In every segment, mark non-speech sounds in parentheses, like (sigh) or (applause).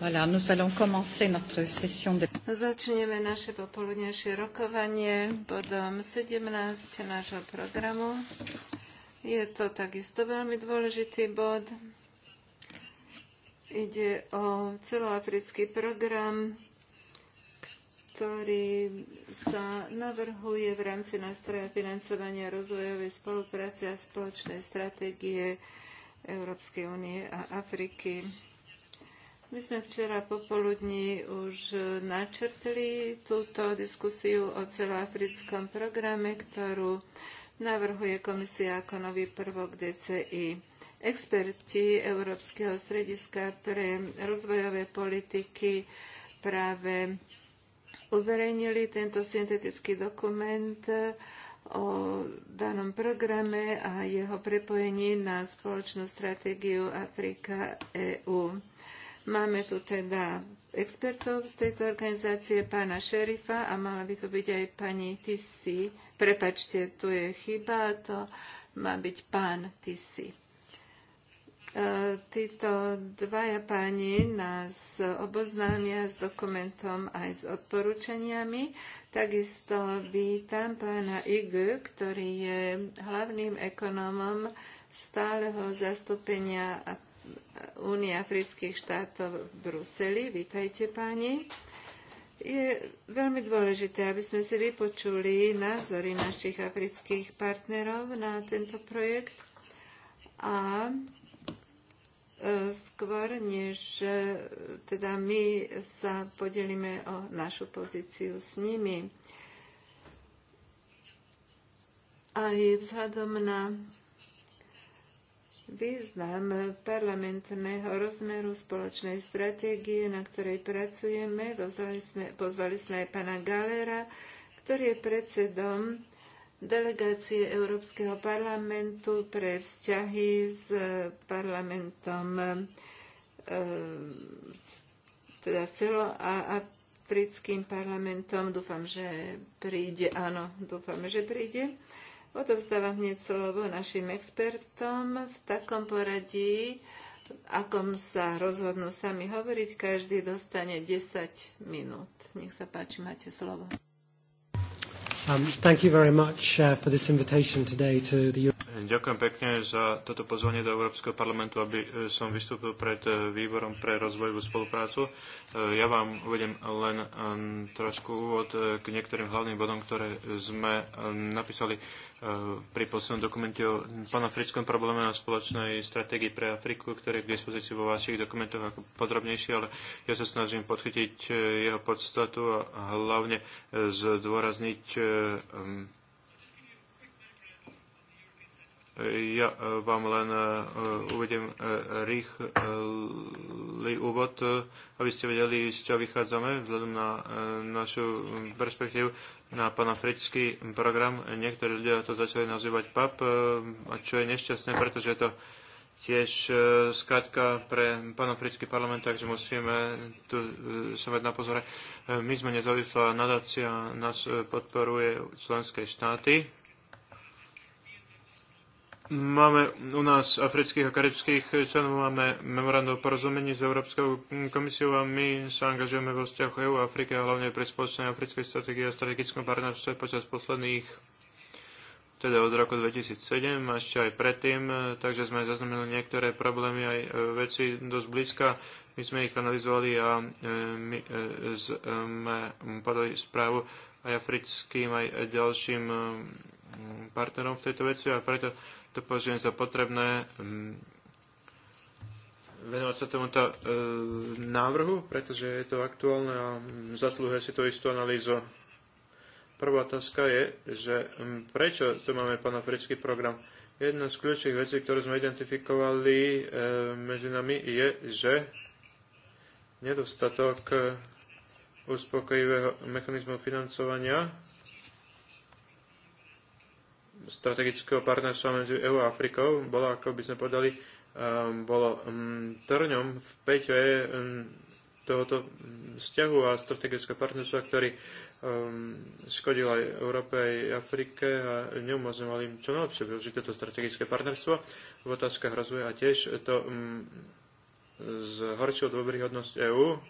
Voilà, nous allons commencer notre session de... Začneme naše popoludnejšie rokovanie bodom 17 nášho programu. Je to takisto veľmi dôležitý bod. Ide o celoafrický program, ktorý sa navrhuje v rámci nástroja financovania rozvojovej spolupráce a spoločnej stratégie Európskej únie a Afriky. My sme včera popoludní už načrtli túto diskusiu o celoafrickom programe, ktorú navrhuje komisia ako nový prvok DCI. Experti Európskeho strediska pre rozvojové politiky práve uverejnili tento syntetický dokument o danom programe a jeho prepojení na spoločnú stratégiu Afrika EU. Máme tu teda expertov z tejto organizácie, pána šerifa a mala by to byť aj pani Tisi. Prepačte, tu je chyba, to má byť pán Tisi. E, títo dvaja páni nás oboznámia s dokumentom aj s odporúčaniami. Takisto vítam pána Igu, ktorý je hlavným ekonomom stáleho zastúpenia Únie afrických štátov v Bruseli. Vítajte páni. Je veľmi dôležité, aby sme si vypočuli názory našich afrických partnerov na tento projekt. A e, skôr, než e, teda my sa podelíme o našu pozíciu s nimi. Aj vzhľadom na význam parlamentného rozmeru spoločnej stratégie, na ktorej pracujeme. Pozvali sme, pozvali sme aj pana Galera, ktorý je predsedom delegácie Európskeho parlamentu pre vzťahy s parlamentom e, teda s celo a africkým parlamentom. Dúfam, že príde. Áno, dúfam, že príde. Odovzdávam hneď slovo našim expertom v takom poradí, akom sa rozhodnú sami hovoriť. Každý dostane 10 minút. Nech sa páči, máte slovo. Um, thank you very much uh, for this invitation today to the Ďakujem pekne za toto pozvanie do Európskeho parlamentu, aby e, som vystúpil pred e, výborom pre rozvojovú spoluprácu. E, ja vám uvedem len trošku úvod k niektorým hlavným bodom, ktoré sme napísali Eh, pri poslednom dokumente o panafrickom probléme a spoločnej stratégii pre Afriku, ktorý je k dispozícii vo vašich dokumentoch ako podrobnejšie, ale ja sa snažím podchytiť eh, jeho podstatu a hlavne eh, zdôrazniť ja e, vám len e, e, uvedem rýchly úvod, aby ste vedeli, z čo vychádzame, vzhľadom na našu perspektívu na panafrický program. Niektorí ľudia to začali nazývať PAP, a čo je nešťastné, pretože je to tiež skratka pre panafrický parlament, takže musíme tu sa mať na pozore. My sme nezávislá nadácia, nás podporuje členské štáty Máme u nás afrických a karibských členov, máme memorandum o porozumení s Európskou komisiou a my sa angažujeme vo vzťahu e EU a Afriky a hlavne pri spoločnej africkej strategii a strategickom partnerstve počas posledných teda od roku 2007 a ešte aj predtým, takže sme zaznamenali niektoré problémy aj e, veci dosť blízka. My sme ich analyzovali a e, my sme podali správu aj africkým, aj ďalším partnerom v tejto veci a preto to považujem za potrebné mm, venovať sa tomuto e, návrhu, pretože je to aktuálne a mm, zaslúhuje si to istú analýzu. Prvá otázka je, že mm, prečo tu máme panafrický program? Jedna z kľúčových vecí, ktorú sme identifikovali e, medzi nami, je, že nedostatok e, uspokojivého mechanizmu financovania strategického partnerstva medzi EU a Afrikou bolo, ako by sme povedali, um, bolo um, trňom v peťe um, tohoto vzťahu a strategického partnerstva, ktorý škodil aj Európe, aj Afrike a neumožňoval im čo najlepšie využiť toto strategické partnerstvo v otázkach rozvoja a tiež to zhoršil dôveryhodnosť EÚ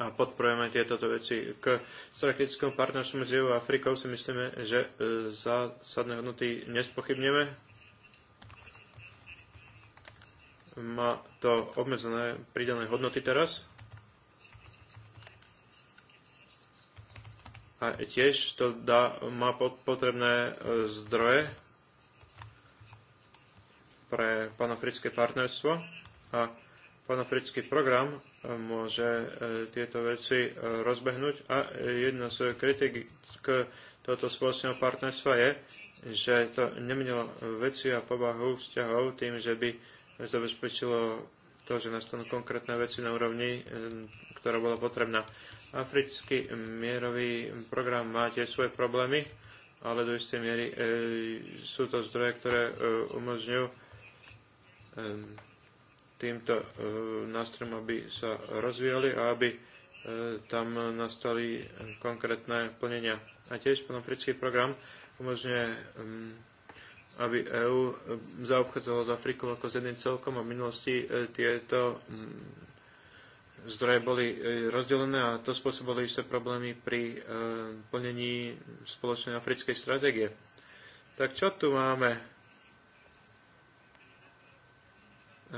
a podporujeme tieto veci. K strategickému partnerstvu medzi EU a Afrikou si myslíme, že e, zásadné hodnoty nespochybneme. Má to obmedzené pridané hodnoty teraz. A tiež to dá, má potrebné e, zdroje pre panafrické partnerstvo. A panafrický program e, môže e, tieto veci e, rozbehnúť a jedna z kritik k tohoto spoločného partnerstva je, že to nemenilo veci a povahu vzťahov tým, že by zabezpečilo to, že nastanú konkrétne veci na úrovni, ktorá bola potrebná. Africký mierový program má tiež svoje problémy, ale do istej miery e, sú to zdroje, ktoré e, umožňujú e, týmto e, nástrojom, aby sa rozvíjali a aby e, tam nastali konkrétne plnenia. A tiež panafrický program umožňuje, aby EÚ zaobchádzalo s Afrikou ako s jedným celkom a v minulosti e, tieto zdroje boli rozdelené a to spôsobili sa problémy pri plnení spoločnej africkej stratégie. Tak čo tu máme?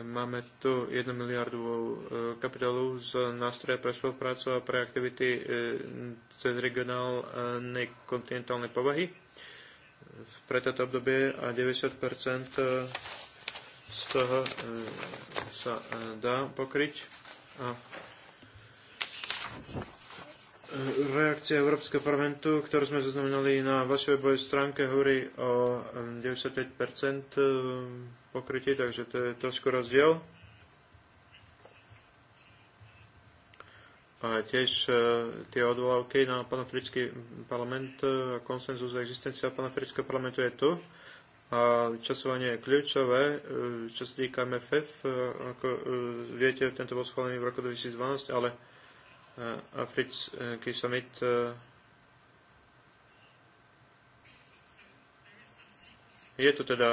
Máme tu 1 miliardu e, kapitálu z nástroja pre spoluprácu a pre aktivity e, cez regionálne kontinentálne povahy pre toto obdobie a 90 e, z toho sa dá pokryť. A reakcia Európskeho parlamentu, ktorú sme zaznamenali na vašej webovej stránke, hovorí o 95% pokrytí, takže to je trošku rozdiel. A tiež e, tie odvolávky na panafrický parlament e, a konsenzus a existencia panafrického parlamentu je tu. A časovanie je kľúčové, e, čo sa týka MFF, ako viete, tento bol schválený v roku 2012, ale africký uh, uh, uh, summit je tu teda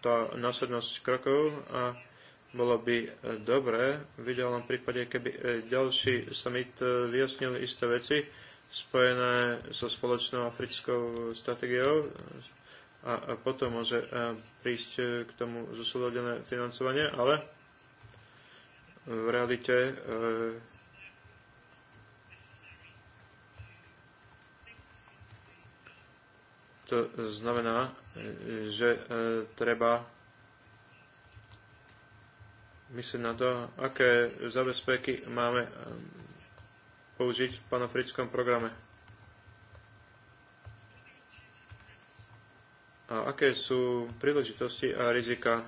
ta následnosť krokov a bolo by dobré v ideálnom prípade, keby ďalší summit vyjasnil isté veci spojené so spoločnou africkou strategiou a potom môže prísť k tomu zosúladené financovanie, ale v realite e, to znamená, že e, treba myslieť na to, aké zabezpeky máme e, použiť v panafrickom programe. A aké sú príležitosti a rizika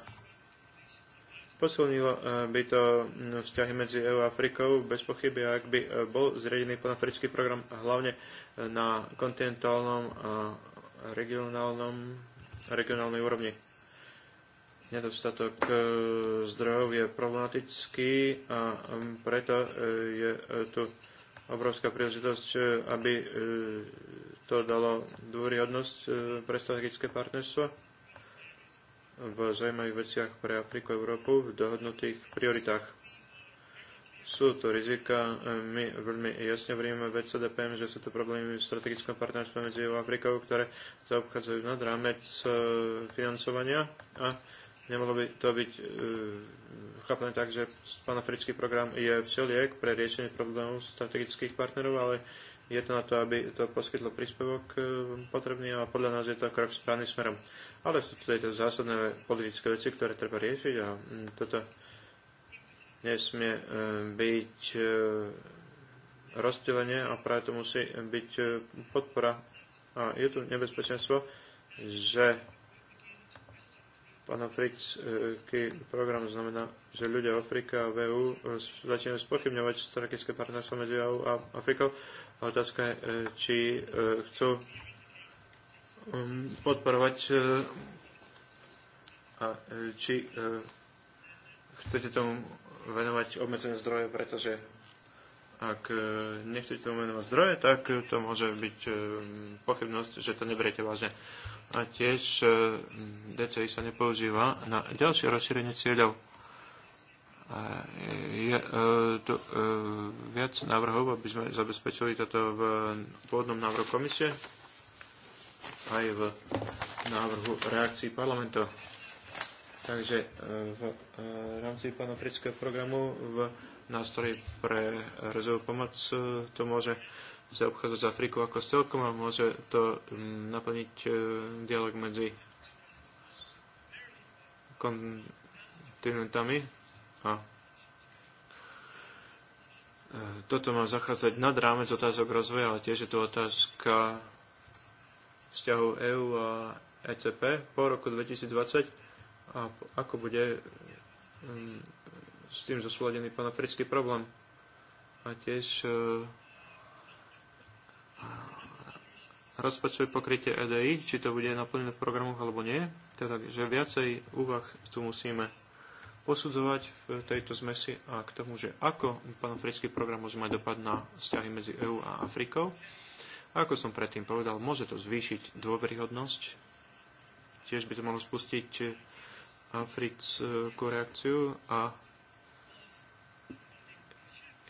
Posilnilo eh, by to mm, vzťahy medzi EU a Afrikou bez pochyby, ak by eh, bol zriadený panafrický program hlavne eh, na kontinentálnom a regionálnom, regionálnej úrovni. Nedostatok zdrojov je problematický a mm, preto je tu obrovská príležitosť, aby to dalo dôryhodnosť pre strategické partnerstvo v zaujímavých veciach pre Afriku a Európu v dohodnutých prioritách. Sú to rizika, e, my veľmi jasne vnímame v e CDPM, že sú to problémy v strategickom partnerstve medzi EU a Afrikou, ktoré zaobchádzajú nad rámec e, financovania a nemohlo by to byť e, chápané tak, že panafrický program je všeliek pre riešenie problémov strategických partnerov, ale je to na to, aby to poskytlo príspevok e, potrebný a podľa nás je to krok správnym smerom. Ale sú tu tieto zásadné politické veci, ktoré treba riešiť a mm, toto nesmie e, byť e, rozdelenie a práve to musí byť podpora. A je tu nebezpečenstvo, že panafrický program znamená, že ľudia Afrika a v EU začínajú spochybňovať strategické partnerstvo medzi EU a Afrikou a otázka je, e, či e, chcú um, podporovať e, a či chcete tomu venovať obmedzené zdroje, pretože ak nechcete tomu venovať zdroje, tak to môže byť pochybnosť, že to neberiete vážne. A tiež DCI sa nepoužíva na ďalšie rozšírenie cieľov. A je tu e, viac návrhov, aby sme zabezpečili toto v pôvodnom návrhu komisie aj v návrhu reakcií parlamentu. Takže e, v e, rámci panafrického programu v nástroji pre rozvojovú pomoc to môže sa obchádzať s ako celkom a môže to naplniť dialog medzi kontinentami a toto má zachádzať nad rámec otázok rozvoja, ale tiež je to otázka vzťahov EÚ a ECP po roku 2020 a ako bude mm, s tým zosúladený panafrický problém. A tiež e, rozpočuje pokrytie EDI, či to bude naplnené v programoch alebo nie. Teda, že viacej úvah tu musíme posudzovať v tejto zmesi a k tomu, že ako panafrický program môže mať dopad na vzťahy medzi EÚ a Afrikou. A ako som predtým povedal, môže to zvýšiť dôveryhodnosť. Tiež by to malo spustiť eh, africkú reakciu a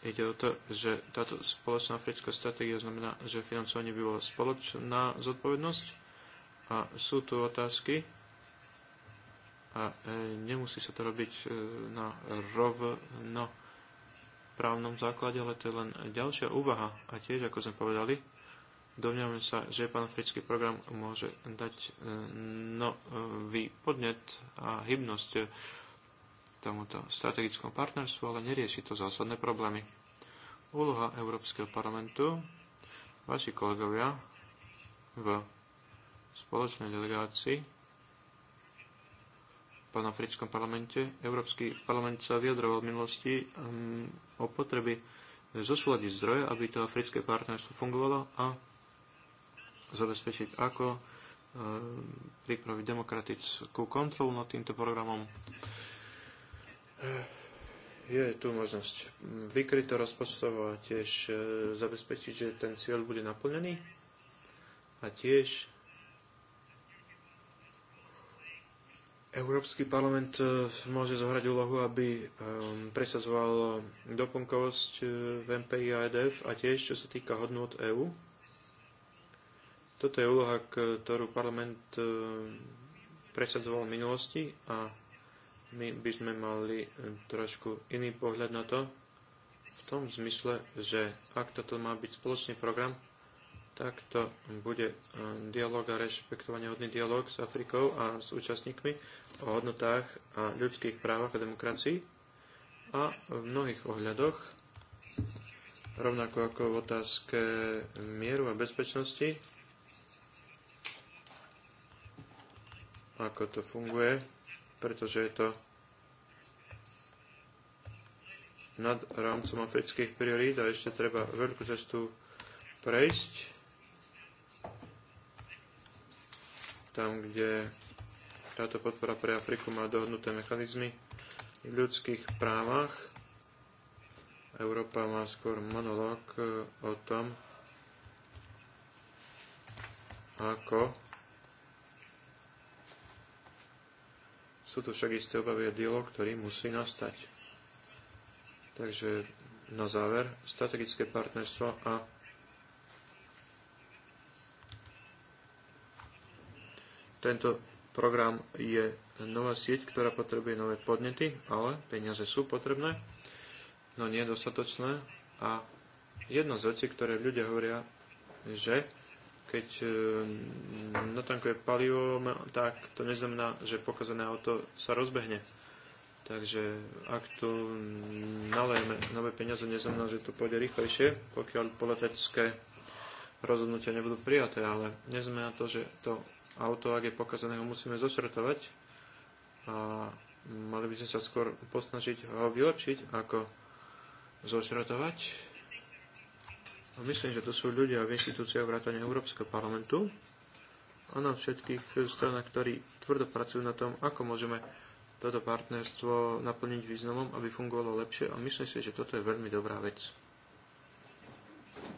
ide o to, že táto spoločná africká stratégia znamená, že financovanie by bola spoločná zodpovednosť a sú tu otázky, a e, nemusí sa to robiť e, na rovno právnom základe, ale to je len ďalšia úvaha. A tiež, ako sme povedali, domňame sa, že panafrický program môže dať e, nový podnet a hybnosť tomuto strategickom partnerstvu, ale nerieši to zásadné problémy. Úloha Európskeho parlamentu, vaši kolegovia v spoločnej delegácii Africkom parlamente. Európsky parlament sa vyjadroval v minulosti um, o potreby zosúľadiť zdroje, aby to africké partnerstvo fungovalo a zabezpečiť, ako um, pripraviť demokratickú kontrolu nad týmto programom. Je tu možnosť vykryto rozpočtovo a tiež e, zabezpečiť, že ten cieľ bude naplnený a tiež Európsky parlament e, môže zohrať úlohu, aby e, presadzoval doplnkovosť e, v MPI a EDF a tiež, čo sa týka hodnot EÚ. Toto je úloha, ktorú parlament presadzoval v minulosti a my by sme mali trošku iný pohľad na to, v tom zmysle, že ak toto má byť spoločný program, tak to bude e, dialog a rešpektovanie hodný dialog s Afrikou a s účastníkmi o hodnotách a ľudských právach a demokracii a v mnohých ohľadoch, rovnako ako v otázke mieru a bezpečnosti, ako to funguje, pretože je to nad rámcom afrických priorít a ešte treba veľkú cestu prejsť tam, kde táto podpora pre Afriku má dohodnuté mechanizmy v ľudských právach. Európa má skôr monolog eh, o tom, ako sú tu však isté obavy a dialog, ktorý musí nastať. Takže na záver, strategické partnerstvo a Tento program je nová sieť, ktorá potrebuje nové podnety, ale peniaze sú potrebné, no nie dostatočné. A jedna z vecí, ktoré ľudia hovoria, že keď e, natankuje palivo, tak to neznamená, že pokazané auto sa rozbehne. Takže ak tu nalejeme nové peniaze, neznamená, že to pôjde rýchlejšie, pokiaľ politické rozhodnutia nebudú prijaté, ale neznamená to, že to auto, ak je pokazané, ho musíme zošrotovať a mali by sme sa skôr posnažiť ho vylepšiť, ako zošrotovať. A myslím, že to sú ľudia v inštitúciách vrátane Európskeho parlamentu a na všetkých stranách, ktorí tvrdo pracujú na tom, ako môžeme toto partnerstvo naplniť významom, aby fungovalo lepšie a myslím si, že toto je veľmi dobrá vec.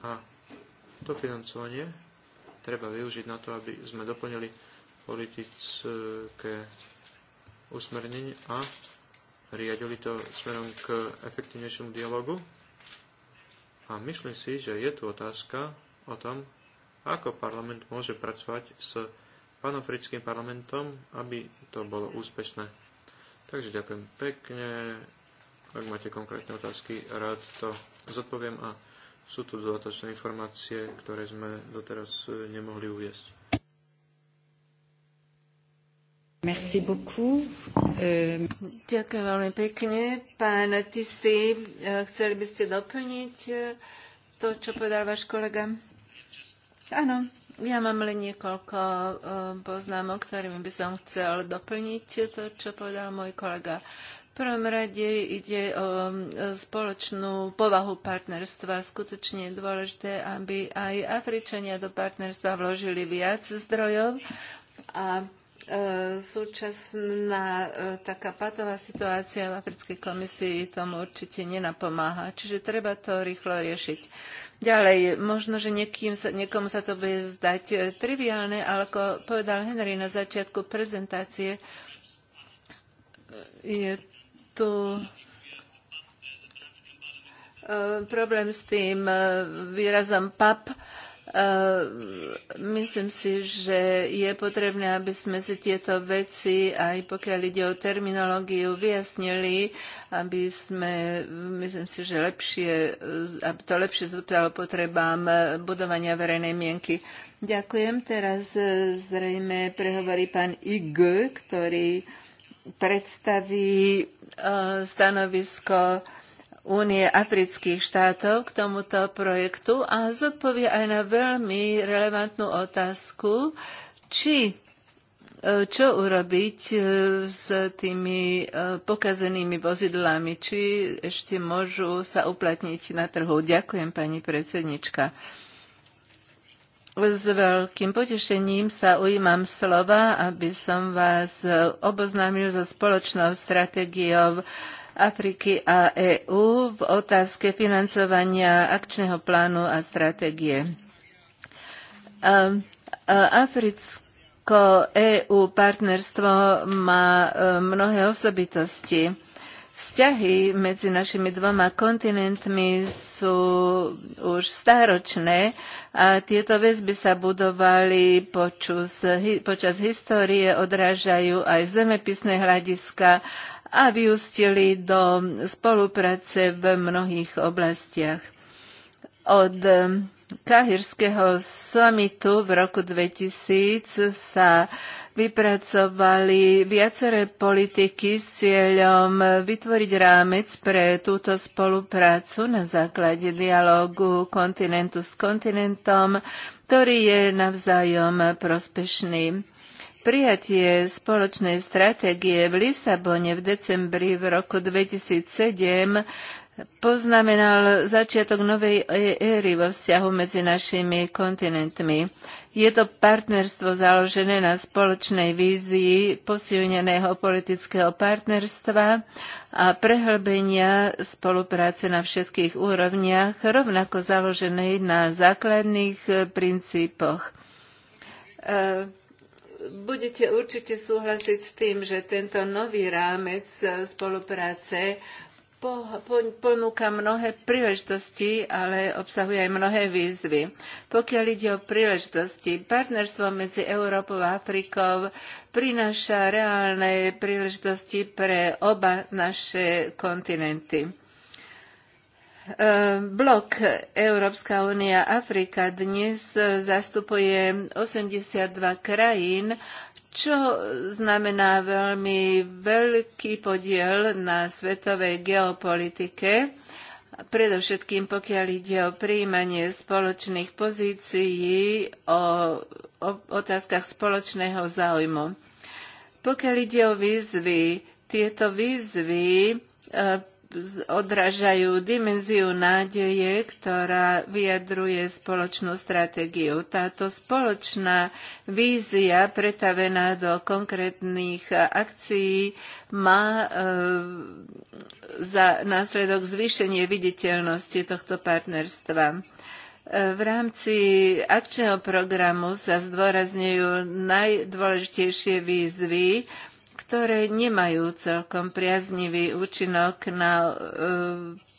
A to financovanie treba využiť na to, aby sme doplnili politické usmernenie a riadili to smerom k efektívnejšiemu dialogu. A myslím si, že je tu otázka o tom, ako parlament môže pracovať s panafrickým parlamentom, aby to bolo úspešné. Takže ďakujem pekne. Ak máte konkrétne otázky, rád to zodpoviem a sú tu dodatočné informácie, ktoré sme doteraz e, nemohli uviesť. Merci beaucoup. E, Ďakujem veľmi pekne. Pán Tisi, e, chceli by ste doplniť to, čo povedal váš kolega? Áno, ja mám len niekoľko poznámok, ktorými by som chcel doplniť to, čo povedal môj kolega prvom rade ide o um, spoločnú povahu partnerstva. Skutočne je dôležité, aby aj Afričania do partnerstva vložili viac zdrojov a uh, súčasná uh, taká patová situácia v Africkej komisii tomu určite nenapomáha. Čiže treba to rýchlo riešiť. Ďalej, možno, že niekým sa, niekomu sa to bude zdať uh, triviálne, ale ako povedal Henry na začiatku prezentácie, je tu e, problém s tým e, výrazom PAP. E, myslím si, že je potrebné, aby sme si tieto veci, aj pokiaľ ide o terminológiu, vyjasnili, aby sme, myslím si, že lepšie, aby to lepšie zodpovedalo potrebám budovania verejnej mienky. Ďakujem. Teraz zrejme prehovorí pán Ig, ktorý predstaví e, stanovisko Únie afrických štátov k tomuto projektu a zodpovie aj na veľmi relevantnú otázku, či e, čo urobiť e, s tými pokazenými vozidlami, či ešte môžu sa uplatniť na trhu. Ďakujem, pani predsednička. S veľkým potešením sa ujímam slova, aby som vás oboznámil so spoločnou stratégiou Afriky a EÚ v otázke financovania akčného plánu a stratégie. Africko-EU partnerstvo má e, mnohé osobitosti Vzťahy medzi našimi dvoma kontinentmi sú už stáročné a tieto väzby sa budovali počas, počas histórie, odrážajú aj zemepisné hľadiska a vyústili do spolupráce v mnohých oblastiach. Od um, Kahirského samitu v roku 2000 sa vypracovali viaceré politiky s cieľom vytvoriť rámec pre túto spoluprácu na základe dialogu kontinentu s kontinentom, ktorý je navzájom prospešný. Prijatie spoločnej stratégie v Lisabone v decembri v roku 2007 poznamenal začiatok novej éry vo vzťahu medzi našimi kontinentmi. Je to partnerstvo založené na spoločnej vízii posilneného politického partnerstva a prehlbenia spolupráce na všetkých úrovniach, rovnako založenej na základných eh, princípoch eh, budete určite súhlasiť s tým, že tento nový rámec eh, spolupráce ponúka mnohé príležitosti, ale obsahuje aj mnohé výzvy. Pokiaľ ide o príležitosti, partnerstvo medzi Európou a Afrikou prináša reálne príležitosti pre oba naše kontinenty. E, blok Európska únia Afrika dnes zastupuje 82 krajín čo znamená veľmi veľký podiel na svetovej geopolitike, predovšetkým pokiaľ ide o príjmanie spoločných pozícií, o, o otázkach spoločného záujmu. Pokiaľ ide o výzvy, tieto výzvy e, odrážajú dimenziu nádeje, ktorá vyjadruje spoločnú stratégiu. Táto spoločná vízia pretavená do konkrétnych akcií má e, za následok zvýšenie viditeľnosti tohto partnerstva. E, v rámci akčného programu sa zdôrazňujú najdôležitejšie výzvy, ktoré nemajú celkom priaznivý účinok na e,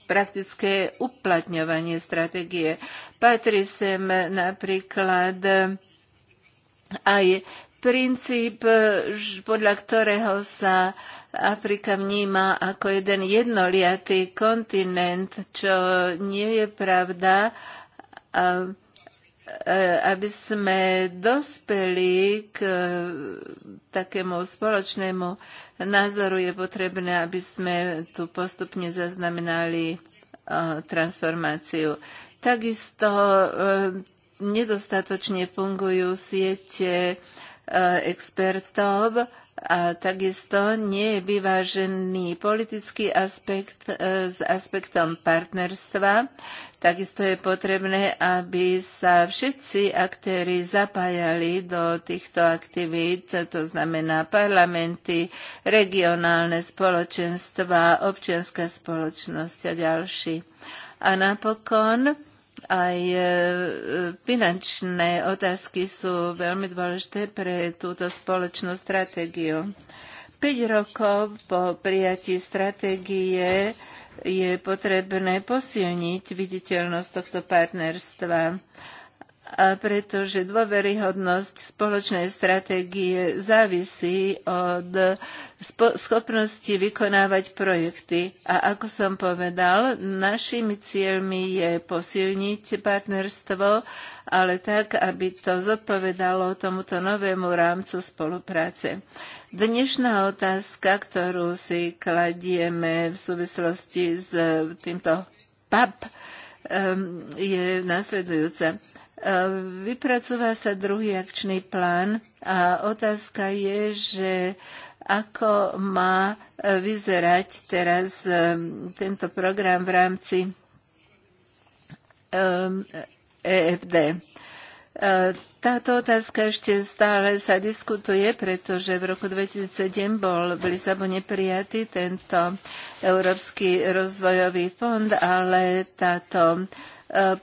praktické uplatňovanie stratégie. Patrí sem napríklad aj princíp, e, podľa ktorého sa Afrika vníma ako jeden jednoliatý kontinent, čo nie je pravda. A E, aby sme dospeli k e, takému spoločnému názoru, je potrebné, aby sme tu postupne zaznamenali e, transformáciu. Takisto nedostatočne fungujú siete expertov, a takisto nie je vyvážený politický aspekt e, s aspektom partnerstva. Takisto je potrebné, aby sa všetci aktéry zapájali do týchto aktivít, to znamená parlamenty, regionálne spoločenstva, občianská spoločnosť a ďalší. A napokon aj e, e, finančné otázky sú veľmi dôležité pre túto spoločnú stratégiu. 5 rokov po prijatí stratégie je potrebné posilniť viditeľnosť tohto partnerstva a pretože dôveryhodnosť spoločnej stratégie závisí od schopnosti vykonávať projekty. A ako som povedal, našimi cieľmi je posilniť partnerstvo, ale tak, aby to zodpovedalo tomuto novému rámcu spolupráce. Dnešná otázka, ktorú si kladieme v súvislosti s týmto PAP, ehm, je nasledujúca Ehm, vypracová sa druhý akčný plán a otázka je, že ako má e, vyzerať teraz e, tento program v rámci EFD. Ehm, e táto otázka ešte stále sa diskutuje, pretože v roku 2007 bol v Lisabone prijatý tento Európsky rozvojový fond, ale táto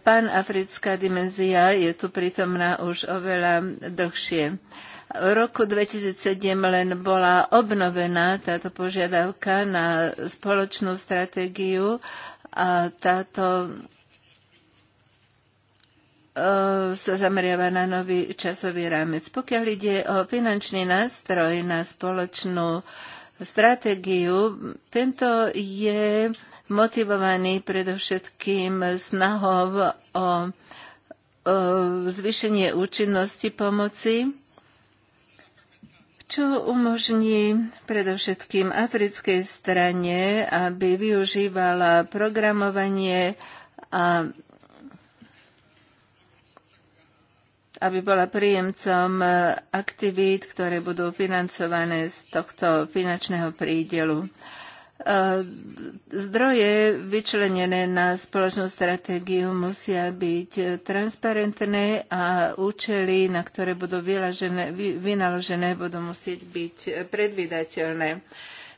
Panafrická dimenzia je tu prítomná už oveľa dlhšie. V roku 2007 len bola obnovená táto požiadavka na spoločnú stratégiu a táto e, sa zameriava na nový časový rámec. Pokiaľ ide o finančný nástroj na spoločnú stratégiu, tento je motivovaní predovšetkým snahou o zvýšenie účinnosti pomoci, čo umožní predovšetkým africkej strane, aby využívala programovanie a aby bola príjemcom aktivít, ktoré budú financované z tohto finančného prídelu. E, zdroje vyčlenené na spoločnú stratégiu musia byť transparentné a účely, na ktoré budú vylažené, vynaložené, budú musieť byť predvydateľné.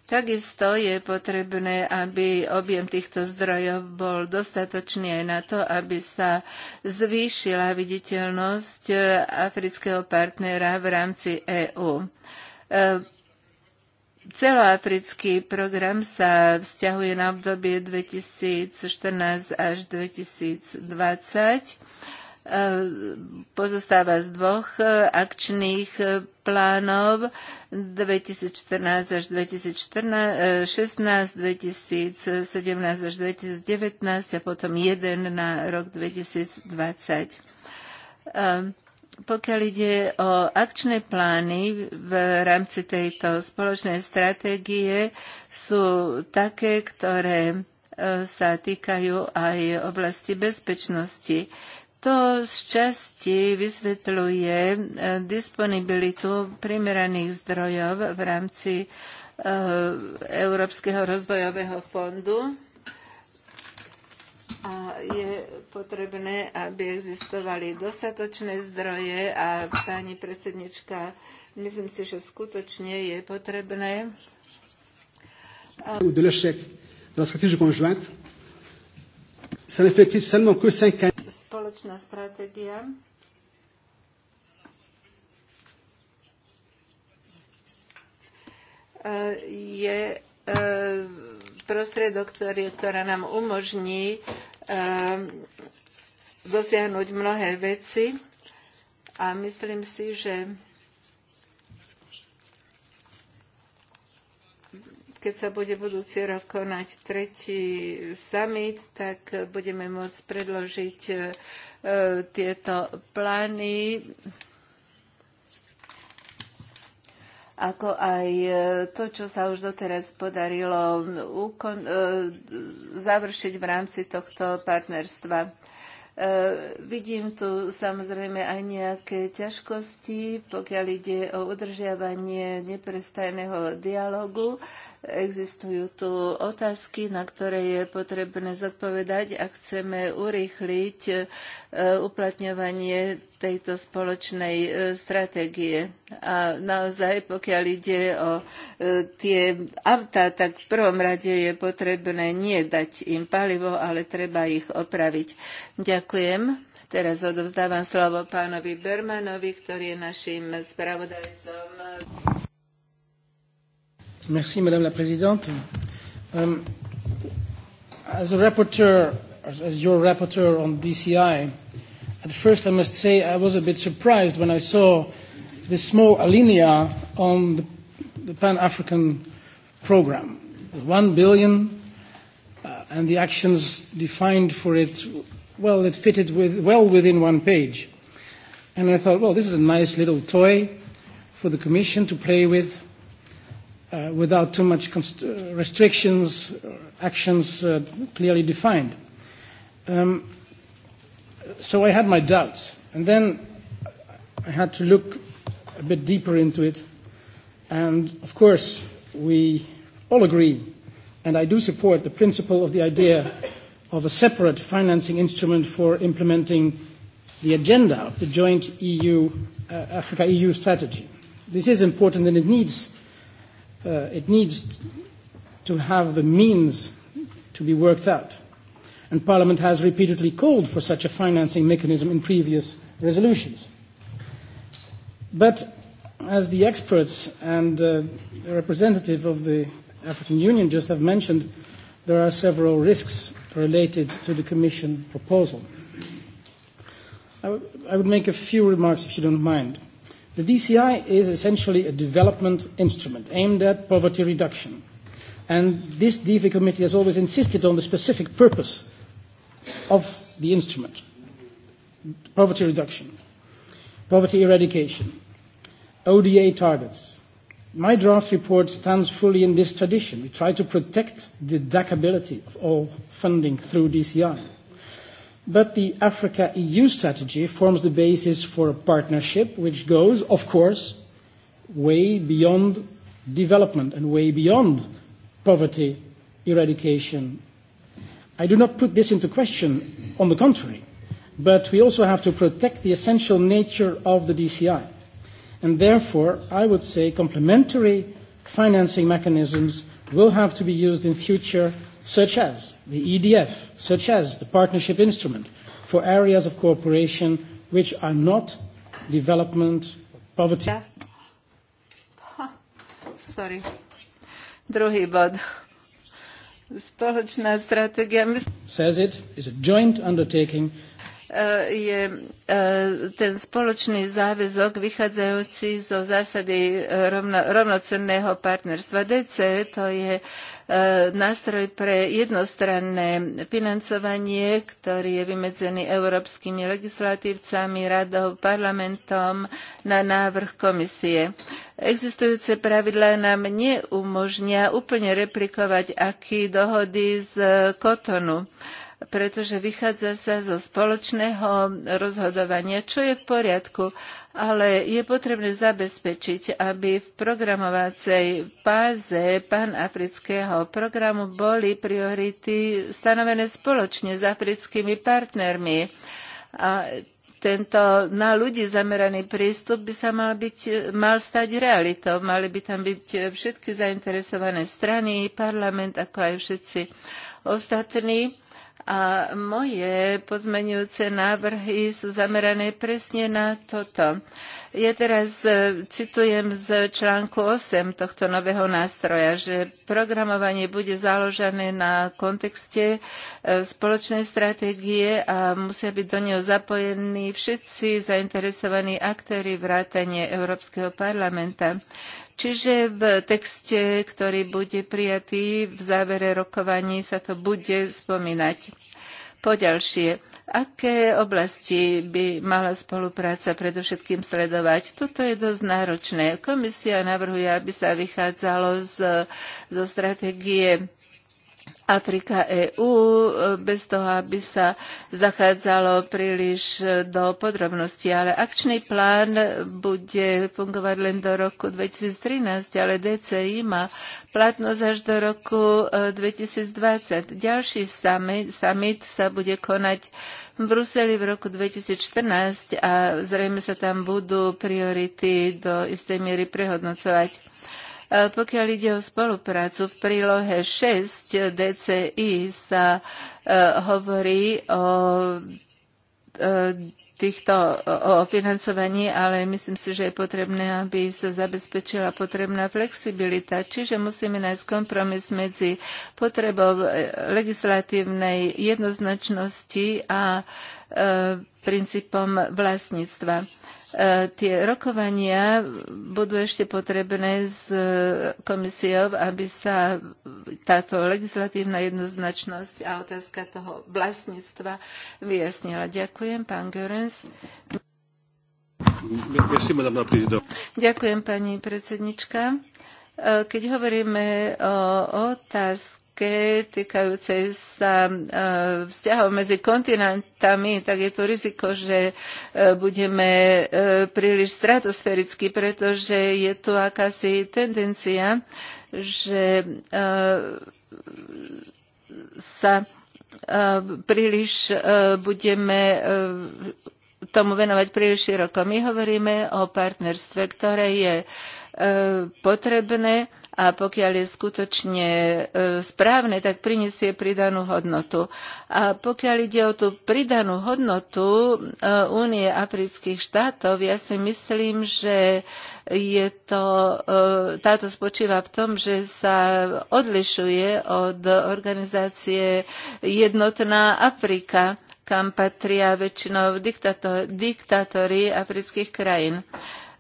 Takisto je potrebné, aby objem týchto zdrojov bol dostatočný aj na to, aby sa zvýšila viditeľnosť afrického partnera v rámci EÚ Celoafrický program sa vzťahuje na obdobie 2014 až 2020 e, pozostáva z dvoch e, akčných e, plánov 2014 až 2016, 2017 až 2019 a potom jeden na rok 2020. Pokiaľ ide o akčné plány v rámci tejto spoločnej stratégie, sú také, ktoré e, sa týkajú aj oblasti bezpečnosti. To z časti vysvetľuje e, disponibilitu primeraných zdrojov v rámci e, Európskeho rozvojového fondu a je potrebné, aby existovali dostatočné zdroje a pani predsednička, myslím si, že skutočne je potrebné. Spoločná stratégia je e, prostriedok, ktorý, ktorá nám umožní uh, Ehm, dosiahnuť mnohé veci a myslím si, že keď sa bude budúci rok konať tretí summit, tak budeme môcť predložiť eh, tieto plány ako aj e, to, čo sa už doteraz podarilo ukon- e, završiť v rámci tohto partnerstva. E, vidím tu samozrejme aj nejaké ťažkosti, pokiaľ ide o udržiavanie neprestajného dialogu Existujú tu otázky, na ktoré je potrebné zodpovedať a chceme urýchliť e, uplatňovanie tejto spoločnej e, stratégie. A naozaj, pokiaľ ide o e, tie autá, tak v prvom rade je potrebné nie dať im palivo, ale treba ich opraviť. Ďakujem. Teraz odovzdávam slovo pánovi Bermanovi, ktorý je našim spravodajcom. Merci, Madame la Présidente. Um, as a rapporteur, as, your rapporteur on DCI, at first I must say I was a bit surprised when I saw the small alinea on the, the Pan-African program. One billion uh, and the actions defined for it, well, it fitted with, well within one page. And I thought, well, this is a nice little toy for the Commission to play with uh, without too much const- uh, restrictions, actions uh, clearly defined. Um, so I had my doubts, and then I had to look a bit deeper into it. And of course, we all agree, and I do support the principle of the idea of a separate financing instrument for implementing the agenda of the joint EU uh, Africa EU strategy. This is important and it needs uh, it needs to have the means to be worked out. And Parliament has repeatedly called for such a financing mechanism in previous resolutions. But as the experts and uh, the representative of the African Union just have mentioned, there are several risks related to the Commission proposal. I, w- I would make a few remarks if you don't mind. The DCI is essentially a development instrument aimed at poverty reduction. And this DV committee has always insisted on the specific purpose of the instrument poverty reduction, poverty eradication, ODA targets. My draft report stands fully in this tradition. We try to protect the DAC ability of all funding through DCI. But the Africa EU strategy forms the basis for a partnership which goes, of course, way beyond development and way beyond poverty eradication. I do not put this into question, on the contrary, but we also have to protect the essential nature of the DCI. And therefore, I would say complementary financing mechanisms will have to be used in future such as the EDF, such as the partnership instrument for areas of cooperation which are not development, poverty. Sorry. Druhý bod. Spoločná stratégia. Says it is a joint undertaking E, je e, ten spoločný záväzok vychádzajúci zo zásady e, rovno, rovnocenného partnerstva. DC to je nástroj pre jednostranné financovanie, ktorý je vymedzený európskymi legislatívcami, radou, parlamentom na návrh komisie. Existujúce pravidlá nám neumožnia úplne replikovať aký dohody z Kotonu pretože vychádza sa zo spoločného rozhodovania, čo je v poriadku, ale je potrebné zabezpečiť, aby v programovacej páze panafrického programu boli priority stanovené spoločne s africkými partnermi. A tento na ľudí zameraný prístup by sa mal, byť, mal stať realitou. Mali by tam byť všetky zainteresované strany, parlament, ako aj všetci ostatní a moje pozmeňujúce návrhy sú zamerané presne na toto. Ja teraz e, citujem z článku 8 tohto nového nástroja, že programovanie bude založené na kontexte e, spoločnej stratégie a musia byť do neho zapojení všetci zainteresovaní aktéry vrátane Európskeho parlamenta. Čiže v texte, ktorý bude prijatý v závere rokovaní, sa to bude spomínať. Poďalšie, aké oblasti by mala spolupráca predovšetkým sledovať? Toto je dosť náročné. Komisia navrhuje, aby sa vychádzalo z, zo stratégie Afrika EU, bez toho, aby sa zachádzalo príliš do podrobností. Ale akčný plán bude fungovať len do roku 2013, ale DCI má platnosť až do roku 2020. E, Ďalší summit, summit sa bude konať v Bruseli v roku 2014 a zrejme sa tam budú priority do istej miery prehodnocovať. E, pokiaľ ide o spoluprácu, v prílohe 6 DCI sa e, hovorí o e, týchto o financovaní, ale myslím si, že je potrebné, aby sa zabezpečila potrebná flexibilita. Čiže musíme nájsť kompromis medzi potrebou legislatívnej jednoznačnosti a e, princípom vlastníctva. E, tie rokovania budú ešte potrebné s e, komisiou, aby sa táto legislatívna jednoznačnosť a otázka toho vlastníctva vyjasnila. Ďakujem, pán Görens. Ďakujem, pani predsednička. E, keď hovoríme o otázke, otázke týkajúcej sa e, vzťahov medzi kontinentami, tak je to riziko, že e, budeme e, príliš stratosférickí, pretože je tu akási tendencia, že sa príliš budeme tomu venovať príliš široko. My hovoríme o partnerstve, ktoré je potrebné a pokiaľ je skutočne e, správne, tak prinesie pridanú hodnotu. A pokiaľ ide o tú pridanú hodnotu e, Únie afrických štátov, ja si myslím, že je to, e, táto spočíva v tom, že sa odlišuje od organizácie Jednotná Afrika kam patria väčšinou diktátory afrických krajín.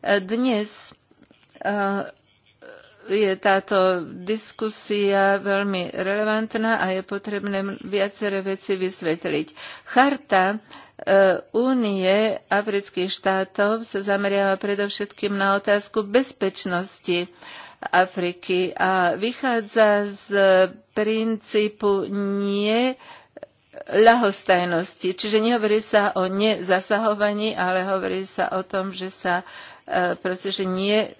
Dnes je táto diskusia veľmi relevantná a je potrebné viaceré veci vysvetliť. Charta e, Únie afrických štátov sa zameriava predovšetkým na otázku bezpečnosti Afriky a vychádza z princípu nie ľahostajnosti. Čiže nehovorí sa o nezasahovaní, ale hovorí sa o tom, že sa E, pretože nie, e,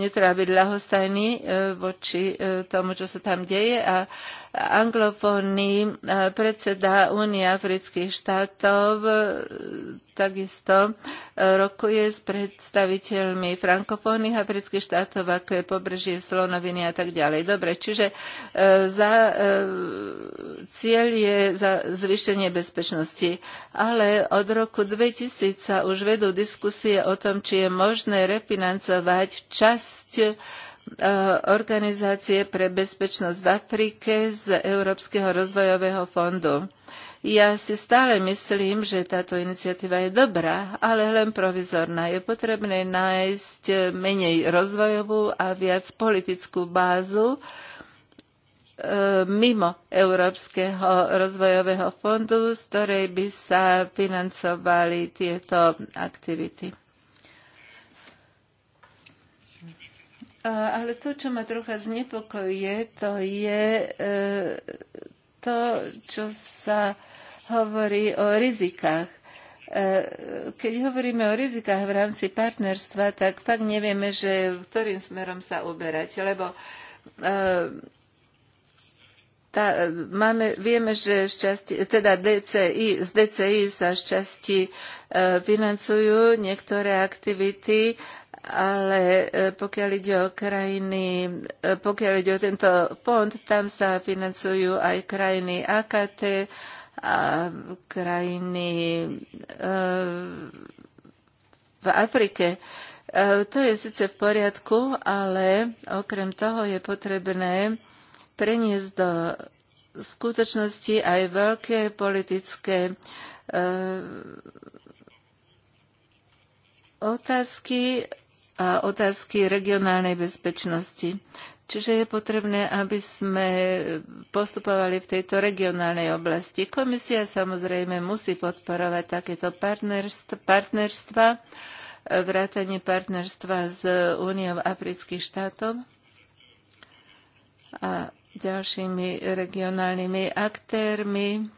netreba byť ľahostajný e, voči tomu, čo sa tam deje a anglofónny e, predseda Únie afrických štátov e, takisto e, rokuje s predstaviteľmi frankofónnych afrických štátov, ako je pobrežie Slonoviny a tak ďalej. Dobre, čiže za, cieľ je za zvýšenie bezpečnosti, ale od roku 2000 sa už vedú diskusie o tom, či je možné refinancovať časť E, organizácie pre bezpečnosť v Afrike z Európskeho rozvojového fondu. Ja si stále myslím, že táto iniciatíva je dobrá, ale len provizorná. Je potrebné nájsť menej rozvojovú a viac politickú bázu e, mimo Európskeho rozvojového fondu, z ktorej by sa financovali tieto aktivity. Ale to, čo ma trocha znepokojuje, to je e, to, čo sa hovorí o rizikách e, keď hovoríme o rizikách v rámci partnerstva, tak fakt nevieme, že ktorým smerom sa uberať, lebo e, tá, máme, vieme, že šťastie, teda DCI, z DCI sa šťastí financujú niektoré aktivity, ale e, pokiaľ ide o krajiny, e, pokiaľ ide o tento fond, tam sa financujú aj krajiny AKT a krajiny e, v Afrike. To je síce v poriadku, ale okrem toho je potrebné preniesť do skutočnosti aj veľké politické otázky a otázky regionálnej bezpečnosti. Čiže je potrebné, aby sme postupovali v tejto regionálnej oblasti. Komisia samozrejme musí podporovať takéto partnerstva, vrátanie partnerstva s Úniou afrických štátov a ďalšími regionálnymi aktérmi,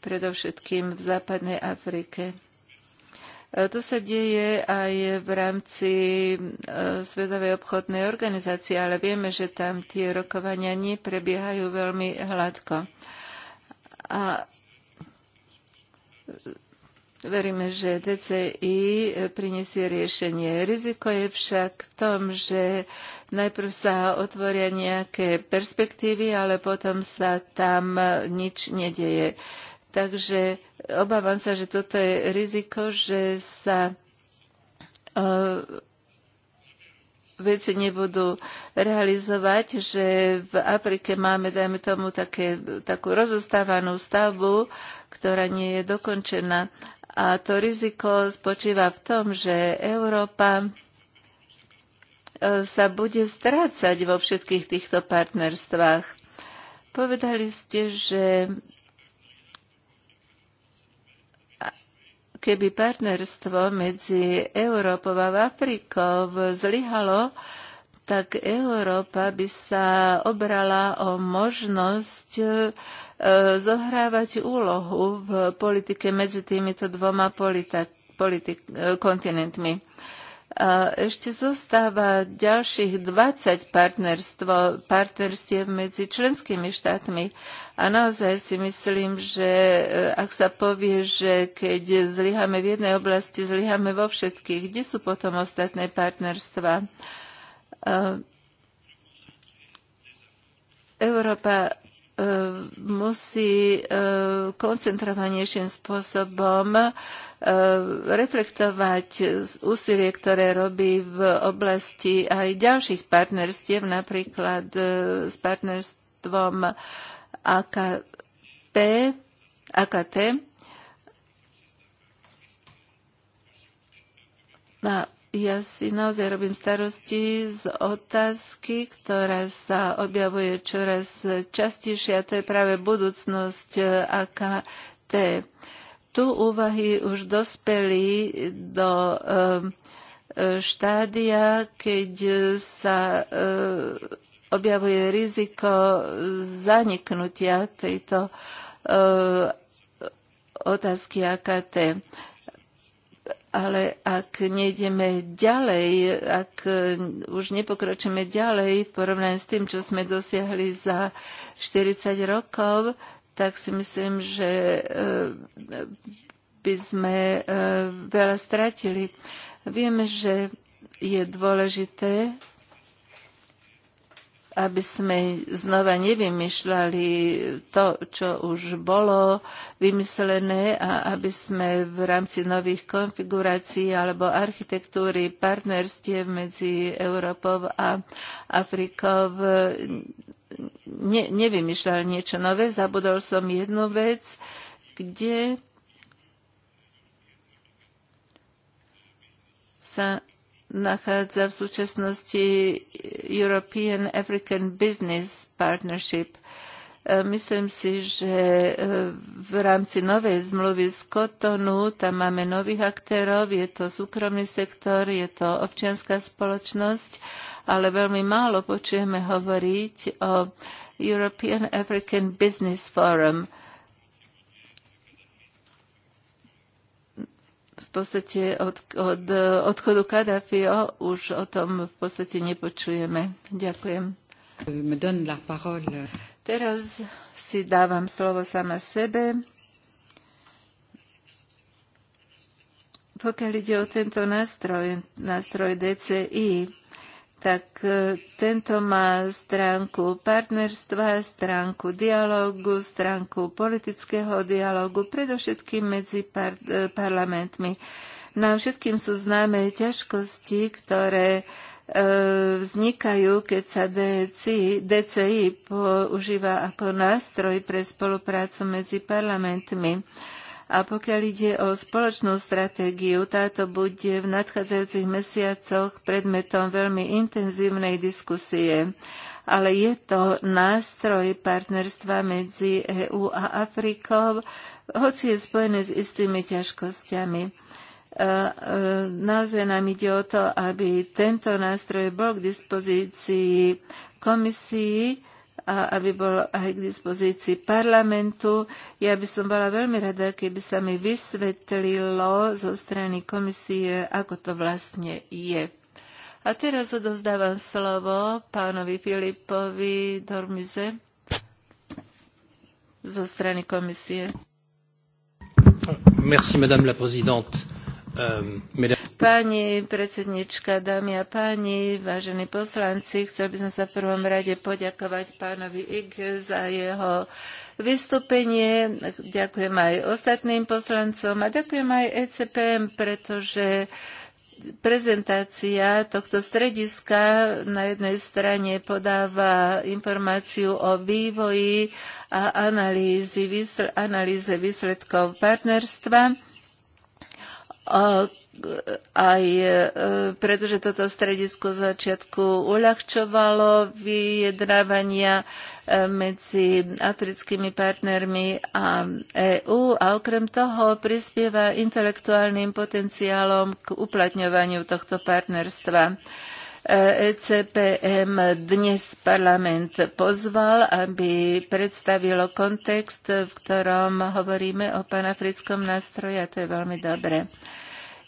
predovšetkým v západnej Afrike. E, to sa deje aj v rámci e, Svetovej obchodnej organizácie, ale vieme, že tam tie rokovania neprebiehajú veľmi hladko. A veríme, že DCI prinesie riešenie. Riziko je však v tom, že najprv sa otvoria nejaké perspektívy, ale potom sa tam nič nedeje. Takže obávam sa, že toto je riziko, že sa e, veci nebudú realizovať, že v Afrike máme, dajme tomu, také, takú rozostávanú stavbu, ktorá nie je dokončená. A to riziko spočíva v tom, že Európa e, sa bude strácať vo všetkých týchto partnerstvách. Povedali ste, že keby partnerstvo medzi Európou a Afrikou zlyhalo, tak Európa by sa obrala o možnosť e, zohrávať úlohu v politike medzi týmito dvoma politik- e, kontinentmi ešte zostáva ďalších 20 partnerstvo, partnerstiev medzi členskými štátmi. A naozaj si myslím, že e, ak sa povie, že keď zlyhame v jednej oblasti, zlyhame vo všetkých, kde sú potom ostatné partnerstva? Európa e, musí e, koncentrovanejším spôsobom Eh, reflektovať úsilie, ktoré robí v oblasti aj ďalších partnerstiev, napríklad eh, s partnerstvom AKP, AKT. A no, ja si naozaj robím starosti z otázky, ktorá sa objavuje čoraz častejšie a to je práve budúcnosť eh, AKT. Uh, tu úvahy už dospeli do štádia, keď sa objavuje riziko zaniknutia tejto otázky AKT. Ale ak nejdeme ďalej, ak už nepokročíme ďalej v porovnaní s tým, čo sme dosiahli za 40 rokov, tak si myslím, že eh, by sme eh, veľa stratili. Vieme, že je dôležité, aby sme znova nevymýšľali to, čo už bolo vymyslené a aby sme v rámci nových konfigurácií alebo architektúry partnerstiev medzi Európou a Afrikou ne, nevymýšľal niečo nové. Zabudol som jednu vec, kde sa nachádza v súčasnosti European African Business Partnership. E, myslím si, že e, v rámci novej zmluvy z Kotonu tam máme nových aktérov, je to súkromný sektor, je to občianská spoločnosť ale veľmi málo počujeme hovoriť o European African Business Forum. V podstate od, od odchodu Kadafio už o tom v podstate nepočujeme. Ďakujem. Teraz si dávam slovo sama sebe. Pokiaľ ide o tento nástroj, nástroj DCI, tak e, tento má stránku partnerstva, stránku dialogu, stránku politického dialogu, predovšetkým medzi par- e, parlamentmi. Nám no všetkým sú známe ťažkosti, ktoré e, vznikajú, keď sa DCI, DCI používa ako nástroj pre spoluprácu medzi parlamentmi. A pokiaľ ide o spoločnú stratégiu, táto bude v nadchádzajúcich mesiacoch predmetom veľmi intenzívnej diskusie ale je to nástroj partnerstva medzi EÚ a Afrikou, hoci je spojené s istými ťažkosťami. Naozaj nám ide o to, aby tento nástroj bol k dispozícii komisii, aby bol aj k dispozícii parlamentu. Ja by som bola veľmi rada, keby sa mi vysvetlilo zo strany komisie, ako to vlastne je. A teraz odovzdávam slovo pánovi Filipovi Dormize zo strany komisie. Merci, madame la présidente. Um, mesdames... Pani predsednička, dámy a páni, vážení poslanci, chcel by som sa v prvom rade poďakovať pánovi Ik za jeho vystúpenie. Ďakujem aj ostatným poslancom a ďakujem aj ECPM, pretože prezentácia tohto strediska na jednej strane podáva informáciu o vývoji a analýze výsledkov partnerstva, aj e, pretože toto stredisko v začiatku uľahčovalo vyjednávania e, medzi africkými partnermi a EÚ a okrem toho prispieva intelektuálnym potenciálom k uplatňovaniu tohto partnerstva. ECPM e dnes parlament pozval, aby predstavilo kontext, v ktorom hovoríme o panafrickom nástroji a to je veľmi dobré.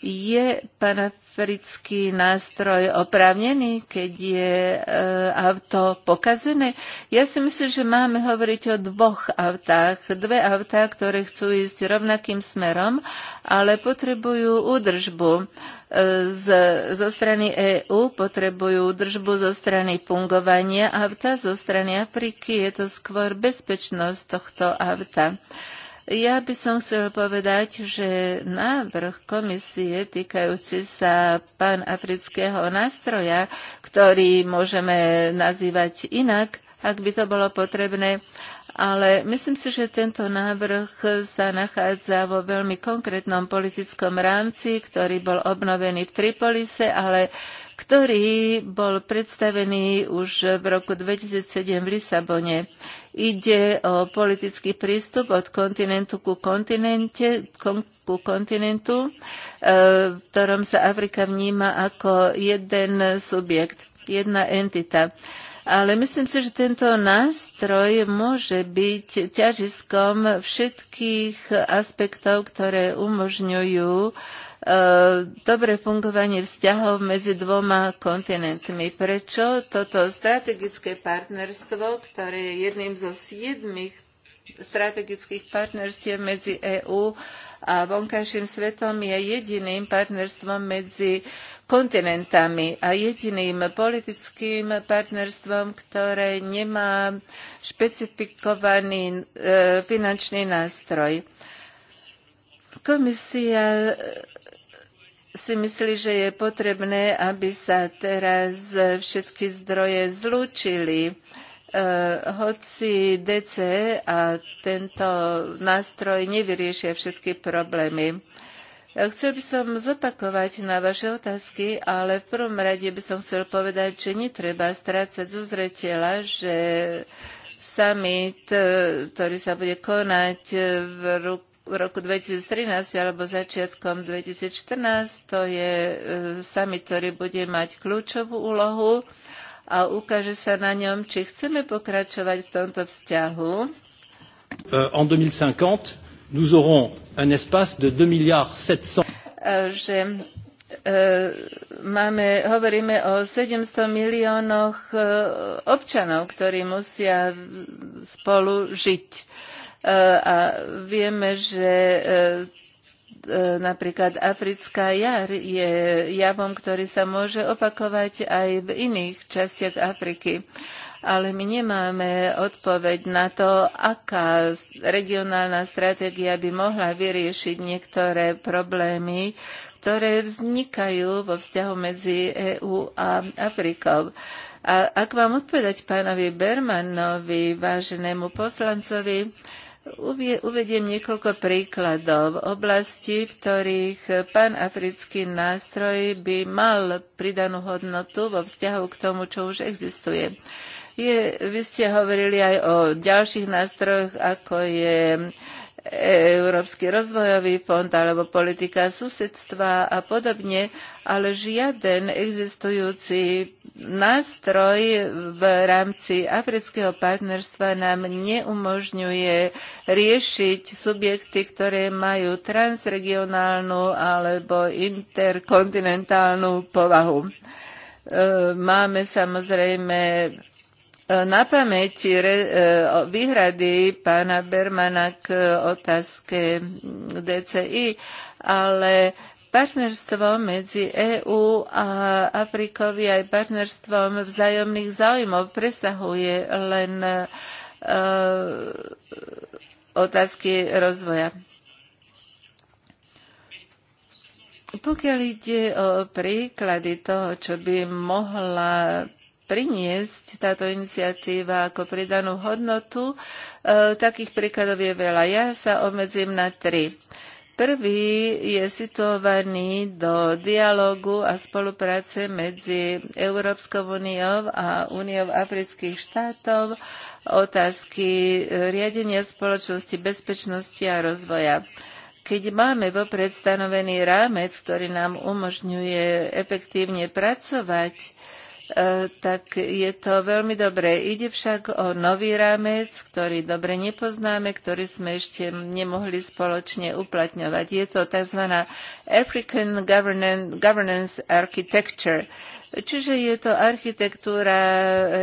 Je panafrický nástroj oprávnený, keď je e, auto pokazené? Ja si myslím, že máme hovoriť o dvoch autách. Dve autá, ktoré chcú ísť rovnakým smerom, ale potrebujú údržbu e, z, zo strany EÚ potrebujú držbu zo strany fungovania auta, zo strany Afriky je to skôr bezpečnosť tohto auta. E, ja by som chcel povedať, že návrh komisie týkajúci sa panafrického nástroja, ktorý môžeme nazývať inak, ak by to bolo potrebné, ale myslím si, že tento návrh sa nachádza vo veľmi konkrétnom politickom rámci, ktorý bol obnovený v Tripolise, ale ktorý bol predstavený už v roku 2007 v Lisabone. Ide o politický prístup od kontinentu ku, kontinente, kon, ku kontinentu, e, v ktorom sa Afrika vníma ako jeden subjekt, jedna entita. Ale myslím si, že tento nástroj môže byť ťažiskom všetkých aspektov, ktoré umožňujú uh, E, dobre fungovanie vzťahov medzi dvoma kontinentmi. Prečo toto strategické partnerstvo, ktoré je jedným zo siedmých strategických partnerstiev medzi EÚ a vonkajším svetom je jediným partnerstvom medzi kontinentami a jediným politickým partnerstvom, ktoré nemá špecifikovaný e, finančný nástroj. Komisia si myslí, že je potrebné, aby sa teraz všetky zdroje zlúčili. E, hoci DC a tento nástroj nevyriešia všetky problémy. Chcel by som zopakovať na vaše otázky, ale v prvom rade by som chcel povedať, že netreba strácať zo zretela, že summit, e, ktorý sa bude konať v roku v roku 2013 alebo začiatkom 2014. To je e, summit, ktorý bude mať kľúčovú úlohu a ukáže sa na ňom, či chceme pokračovať v tomto vzťahu. E, en 2050 nous aurons un espace de 2 milliards 700 e, že máme, hovoríme o 700 miliónoch občanov, ktorí musia spolu žiť E, a vieme, že e, e, napríklad africká jar je javom, ktorý sa môže opakovať aj v iných častiach Afriky. Ale my nemáme odpoveď na to, aká regionálna stratégia by mohla vyriešiť niektoré problémy, ktoré vznikajú vo vzťahu medzi EÚ a Afrikou. A ak vám odpovedať pánovi Bermanovi, váženému poslancovi, Uvediem niekoľko príkladov oblasti, v ktorých panafrický nástroj by mal pridanú hodnotu vo vzťahu k tomu, čo už existuje. Je, vy ste hovorili aj o ďalších nástrojoch, ako je uh, Európsky rozvojový fond alebo politika susedstva a podobne, ale žiaden existujúci nástroj v rámci afrického partnerstva nám neumožňuje riešiť subjekty, ktoré majú transregionálnu alebo interkontinentálnu povahu. E, máme samozrejme na pamäti e, výhrady pána Bermana k otázke DCI, ale partnerstvo medzi EÚ a Afrikou aj partnerstvom vzájomných záujmov presahuje len e, otázky rozvoja. Pokiaľ ide o príklady toho, čo by mohla priniesť táto iniciatíva ako pridanú hodnotu. E, takých príkladov je veľa. Ja sa obmedzím na tri. Prvý je situovaný do dialogu a spolupráce medzi Európskou úniou a Úniou afrických štátov otázky e, riadenia spoločnosti, bezpečnosti a rozvoja. Keď máme vopred stanovený rámec, ktorý nám umožňuje efektívne pracovať, E, tak je to veľmi dobré. Ide však o nový rámec, ktorý dobre nepoznáme, ktorý sme ešte nemohli spoločne uplatňovať. Je to tzv. African Governance Architecture. Čiže je to architektúra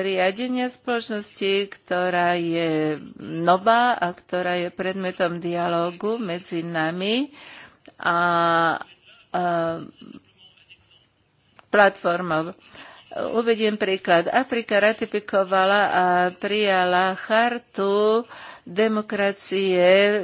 riadenia spoločnosti, ktorá je nová a ktorá je predmetom dialógu medzi nami a, a platformou. Uvediem príklad. Afrika ratifikovala a prijala chartu demokracie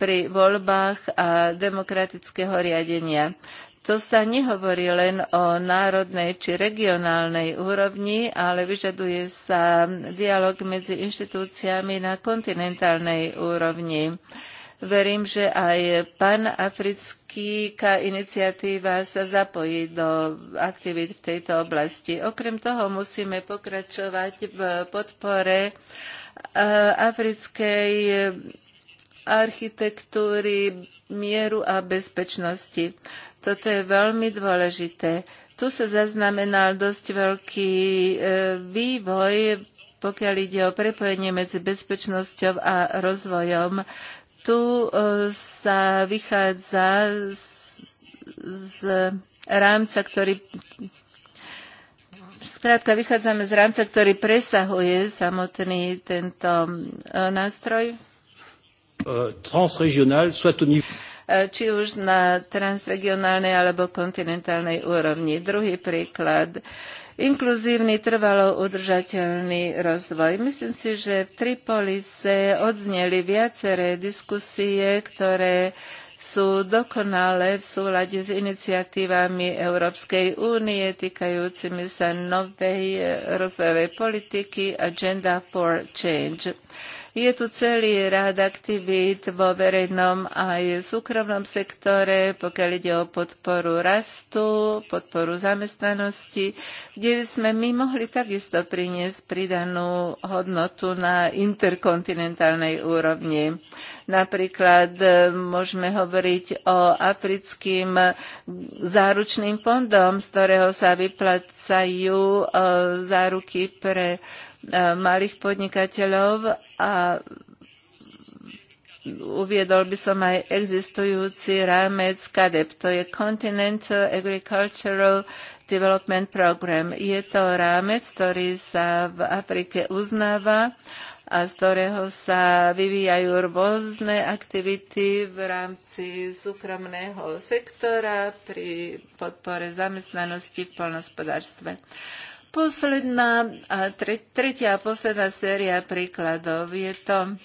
pri voľbách a demokratického riadenia. To sa nehovorí len o národnej či regionálnej úrovni, ale vyžaduje sa dialog medzi inštitúciami na kontinentálnej úrovni. Verím, že aj pan africká iniciatíva sa zapojí do aktivít v tejto oblasti. Okrem toho musíme pokračovať v podpore eh, africkej architektúry mieru a bezpečnosti. Toto je veľmi dôležité. Tu sa zaznamenal dosť veľký eh, vývoj, pokiaľ ide o prepojenie medzi bezpečnosťou a rozvojom tu e, sa vychádza z, z rámca, ktorý Skrátka, vychádzame z rámca, ktorý presahuje samotný tento e, nástroj. E, transregional, soit au niveau či už na transregionálnej alebo kontinentálnej úrovni. Druhý príklad Uh, inkluzívny, trvalo udržateľný rozvoj. Myslím si, že v Tripolise odzneli viaceré diskusie, ktoré sú dokonale v súlade s iniciatívami Európskej únie týkajúcimi sa novej rozvojovej politiky Agenda for Change. Je tu celý rád aktivít vo verejnom aj súkromnom sektore, pokiaľ ide o podporu rastu, podporu zamestnanosti, kde by sme my mohli takisto priniesť pridanú hodnotu na interkontinentálnej úrovni. Napríklad e, môžeme hovoriť o africkým záručným fondom, z ktorého sa vyplacajú e, záruky pre Eh, malých podnikateľov a uviedol by som aj existujúci rámec Cadep, To je Continental Agricultural Development Program. Je to rámec, ktorý sa v Afrike uznáva a z ktorého sa vyvíjajú rôzne aktivity v rámci súkromného sektora pri podpore zamestnanosti v polnospodárstve. Posledná a tre, tretia a posledná séria príkladov je to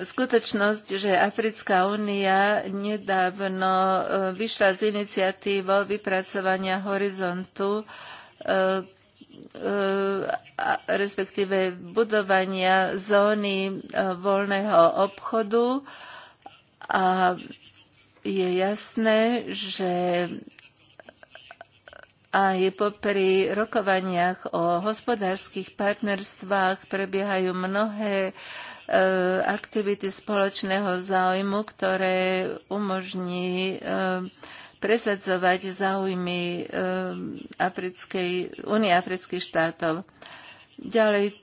skutočnosť, že Africká únia nedávno e, vyšla z iniciatívou vypracovania horizontu e, e, respektíve budovania zóny voľného obchodu a je jasné, že aj popri rokovaniach o hospodárskych partnerstvách prebiehajú mnohé e, aktivity spoločného záujmu, ktoré umožní e, presadzovať záujmy e, Africkej, Unie afrických štátov. Ďalej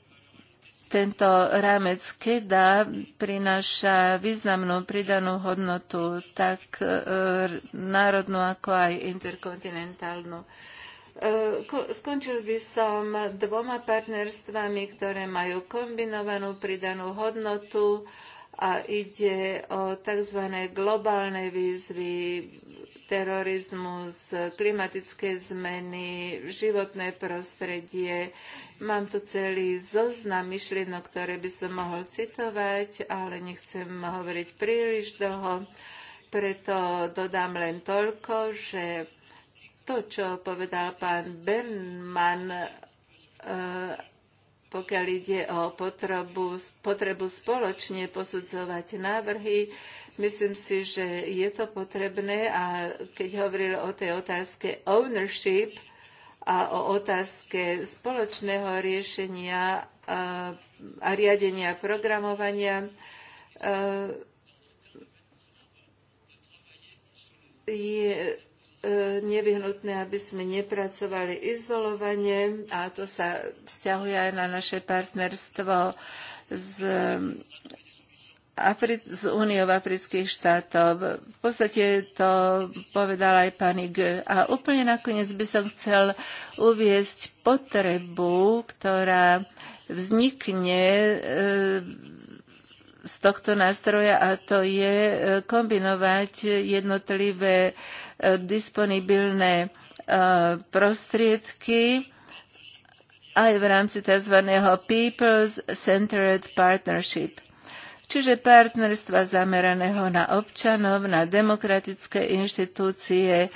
tento rámec KEDA prináša významnú pridanú hodnotu, tak národnú, ako aj interkontinentálnu. E, skončil by som dvoma partnerstvami, ktoré majú kombinovanú pridanú hodnotu a ide o tzv. globálne výzvy terorizmus, klimatické zmeny, životné prostredie. Mám tu celý zoznam myšlienok, ktoré by som mohol citovať, ale nechcem hovoriť príliš dlho. Preto dodám len toľko, že to, čo povedal pán Bernman, e, pokiaľ ide o potrebu, potrebu spoločne posudzovať návrhy, myslím si, že je to potrebné a keď hovoril o tej otázke ownership a o otázke spoločného riešenia a, e, a riadenia programovania, a, e, je, E, nevyhnutné, aby sme nepracovali izolovane a to sa vzťahuje aj na naše partnerstvo z Afri- z Úniou afrických štátov. V podstate to povedal aj pán G. A úplne nakoniec by som chcel uviesť potrebu, ktorá vznikne e, z tohto nástroja a to je e, kombinovať jednotlivé e, disponibilné e, prostriedky aj v rámci tzv. People's Centered Partnership, čiže partnerstva zameraného na občanov, na demokratické inštitúcie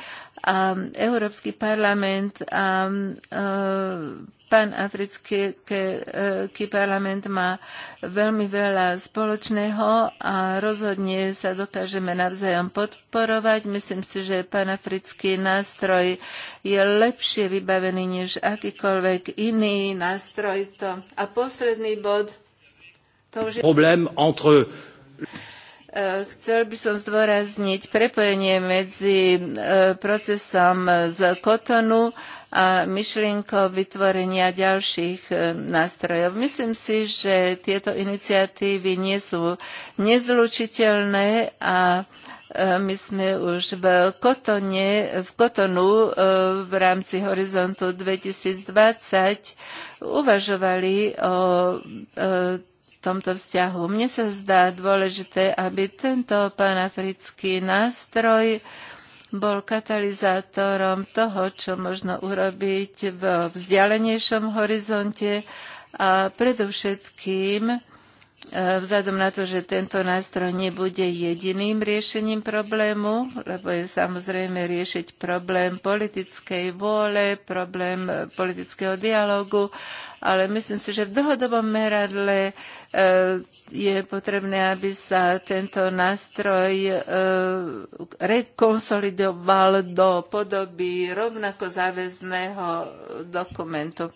a um, Európsky parlament a um, uh, panafrický uh, parlament má veľmi veľa spoločného a rozhodne sa dokážeme navzájom podporovať. Myslím si, že panafrický nástroj je lepšie vybavený než akýkoľvek iný nástroj. To. A posledný bod. To už je... Problém entre Eh, chcel by som zdôrazniť prepojenie medzi eh, procesom z Kotonu a myšlienkou vytvorenia ďalších eh, nástrojov. Myslím si, že tieto iniciatívy nie sú nezlučiteľné a my sme už v, Kotone, v Kotonu v rámci Horizontu 2020 uvažovali o tomto vzťahu. Mne sa zdá dôležité, aby tento panafrický nástroj bol katalizátorom toho, čo možno urobiť v vzdialenejšom horizonte a predovšetkým E, vzhľadom na to, že tento nástroj nebude jediným riešením problému, lebo je samozrejme riešiť problém politickej vôle, problém e, politického dialogu, ale myslím si, že v dlhodobom meradle e, je potrebné, aby sa tento nástroj rekonsolidoval do podoby rovnako záväzného dokumentu.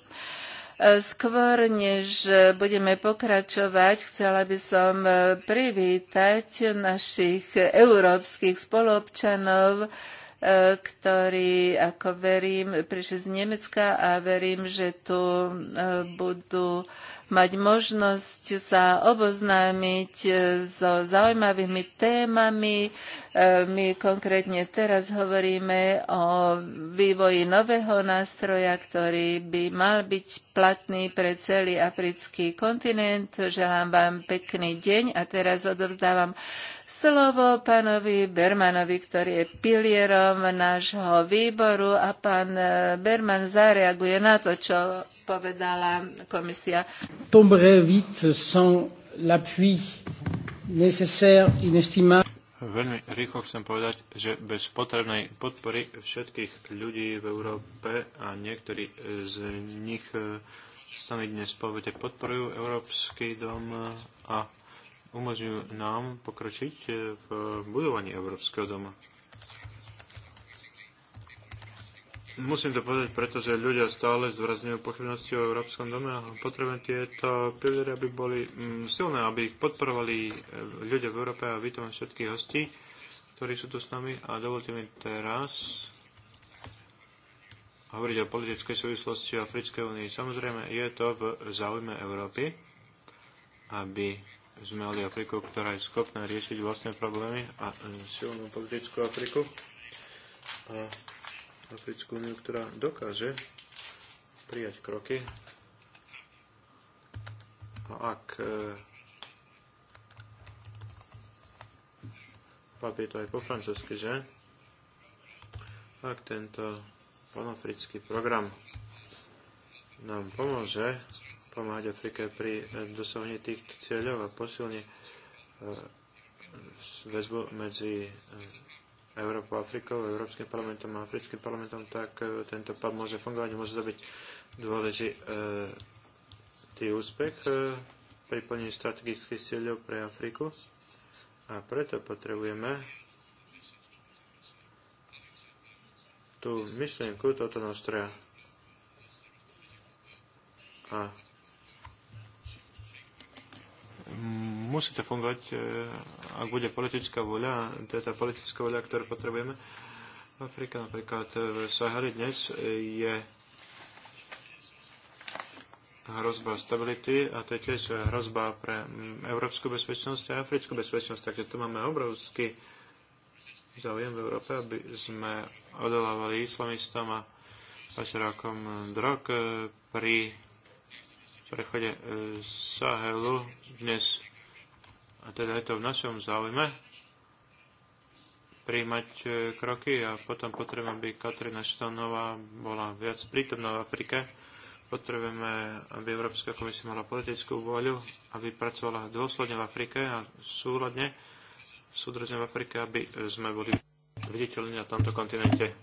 E, skôr, než budeme pokračovať, chcela by som e, privítať našich európskych spolobčanov, e, ktorí, ako verím, prišli z Nemecka a verím, že tu budú mať možnosť sa oboznámiť e, so zaujímavými témami. E, my konkrétne teraz hovoríme o vývoji nového nástroja, ktorý by mal byť platný pre celý africký kontinent. Želám vám pekný deň a teraz odovzdávam slovo pánovi Bermanovi, ktorý je pilierom nášho výboru a pán e, Berman zareaguje na to, čo povedala komisia. l'appui nécessaire, inestimable. Veľmi rýchlo chcem povedať, že bez potrebnej podpory všetkých ľudí v Európe a niektorí z nich e, sami dnes povede podporujú Európsky dom a umožňujú nám pokročiť e, v budovaní Európskeho doma. Musím to povedať, pretože ľudia stále zvrazňujú pochybnosti o Európskom dome a potrebujem tieto piliery, aby boli mm, silné, aby ich podporovali eh, ľudia v Európe a vítam všetkých hostí, ktorí sú tu s nami a dovolte mi teraz hovoriť o politickej súvislosti Africkej únie. Samozrejme, je to v záujme Európy, aby sme mali Afriku, ktorá je schopná riešiť vlastné problémy a silnú politickú Afriku. A Africkú úniu, ktorá dokáže prijať kroky a no ak papie to aj po francúzsky, že? Ak tento panafrický program nám pomôže pomáhať Afrike pri e, dosahovaní tých cieľov a posilne väzbu medzi e, Európou, Afrikou, Európskym parlamentom a Africkým parlamentom, tak e, tento pub môže fungovať, môže to byť dôležitý e, úspech e, pri plnení strategických cieľov pre Afriku a preto potrebujeme tú myšlienku toto nástroja. A musí to fungovať, e, ak bude politická voľa, to teda je tá politická voľa, ktorú potrebujeme. Afrika napríklad e, v Sahari dnes je hrozba stability a to je tiež hrozba pre európsku bezpečnosť a africkú bezpečnosť. Takže tu máme obrovský záujem v Európe, aby sme odolávali islamistom a pašerákom drog e, pri prechode e, Sahelu dnes. A teda je to v našom záujme príjmať e, kroky a potom potrebujem, aby Katrina Štanová bola viac prítomná v Afrike. Potrebujeme, aby Európska komisia mala politickú voľu, aby pracovala dôsledne v Afrike a súhľadne, súdržne v Afrike, aby sme boli viditeľní na tomto kontinente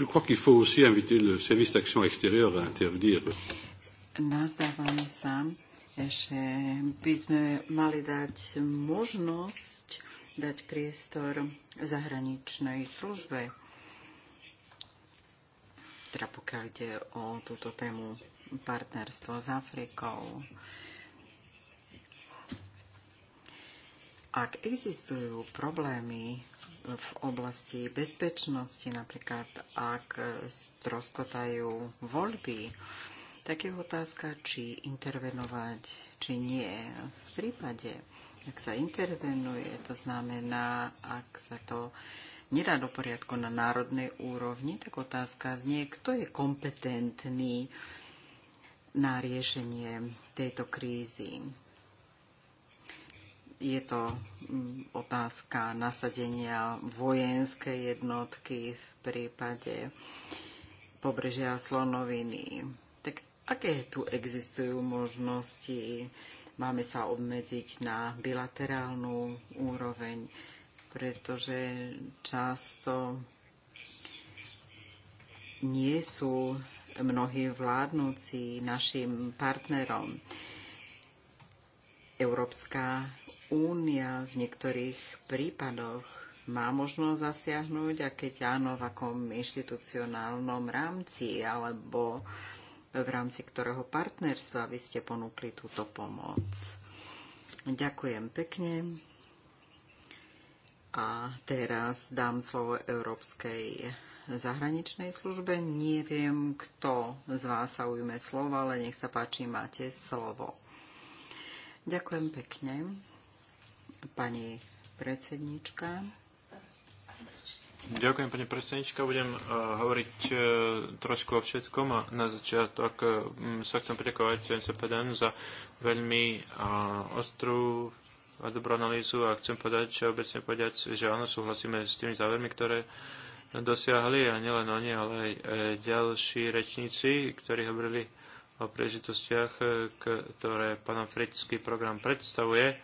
je crois qu'il faut aussi inviter le service d'action extérieure à intervenir. sa, by sme mali dať možnosť dať priestor zahraničnej službe. Teda pokiaľ ide o túto tému partnerstvo s Afrikou. Ak existujú problémy v oblasti bezpečnosti, napríklad ak stroskotajú voľby, tak je otázka, či intervenovať, či nie. V prípade, ak sa intervenuje, to znamená, ak sa to nedá do poriadku na národnej úrovni, tak otázka znie, kto je kompetentný na riešenie tejto krízy je to mm, otázka nasadenia vojenskej jednotky v prípade pobrežia Slonoviny. Tak aké tu existujú možnosti? Máme sa obmedziť na bilaterálnu úroveň, pretože často nie sú mnohí vládnúci našim partnerom. Európska únia v niektorých prípadoch má možnosť zasiahnuť a keď áno, v akom inštitucionálnom rámci alebo v rámci ktorého partnerstva vy ste ponúkli túto pomoc. Ďakujem pekne. A teraz dám slovo Európskej zahraničnej službe. Neviem, kto z vás sa ujme slova, ale nech sa páči, máte slovo. Ďakujem pekne pani predsednička. Ďakujem, pani predsednička. Budem uh, hovoriť uh, trošku o všetkom a na začiatok um, sa chcem poďakovať NCPDN za veľmi uh, ostrú a dobrú analýzu a chcem povedať, že obecne povedať, že áno, súhlasíme s tými závermi, ktoré dosiahli a nielen oni, ale aj ďalší rečníci, ktorí hovorili o príležitostiach, ktoré panafrický program predstavuje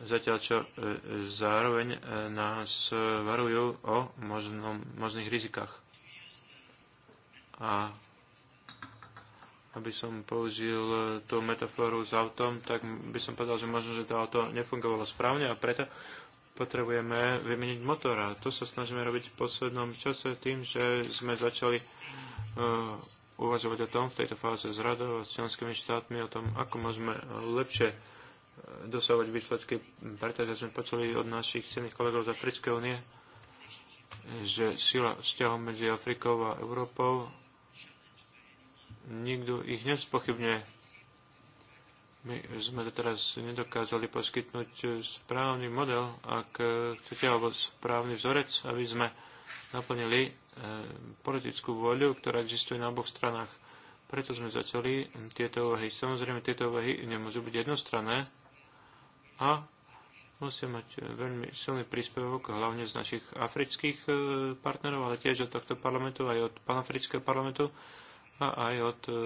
zatiaľ čo e, zároveň e, nás varujú o možnom, možných rizikách. A aby som použil e, tú metaforu s autom, tak by som povedal, že možno, že to auto nefungovalo správne a preto potrebujeme vymeniť motor. A to sa snažíme robiť v poslednom čase tým, že sme začali uh, uvažovať o tom v tejto fáze s radou a s členskými štátmi o tom, ako môžeme lepšie uh, dosahovať výsledky, pretože sme počuli od našich cenných kolegov z Africkej únie, že sila vzťahov medzi Afrikou a Európou nikto ich nespochybňuje. My sme to teraz nedokázali poskytnúť správny model, ak chcete, alebo správny vzorec, aby sme naplnili e, politickú voľu, ktorá existuje na oboch stranách. Preto sme začali tieto úvahy. Samozrejme, tieto úvahy nemôžu byť jednostranné a musia mať eh, veľmi silný príspevok, hlavne z našich afrických eh, partnerov, ale tiež od tohto parlamentu, aj od panafrického parlamentu a aj od eh,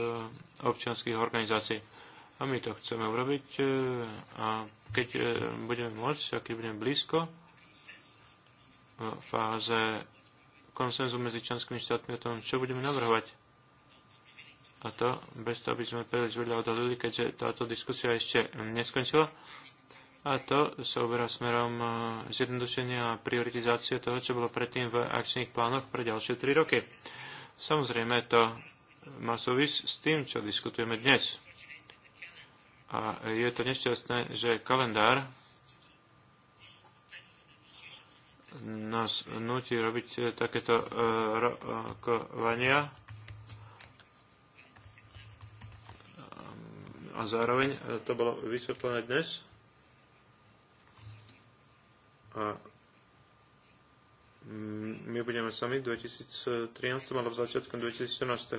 občianských organizácií. A my to chceme urobiť a keď budeme môcť a keď budeme blízko v fáze konsenzu medzi členskými štátmi o tom, čo budeme navrhovať. A to bez toho, aby sme príliš veľa odhalili, keďže táto diskusia ešte neskončila a to sa uberá smerom e, zjednodušenia a prioritizácie toho, čo bolo predtým v akčných plánoch pre ďalšie tri roky. Samozrejme, to má súvis s tým, čo diskutujeme dnes. A je to nešťastné, že kalendár nás nutí robiť e, takéto e, rokovania a zároveň to bolo vysvetlené dnes a mm, my budeme sami v 2013 alebo v začiatkom 2014.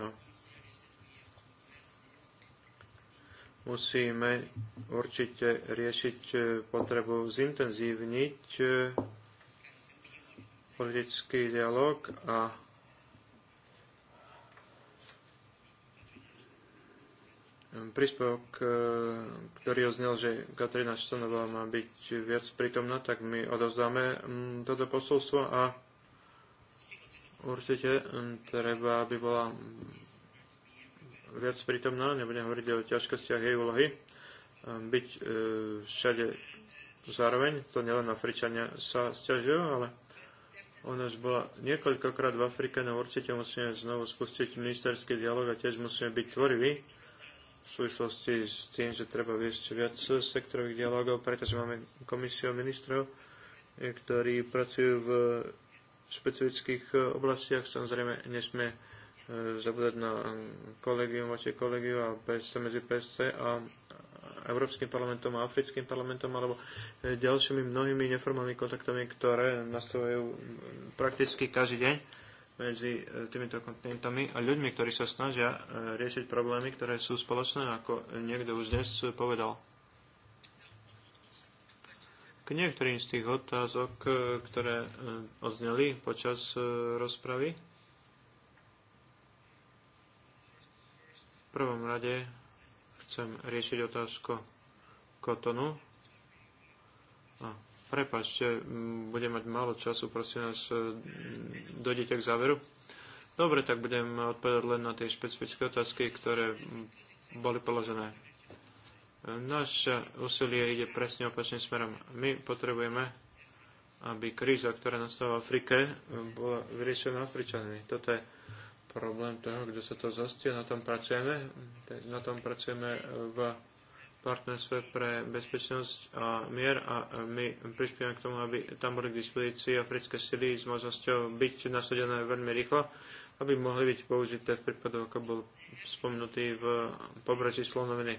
Musíme určite riešiť e, potrebu zintenzívniť e, politický dialog a Ehm, príspevok, eh, ktorý oznel, že Katarína Štanová má byť viac prítomná, tak my odovzdáme mm, toto posolstvo a určite mm, treba, aby bola mm, viac prítomná, nebudem hovoriť o ťažkostiach jej úlohy, ehm, byť eh, všade zároveň, to nielen Afričania sa stiažujú, ale ona už bola niekoľkokrát v Afrike, no určite musíme znovu spustiť ministerský dialog a tiež musíme byť tvoriví v súvislosti s tým, že treba viesť viac sektorových dialogov, pretože máme komisiu ministrov, eh, ktorí pracujú v špecifických eh, oblastiach. Samozrejme, nesme eh, zabúdať na kolegium, vaše kolegiu a PSC medzi PSC a Európskym parlamentom a Africkým parlamentom alebo ďalšími mnohými neformálnymi kontaktami, ktoré nastavujú prakticky každý deň medzi e, týmito kontinentami a ľuďmi, ktorí sa snažia e, riešiť problémy, ktoré sú spoločné, ako niekto už dnes povedal. K niektorým z tých otázok, e, ktoré odzneli počas rozpravy, v prvom rade chcem riešiť otázku kotonu a Prepačte, budem mať málo času, prosím vás, e, dojdete k záveru. Dobre, tak budem odpovedať len na tie špecifické otázky, ktoré boli položené. E, naše úsilie ide presne opačným smerom. My potrebujeme, aby kríza, ktorá nastala v Afrike, bola vyriešená Afričanmi. Toto je problém toho, kde sa to zastie, na tom pracujeme. Na tom pracujeme v partnerstve pre bezpečnosť a mier a my prispievame k tomu, aby tam boli k dispozícii africké sily s možnosťou byť nasadené veľmi rýchlo, aby mohli byť použité v prípadoch, ako bol spomenutý v pobreží Slonoviny.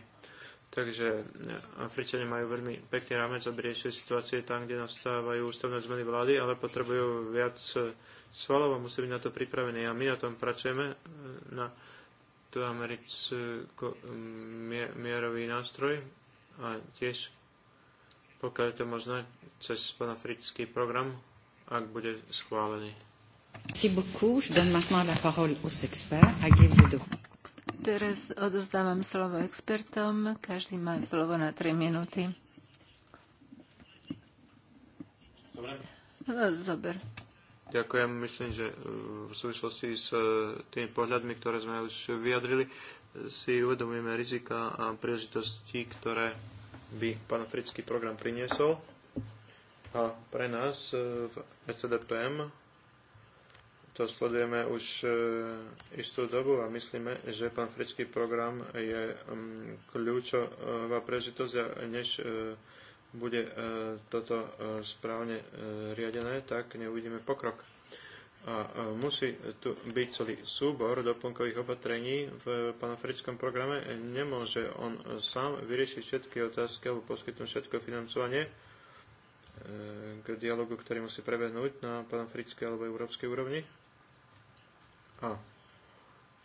Takže eh, Afričania majú veľmi pekný rámec, aby riešili situácie tam, kde nastávajú ústavné zmeny vlády, ale potrebujú viac eh, svalov a musí byť na to pripravení. A my na tom pracujeme eh, na to americkú mierový nástroj a tiež, pokiaľ je to možné, cez panafrický program, ak bude schválený. Merci beaucoup. Je donne maintenant la parole aux experts. I give Teraz odozdávam slovo expertom. Každý má slovo na 3 minúty. Dobre. No, zober. Ďakujem. Myslím, že e, v súvislosti s e, tými pohľadmi, ktoré sme už vyjadrili, si uvedomujeme rizika a príležitosti, ktoré by panafrický program priniesol. A pre nás e, v ECDPM to sledujeme už istú dobu a myslíme, že panafrický program je kľúčová príležitosť než bude e, toto e, správne e, riadené, tak neuvidíme pokrok. A musí tu byť celý súbor doplnkových opatrení v panafrickom programe. Nemôže on sám vyriešiť všetky otázky alebo poskytnúť všetko financovanie k dialogu, ktorý musí prebehnúť na panafrickej alebo európskej úrovni. A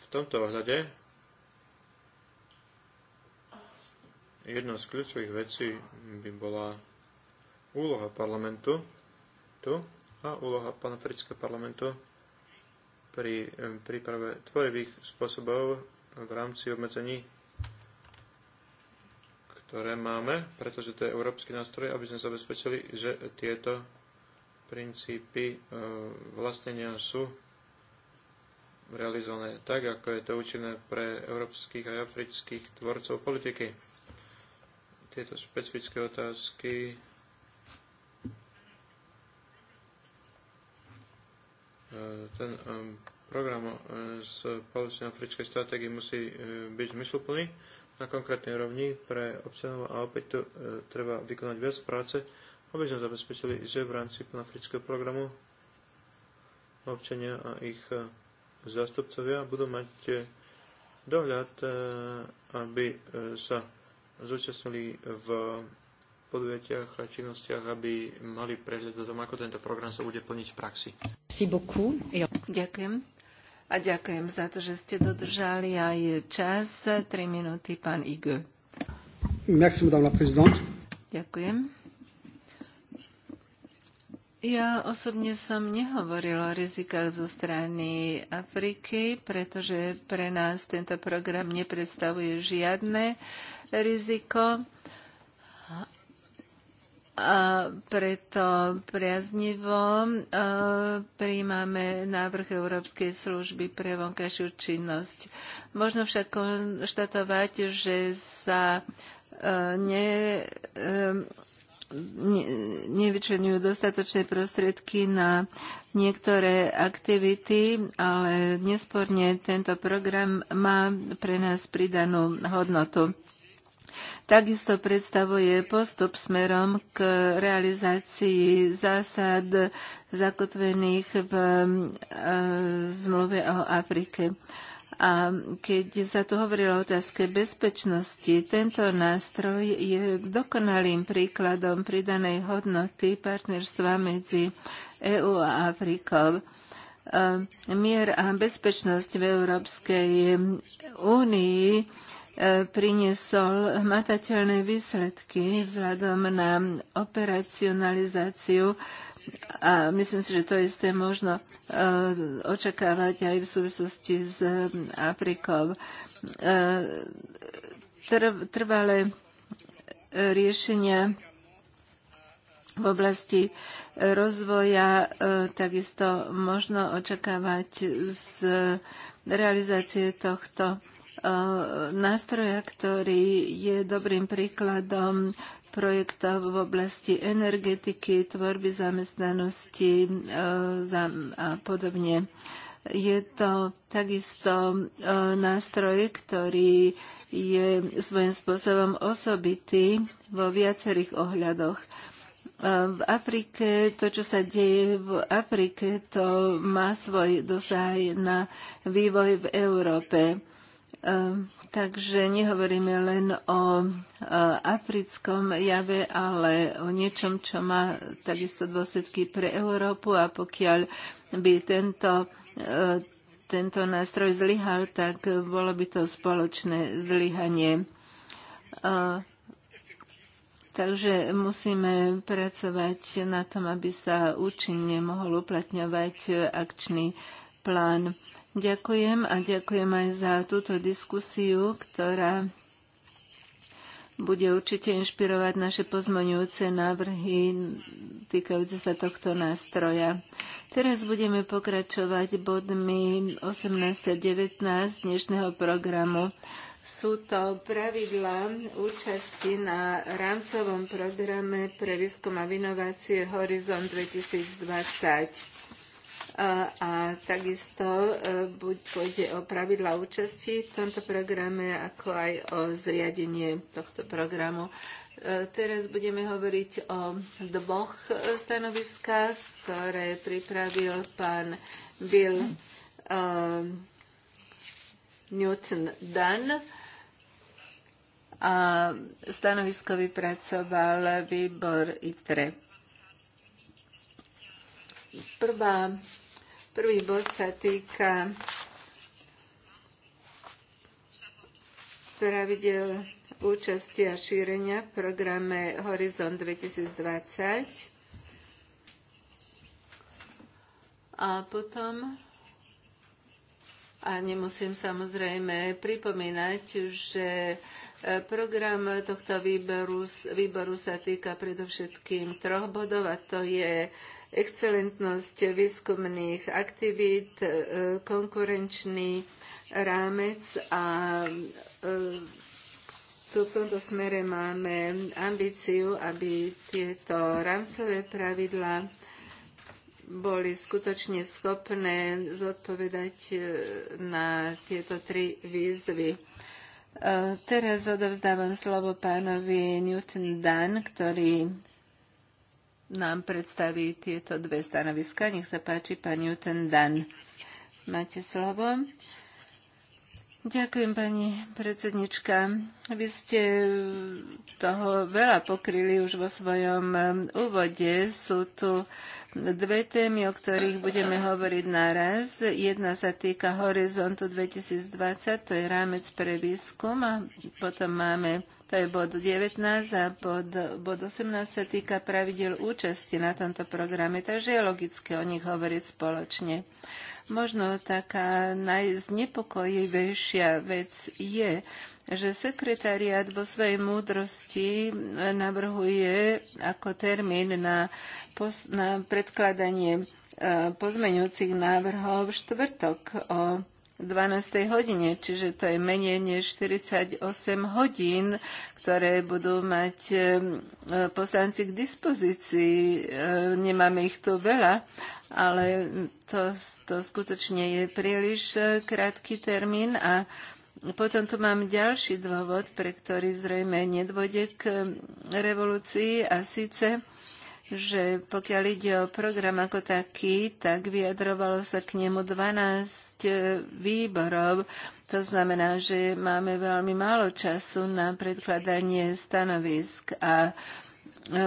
v tomto ohľade jedna z kľúčových vecí by bola úloha parlamentu tu a úloha panafrického parlamentu pri príprave tvorivých spôsobov v rámci obmedzení, ktoré máme, pretože to je európsky nástroj, aby sme zabezpečili, že tieto princípy e, vlastnenia sú realizované tak, ako je to účinné pre európskych a afrických tvorcov politiky tieto špecifické otázky e, ten program e, z spoločnej africkej stratégie musí e, byť zmysluplný na konkrétnej rovni pre občanov a opäť tu treba vykonať viac práce, aby sme zabezpečili, že v rámci panafrického programu občania a ich zástupcovia budú mať dohľad, aby sa zúčastnili v podujatiach a činnostiach, aby mali prehľad o tom, ako tento program sa bude plniť v praxi. Ďakujem. A ďakujem za to, že ste dodržali aj čas. 3 minúty, pán Igö. Ďakujem. Ja osobne som nehovorila o rizikách zo strany Afriky, pretože pre nás tento program nepredstavuje žiadne riziko a preto priaznivo e, prijímame návrh Európskej služby pre vonkajšiu činnosť. Možno však konštatovať, že sa e, ne e, nevyčlenujú dostatočné prostriedky na niektoré aktivity, ale nesporne tento program má pre nás pridanú hodnotu. Takisto predstavuje postup smerom k realizácii zásad zakotvených v eh, zmluve o Afrike. A keď sa tu hovorilo o otázke bezpečnosti, tento nástroj je dokonalým príkladom pridanej hodnoty partnerstva medzi EÚ a Afrikou. Mier a bezpečnosť v Európskej únii e, priniesol matateľné výsledky vzhľadom na operacionalizáciu a myslím si, že to isté možno e, očakávať aj v súvislosti s e, Afrikou. E, trvalé riešenia v oblasti rozvoja takisto možno očakávať z realizácie tohto nástroja, ktorý je dobrým príkladom projektov v oblasti energetiky, tvorby zamestnanosti e, a podobne. Je to takisto e, nástroj, ktorý je svojím spôsobom osobitý vo viacerých ohľadoch. E, v Afrike, to, čo sa deje v Afrike, to má svoj dosah na vývoj v Európe Ehm, takže nehovoríme len o e, africkom jave, ale o niečom, čo má takisto dôsledky pre Európu a pokiaľ by tento, e, tento nástroj zlyhal, tak bolo by to spoločné zlyhanie. E, takže musíme pracovať na tom, aby sa účinne mohol uplatňovať akčný plán Ďakujem a ďakujem aj za túto diskusiu, ktorá bude určite inšpirovať naše pozmoňujúce návrhy týkajúce sa tohto nástroja. Teraz budeme pokračovať bodmi 18 a 19 dnešného programu. Sú to pravidlá účasti na rámcovom programe pre výskum a inovácie Horizon 2020 a takisto e, buď pôjde o pravidla účasti v tomto programe, ako aj o zriadenie tohto programu. E, teraz budeme hovoriť o dvoch stanoviskách, ktoré pripravil pán Bill uh, Newton Dunn a stanovisko vypracoval výbor ITRE. Prvá Prvý bod sa týka pravidel účasti a šírenia v programe Horizon 2020. A potom, a nemusím samozrejme pripomínať, že e, program tohto výboru, výboru sa týka predovšetkým troch bodov a to je excelentnosť výskumných aktivít, e, konkurenčný rámec a e, v tomto smere máme ambíciu, aby tieto rámcové pravidla boli skutočne schopné zodpovedať e, na tieto tri výzvy. Teraz odovzdávam slovo pánovi Newton Dan, ktorý nám predstaví tieto dve stanoviska. Nech sa páči, pán Newton Dan. Máte slovo. Ďakujem, pani predsednička. Vy ste toho veľa pokryli už vo svojom úvode. Sú tu dve témy, o ktorých budeme hovoriť naraz. Jedna sa týka Horizontu 2020, to je rámec pre výskum a potom máme, to je bod 19 a bod, bod 18 sa týka pravidel účasti na tomto programe, takže je logické o nich hovoriť spoločne. Možno taká najznepokojivejšia vec je, že sekretariat vo svojej múdrosti navrhuje ako termín na, pos- na predkladanie e, pozmeňujúcich návrhov v štvrtok o 12. hodine, čiže to je menej než 48 hodín, ktoré budú mať e, poslanci k dispozícii. E, nemáme ich tu veľa, ale to, to skutočne je príliš krátky termín a potom tu mám ďalší dôvod, pre ktorý zrejme nedôjde k revolúcii a síce že pokiaľ ide o program ako taký, tak vyjadrovalo sa k nemu 12 e, výborov. To znamená, že máme veľmi málo času na predkladanie stanovisk a e,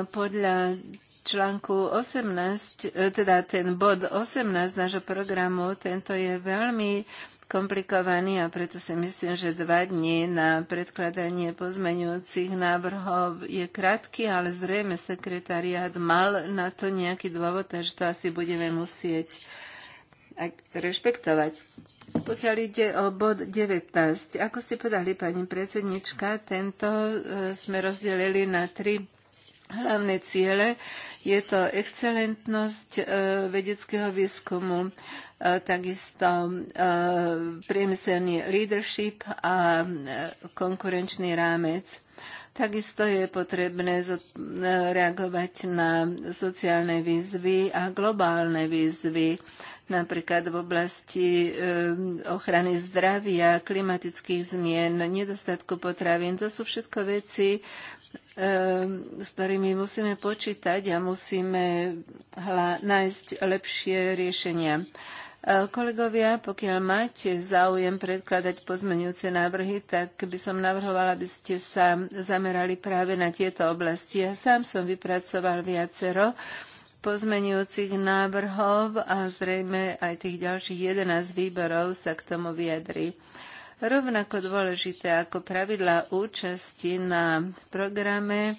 podľa článku 18, e, teda ten bod 18 nášho programu, tento je veľmi komplikovaný a preto si myslím, že dva dní na predkladanie pozmeňujúcich návrhov je krátky, ale zrejme sekretariát mal na to nejaký dôvod, takže to asi budeme musieť rešpektovať. Pokiaľ ide o bod 19, ako ste podali, pani predsednička, tento e, sme rozdelili na tri hlavné ciele. Je to excelentnosť e, vedeckého výskumu, e, takisto e, priemyselný leadership a konkurenčný rámec. Takisto je potrebné reagovať na sociálne výzvy a globálne výzvy, napríklad v oblasti ochrany zdravia, klimatických zmien, nedostatku potravín. To sú všetko veci, Ehm, s ktorými musíme počítať a musíme nájsť lepšie riešenia. E, kolegovia, pokiaľ máte záujem predkladať pozmenujúce návrhy, tak by som navrhovala, aby ste sa zamerali práve na tieto oblasti. Ja sám som vypracoval viacero pozmenujúcich návrhov a zrejme aj tých ďalších 11 výborov sa k tomu vyjadri. Uh, rovnako dôležité ako pravidlá účasti na programe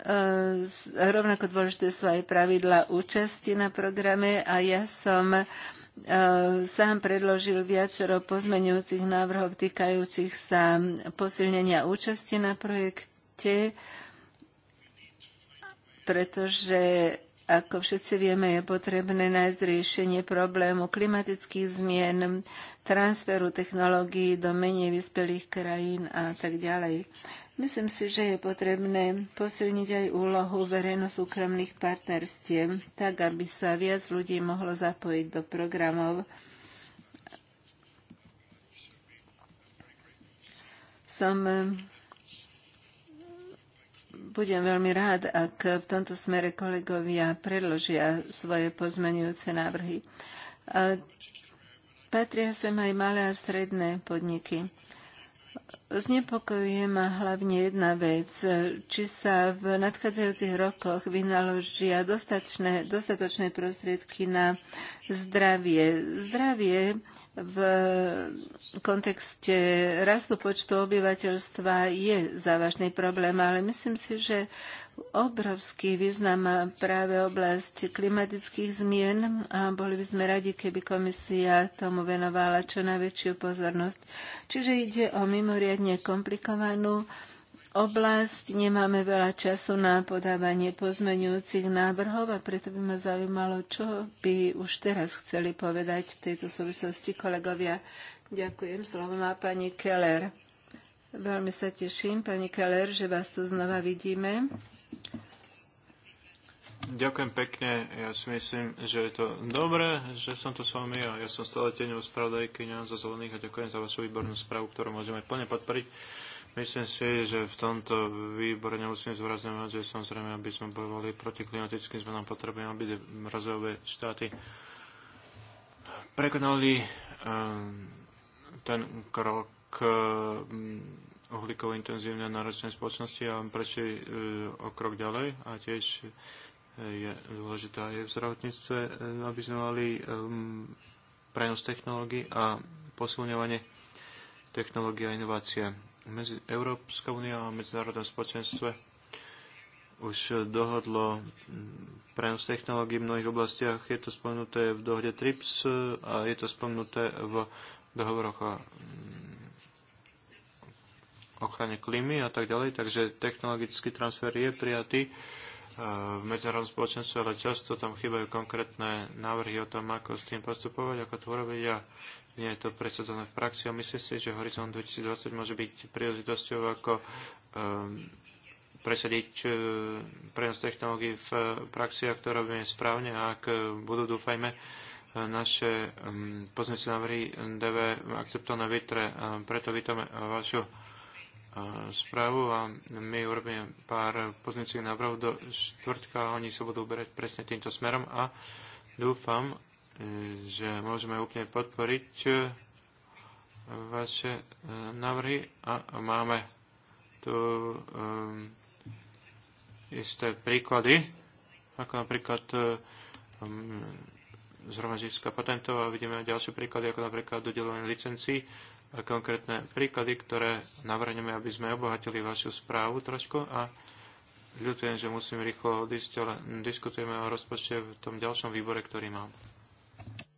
e, rovnako dôležité sú aj pravidla účasti na programe a ja som e, sám predložil viacero pozmeňujúcich návrhov týkajúcich sa posilnenia účasti na projekte, pretože ako všetci vieme, je potrebné nájsť riešenie problému klimatických zmien, transferu technológií do menej vyspelých krajín a tak ďalej. Myslím si, že je potrebné posilniť aj úlohu verejno-súkromných partnerstiev, tak aby sa viac ľudí mohlo zapojiť do programov. Som budem veľmi rád, ak v tomto smere kolegovia predložia svoje pozmenujúce návrhy. Patria sem aj malé a stredné podniky. Znepokojuje ma hlavne jedna vec, či sa v nadchádzajúcich rokoch vynaložia dostatočné, dostatočné prostriedky na zdravie. Zdravie v kontexte rastu počtu obyvateľstva je závažný problém, ale myslím si, že obrovský význam má práve oblasť klimatických zmien a boli by sme radi, keby komisia tomu venovala čo najväčšiu pozornosť. Čiže ide o mimoriadne komplikovanú oblasť. Nemáme veľa času na podávanie pozmenujúcich návrhov a preto by ma zaujímalo, čo by už teraz chceli povedať v tejto súvislosti kolegovia. Ďakujem. Slovo má pani Keller. Veľmi sa teším, pani Keller, že vás tu znova vidíme. Ďakujem pekne. Ja si myslím, že je to dobré, že som tu s vami a ja som stále tieňou spravodajkyňa za zelených a ďakujem za vašu výbornú správu, ktorú môžeme plne podporiť. Myslím si, že v tomto výbore nemusím zvrazňovať, že samozrejme, aby sme bojovali proti klimatickým zmenám, potrebujeme, aby mrazové štáty prekonali ehm, ten krok ehm, uhlíkovo intenzívne náročnej spoločnosti a prešli ehm, o krok ďalej a tiež je dôležité aj v zdravotníctve, aby sme mali prenos technológií a posilňovanie technológií a inovácie medzi Európska únia a medzinárodné spoločenstve už dohodlo prenos technológií v mnohých oblastiach. Je to spomenuté v dohode TRIPS a je to spomenuté v dohovoroch o ochrane klímy a tak ďalej. Takže technologický transfer je prijatý e, v medzinárodnom spoločenstve, ale často tam chýbajú konkrétne návrhy o tom, ako s tým postupovať, ako to urobiť a nie je to predsadzané v praxi a myslím si, že Horizont 2020 môže byť príležitosťou ako um, presadiť e, prenos technológií v praxi, ak to robíme správne a ak e, budú, dúfajme, e, naše ehm, pozmeňujúce návrhy DV akceptované vitre. Preto vítame vašu správu a my urobíme pár pozmeňujúcich návrhov do štvrtka a oni sa budú uberať presne týmto smerom a dúfam, že môžeme úplne podporiť e, vaše e, návrhy a máme tu um, isté príklady, ako napríklad um, zhromaždiska patentov a vidíme ďalšie príklady, ako napríklad dodelovanie licencií a konkrétne príklady, ktoré navrhneme, aby sme obohatili vašu správu trošku a ľutujem, že musím rýchlo odísť, ale diskutujeme o rozpočte v tom ďalšom výbore, ktorý mám.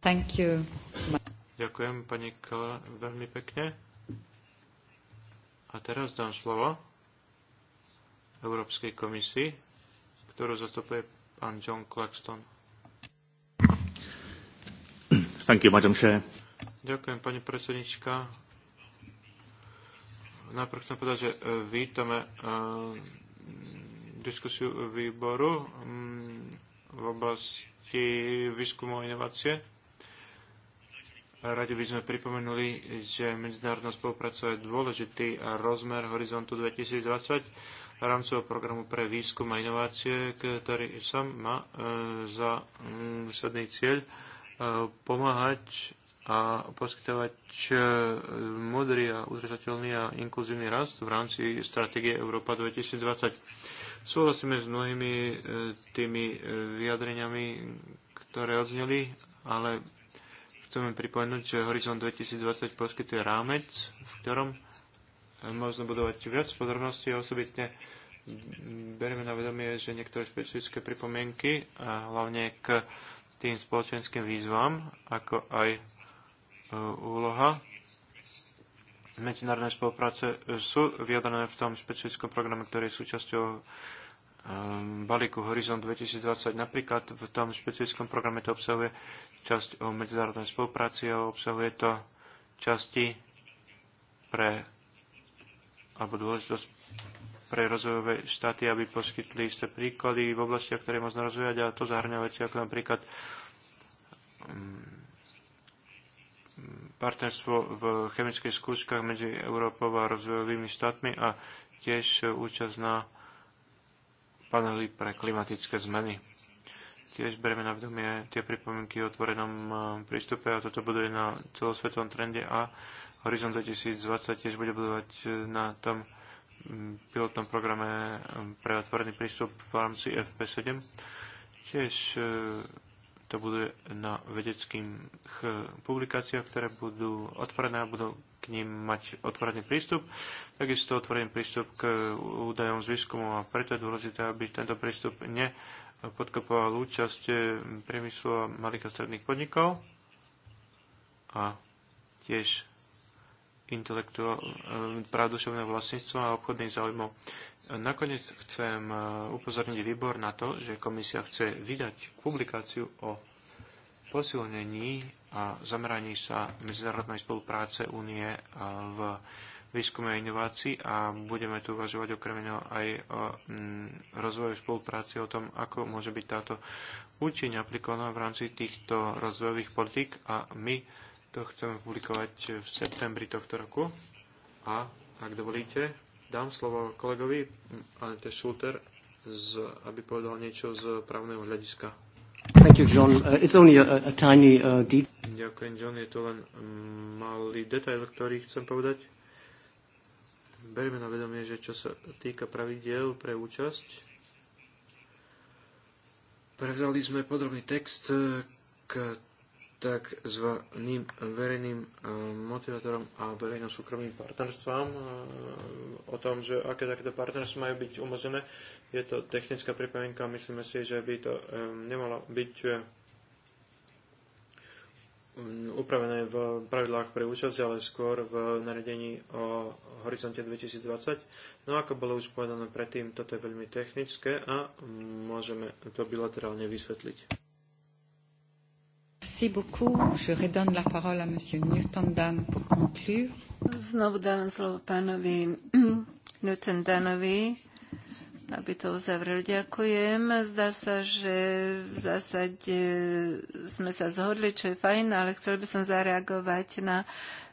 Thank you. Ďakujem, pani Kala, veľmi pekne. A teraz dám slovo Európskej komisii, ktorú zastupuje pán John Claxton. Thank you, Madam Chair. Ďakujem, pani predsednička. Najprv chcem povedať, že e, vítame e, diskusiu výboru v oblasti výskumu a inovácie Radi by sme pripomenuli, že medzinárodná spolupráca je dôležitý rozmer Horizontu 2020 rámcového programu pre výskum a inovácie, ktorý sám má e, za mm, výsadný cieľ e, pomáhať a poskytovať e, modrý a udržateľný a inkluzívny rast v rámci stratégie Európa 2020. Súhlasíme s mnohými tými vyjadreniami, ktoré odzneli, ale chceme pripomenúť, že Horizon 2020 poskytuje rámec, v ktorom e, možno budovať viac podrobností a osobitne berieme na vedomie, že niektoré špecifické pripomienky, a hlavne k tým spoločenským výzvam, ako aj e, úloha medzinárodnej spolupráce e, sú vyjadrené v tom špecifickom programe, ktorý je súčasťou Ehm, balíku Horizon 2020. Napríklad v tom špecifickom programe to obsahuje časť o medzinárodnej spolupráci a obsahuje to časti pre alebo dôležitosť pre rozvojové štáty, aby poskytli isté príklady v oblastiach, ktoré možno rozvíjať a to zahrňa veci ako napríklad ehm, partnerstvo v chemických skúškach medzi Európou a rozvojovými štátmi a tiež účasť na panely pre klimatické zmeny. Tiež bereme na vedomie tie pripomienky o otvorenom e, prístupe a toto buduje na celosvetovom trende a Horizon 2020 tiež bude budovať e, na tom pilotnom programe pre otvorený prístup v rámci FP7. Tiež e, to bude na vedeckých publikáciách, ktoré budú otvorené a budú k ním mať otvorený prístup takisto otvorený prístup k údajom z výskumu a preto je dôležité, aby tento prístup nepodkopoval účasť eh, priemyslu a malých a stredných podnikov a tiež eh, práv duševného vlastníctva a obchodných záujmov. Nakoniec chcem eh, upozorniť výbor na to, že komisia chce vydať publikáciu o posilnení a zameraní sa medzinárodnej spolupráce únie v výskume a inovácií a budeme tu uvažovať okrem iného aj o mm, rozvoju spolupráci, o tom, ako môže byť táto účinne aplikovaná v rámci týchto rozvojových politik a my to chceme publikovať v septembri tohto roku. A ak dovolíte, dám slovo kolegovi mm, Anete Schulter, z, aby povedal niečo z právneho hľadiska. Thank you, John. Uh, it's only a, a tiny uh, Ďakujem, John. Je to len mm, malý detail, ktorý chcem povedať berieme na vedomie, že čo sa týka pravidiel pre účasť, prevzali sme podrobný text k takzvaným verejným e, motivátorom a verejno-súkromným partnerstvám e, o tom, že aké takéto partnerstva majú byť umožené. Je to technická pripomienka, myslíme si, že by to e, nemalo byť Mm, upravené v pravidlách pre účasť, ale skôr v naredení o horizonte 2020. No ako bolo už povedané predtým, toto je veľmi technické a môžeme to bilaterálne vysvetliť. Merci beaucoup. Je redonne la parole à Monsieur Newton Dan pour conclure. Znovu dávam slovo pánovi (clears throat) Newton Danovi aby to uzavrel. Ďakujem. Zdá sa, že v zásade sme sa zhodli, čo je fajn, ale chcel by som zareagovať na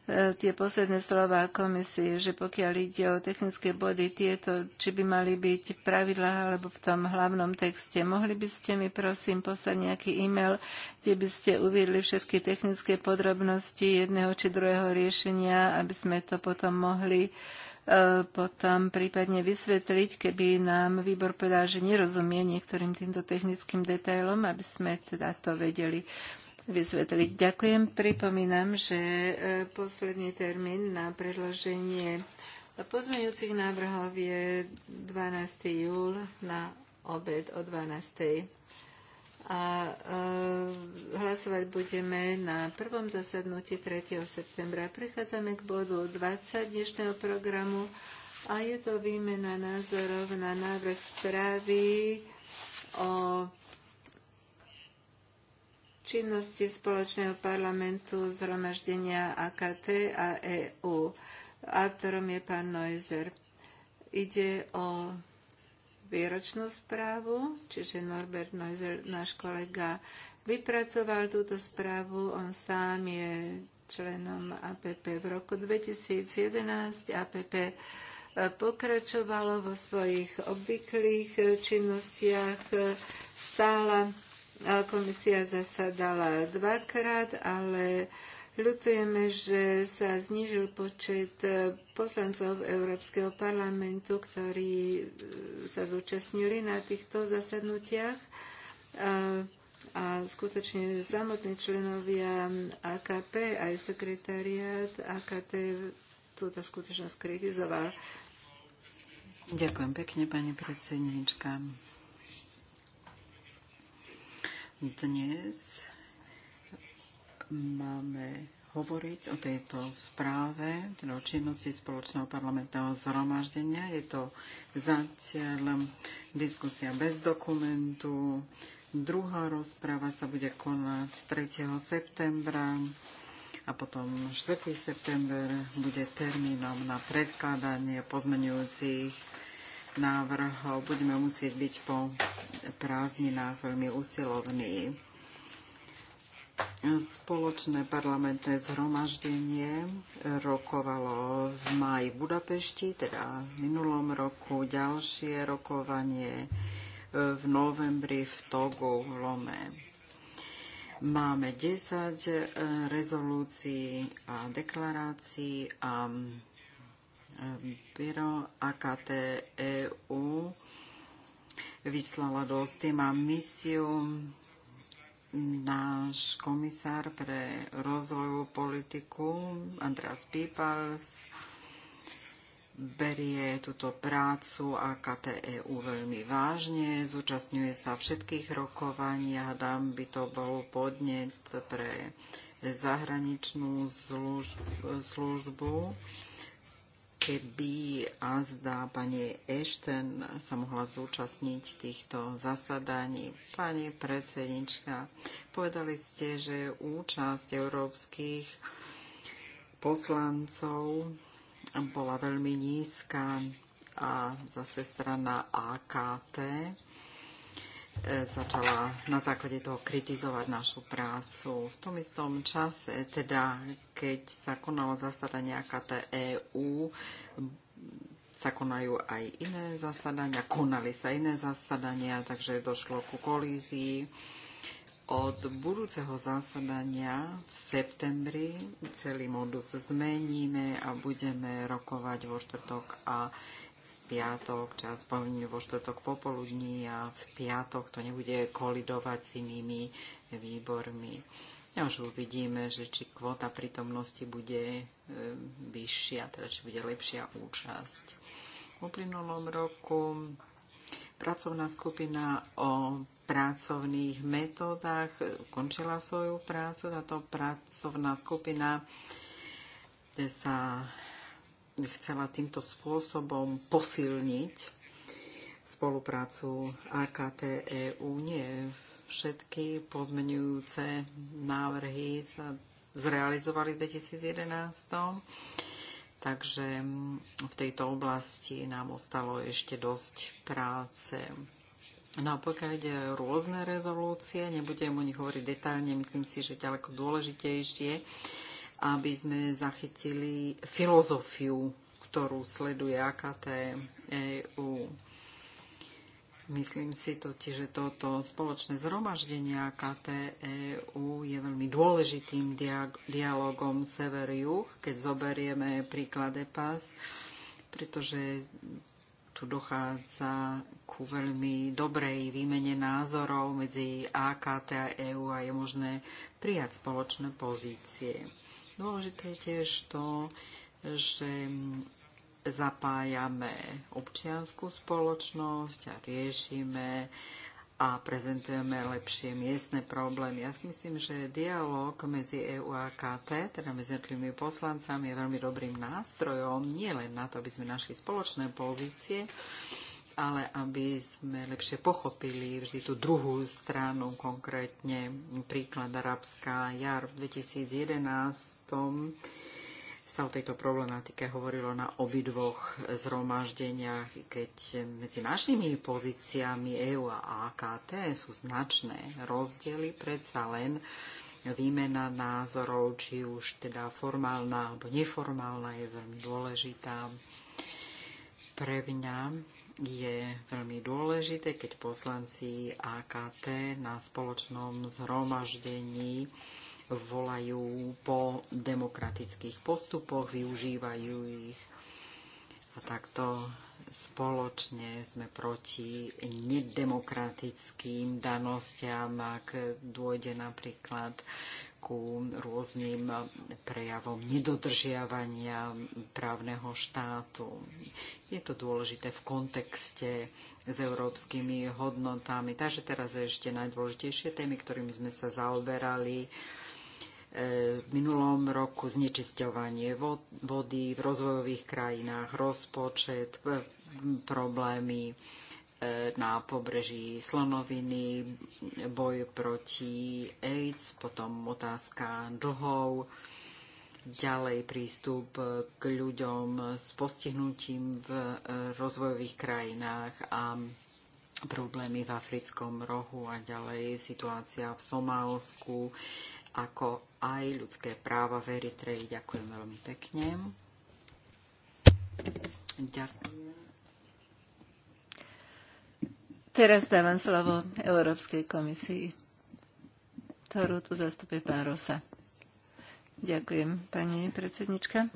e, tie posledné slova komisie, že pokiaľ ide o technické body, tieto, či by mali byť v pravidlách alebo v tom hlavnom texte. Mohli by ste mi prosím poslať nejaký e-mail, kde by ste uviedli všetky technické podrobnosti jedného či druhého riešenia, aby sme to potom mohli E, potom prípadne vysvetliť, keby nám výbor povedal, že nerozumie niektorým týmto technickým detailom, aby sme teda to vedeli vysvetliť. Ďakujem. Pripomínam, že e, posledný termín na predloženie pozmeňujúcich návrhov je 12. júl na obed o 12 a e, hlasovať budeme na prvom zasadnutí 3. septembra. Prechádzame k bodu 20 dnešného programu a je to výmena názorov na návrh správy o činnosti spoločného parlamentu zhromaždenia AKT a EU. Autorom je pán Neuser. Ide o výročnú správu, čiže Norbert Neuser, náš kolega, vypracoval túto správu. On sám je členom APP. V roku 2011 APP e, pokračovalo vo svojich obvyklých činnostiach. Stála e, komisia zasadala dvakrát, ale Ľutujeme, že sa znižil počet e, poslancov Európskeho parlamentu, ktorí e, sa zúčastnili na týchto zasadnutiach. A, e, a skutočne samotní členovia AKP, aj sekretariat AKT túto skutočnosť kritizoval. Ďakujem pekne, pani predsednička. Dnes máme hovoriť o tejto správe, teda o činnosti spoločného parlamentného zhromaždenia. Je to zatiaľ diskusia bez dokumentu. Druhá rozpráva sa bude konať 3. septembra a potom 4. september bude termínom na predkladanie pozmenujúcich návrhov. Budeme musieť byť po prázdninách veľmi usilovní Spoločné parlamentné zhromaždenie rokovalo v maji v Budapešti, teda v minulom roku, ďalšie rokovanie e, v novembri v Togu v Lome. Máme 10 e, rezolúcií a deklarácií a e, Biro AKT EU vyslala do Ostima misiu náš komisár pre rozvojovú politiku Andreas Pípals berie túto prácu a KTEU veľmi vážne, zúčastňuje sa všetkých rokovaní a dám by to bol podnet pre zahraničnú službu keby azda pani Ešten sa mohla zúčastniť týchto zasadaní. Pani predsednička, povedali ste, že účasť európskych poslancov bola veľmi nízka a zase strana AKT E, začala na základe toho kritizovať našu prácu. V tom istom čase, teda keď sa konalo zasadanie AKT EU, sa konajú aj iné zasadania, konali sa iné zasadania, takže došlo ku kolízii. Od budúceho zasadania v septembri celý modus zmeníme a budeme rokovať vo štvrtok a piatok, čas povinne vo štvrtok popoludní a v piatok to nebude kolidovať s inými výbormi. Ja už uvidíme, že či kvota prítomnosti bude e, vyššia, teda či bude lepšia účasť. V uplynulom roku pracovná skupina o pracovných metodách ukončila svoju prácu. Táto pracovná skupina sa chcela týmto spôsobom posilniť spoluprácu AKT EU. Nie všetky pozmenujúce návrhy sa zrealizovali v 2011. Takže v tejto oblasti nám ostalo ešte dosť práce. No a pokiaľ ide rôzne rezolúcie, nebudem o nich hovoriť detálne, myslím si, že ďaleko dôležitejšie aby sme zachytili filozofiu, ktorú sleduje AKT EU. Myslím si totiž, že toto spoločné zhromaždenie AKT EU je veľmi dôležitým dialogom sever-juh, keď zoberieme príklad EPAS, pretože tu dochádza ku veľmi dobrej výmene názorov medzi AKT a EU a je možné prijať spoločné pozície. Dôležité je tiež to, že zapájame občianskú spoločnosť a riešime a prezentujeme lepšie miestne problémy. Ja si myslím, že dialog medzi EU a KT, teda medzi jednotlivými poslancami, je veľmi dobrým nástrojom, nie len na to, aby sme našli spoločné pozície, ale aby sme lepšie pochopili vždy tú druhú stranu, konkrétne príklad Arabská jar v 2011 sa o tejto problematike hovorilo na obidvoch zhromaždeniach, keď medzi našimi pozíciami EU a AKT sú značné rozdiely, predsa len výmena názorov, či už teda formálna alebo neformálna, je veľmi dôležitá. Pre mňa je veľmi dôležité, keď poslanci AKT na spoločnom zhromaždení volajú po demokratických postupoch, využívajú ich a takto spoločne sme proti nedemokratickým danostiam, ak dôjde napríklad ku rôznym prejavom nedodržiavania právneho štátu. Je to dôležité v kontexte s európskymi hodnotami. Takže teraz je ešte najdôležitejšie témy, ktorými sme sa zaoberali e, v minulom roku znečisťovanie vody v rozvojových krajinách, rozpočet, e, problémy na pobreží slonoviny, boj proti AIDS, potom otázka dlhov, ďalej prístup k ľuďom s postihnutím v e, rozvojových krajinách a problémy v africkom rohu a ďalej situácia v Somálsku, ako aj ľudské práva v Eritreji. Ďakujem veľmi pekne. Ďakujem. Teraz dávam slovo Európskej komisii, ktorú tu zastupuje pán Rosa. Ďakujem, pani predsednička.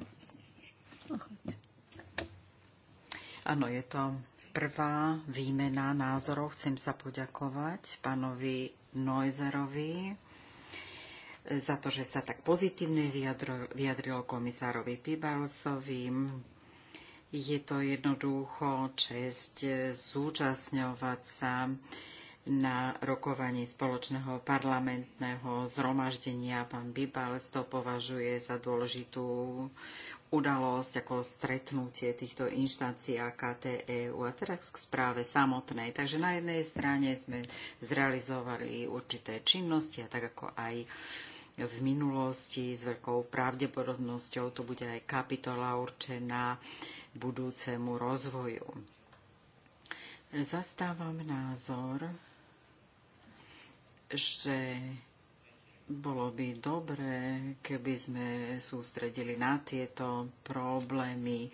Áno, je to prvá výmena názorov. Chcem sa poďakovať pánovi Noizerovi za to, že sa tak pozitívne vyjadrilo vyjadril komisárovi Pibalsovi je to jednoducho čest eh, zúčastňovať sa na rokovaní spoločného parlamentného zhromaždenia. Pán Bibals to považuje za dôležitú udalosť ako stretnutie týchto inštancií AKTEU a e teraz k správe samotnej. Takže na jednej strane sme zrealizovali určité činnosti a tak ako aj v minulosti s veľkou pravdepodobnosťou to bude aj kapitola určená budúcemu rozvoju. Zastávam názor, že bolo by dobré, keby sme sústredili na tieto problémy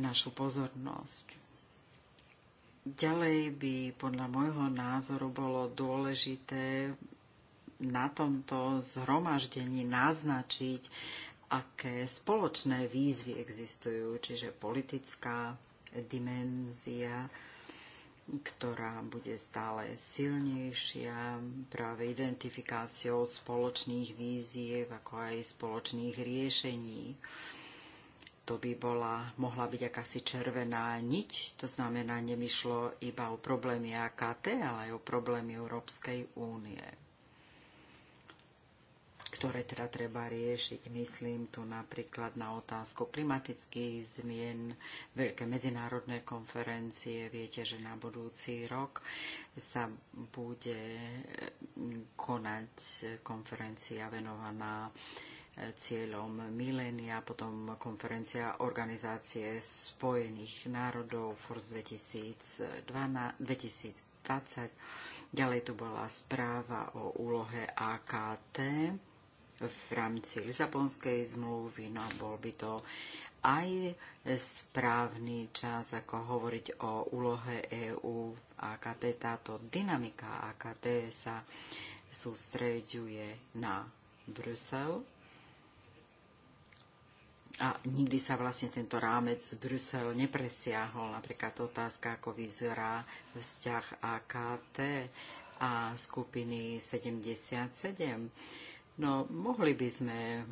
našu pozornosť. Ďalej by podľa môjho názoru bolo dôležité na tomto zhromaždení naznačiť, aké spoločné výzvy existujú, čiže politická dimenzia, ktorá bude stále silnejšia práve identifikáciou spoločných víziev, ako aj spoločných riešení. To by bola, mohla byť akási červená niť, to znamená, nemyšlo iba o problémy AKT, ale aj o problémy Európskej únie ktoré teda treba riešiť. Myslím tu napríklad na otázku klimatických zmien, veľké medzinárodné konferencie. Viete, že na budúci rok sa bude eh, konať eh, konferencia venovaná eh, cieľom milénia, potom konferencia Organizácie spojených národov FORS 2020. Ďalej tu bola správa o úlohe AKT v rámci Lisabonskej zmluvy, no bol by to aj správny čas, ako hovoriť o úlohe EÚ AKT. Táto dynamika AKT sa sústreďuje na Brusel a nikdy sa vlastne tento rámec Brusel nepresiahol. Napríklad otázka, ako vyzerá vzťah AKT a skupiny 77 No, mohli by sme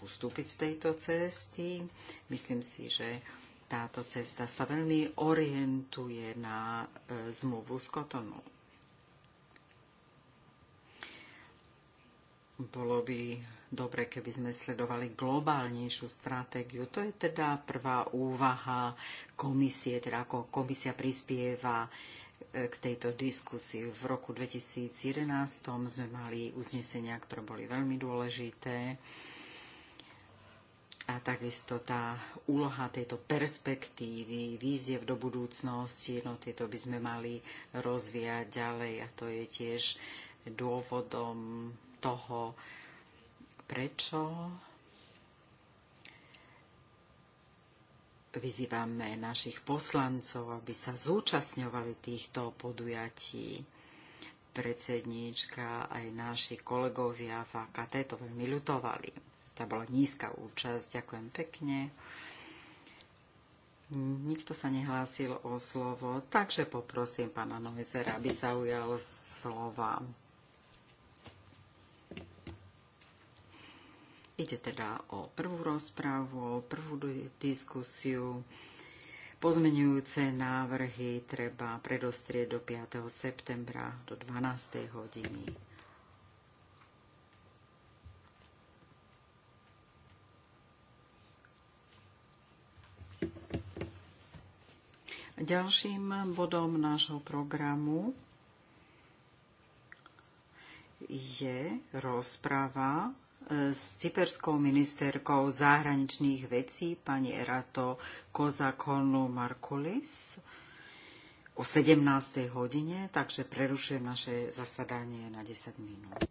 ustúpiť z tejto cesty. Myslím si, že táto cesta sa veľmi orientuje na e, zmluvu s Kotonu. Bolo by dobre, keby sme sledovali globálnejšiu stratégiu. To je teda prvá úvaha komisie, teda ako komisia prispieva e, k tejto diskusii. V roku 2011 sme mali uznesenia, ktoré boli veľmi dôležité. A takisto tá úloha tejto perspektívy, vízie do budúcnosti, no tieto by sme mali rozvíjať ďalej a to je tiež dôvodom toho, prečo vyzývame našich poslancov, aby sa zúčastňovali týchto podujatí. Predsedníčka aj naši kolegovia v AKT to veľmi ľutovali. Tá bola nízka účasť, ďakujem pekne. Nikto sa nehlásil o slovo, takže poprosím pána novizera, aby sa ujal slova. Ide teda o prvú rozprávu, o prvú diskusiu. Pozmenujúce návrhy treba predostrieť do 5. septembra do 12. hodiny. Ďalším bodom nášho programu je rozprava E, s cyperskou ministerkou zahraničných vecí pani Erato Kozakonu Markulis o 17. hodine, takže prerušujem naše zasadanie na 10 minút.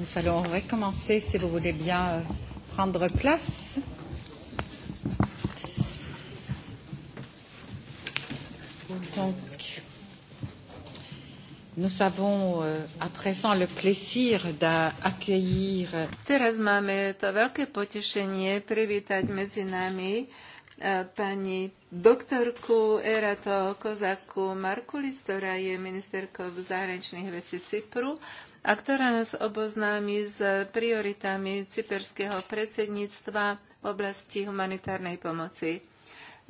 Nous allons recommencer, si vous voulez bien euh, prendre place. Donc, nous avons euh, à présent le plaisir d'accueillir. Euh, Teraz mamy to wielkie pocieszenie przywitać między nami eh, pani doktorku Erato Kozaku Markulis, ktorá je ministerkou zahraničných vecí Cypru a ktorá nás oboznámi s prioritami cyperského predsedníctva v oblasti humanitárnej pomoci.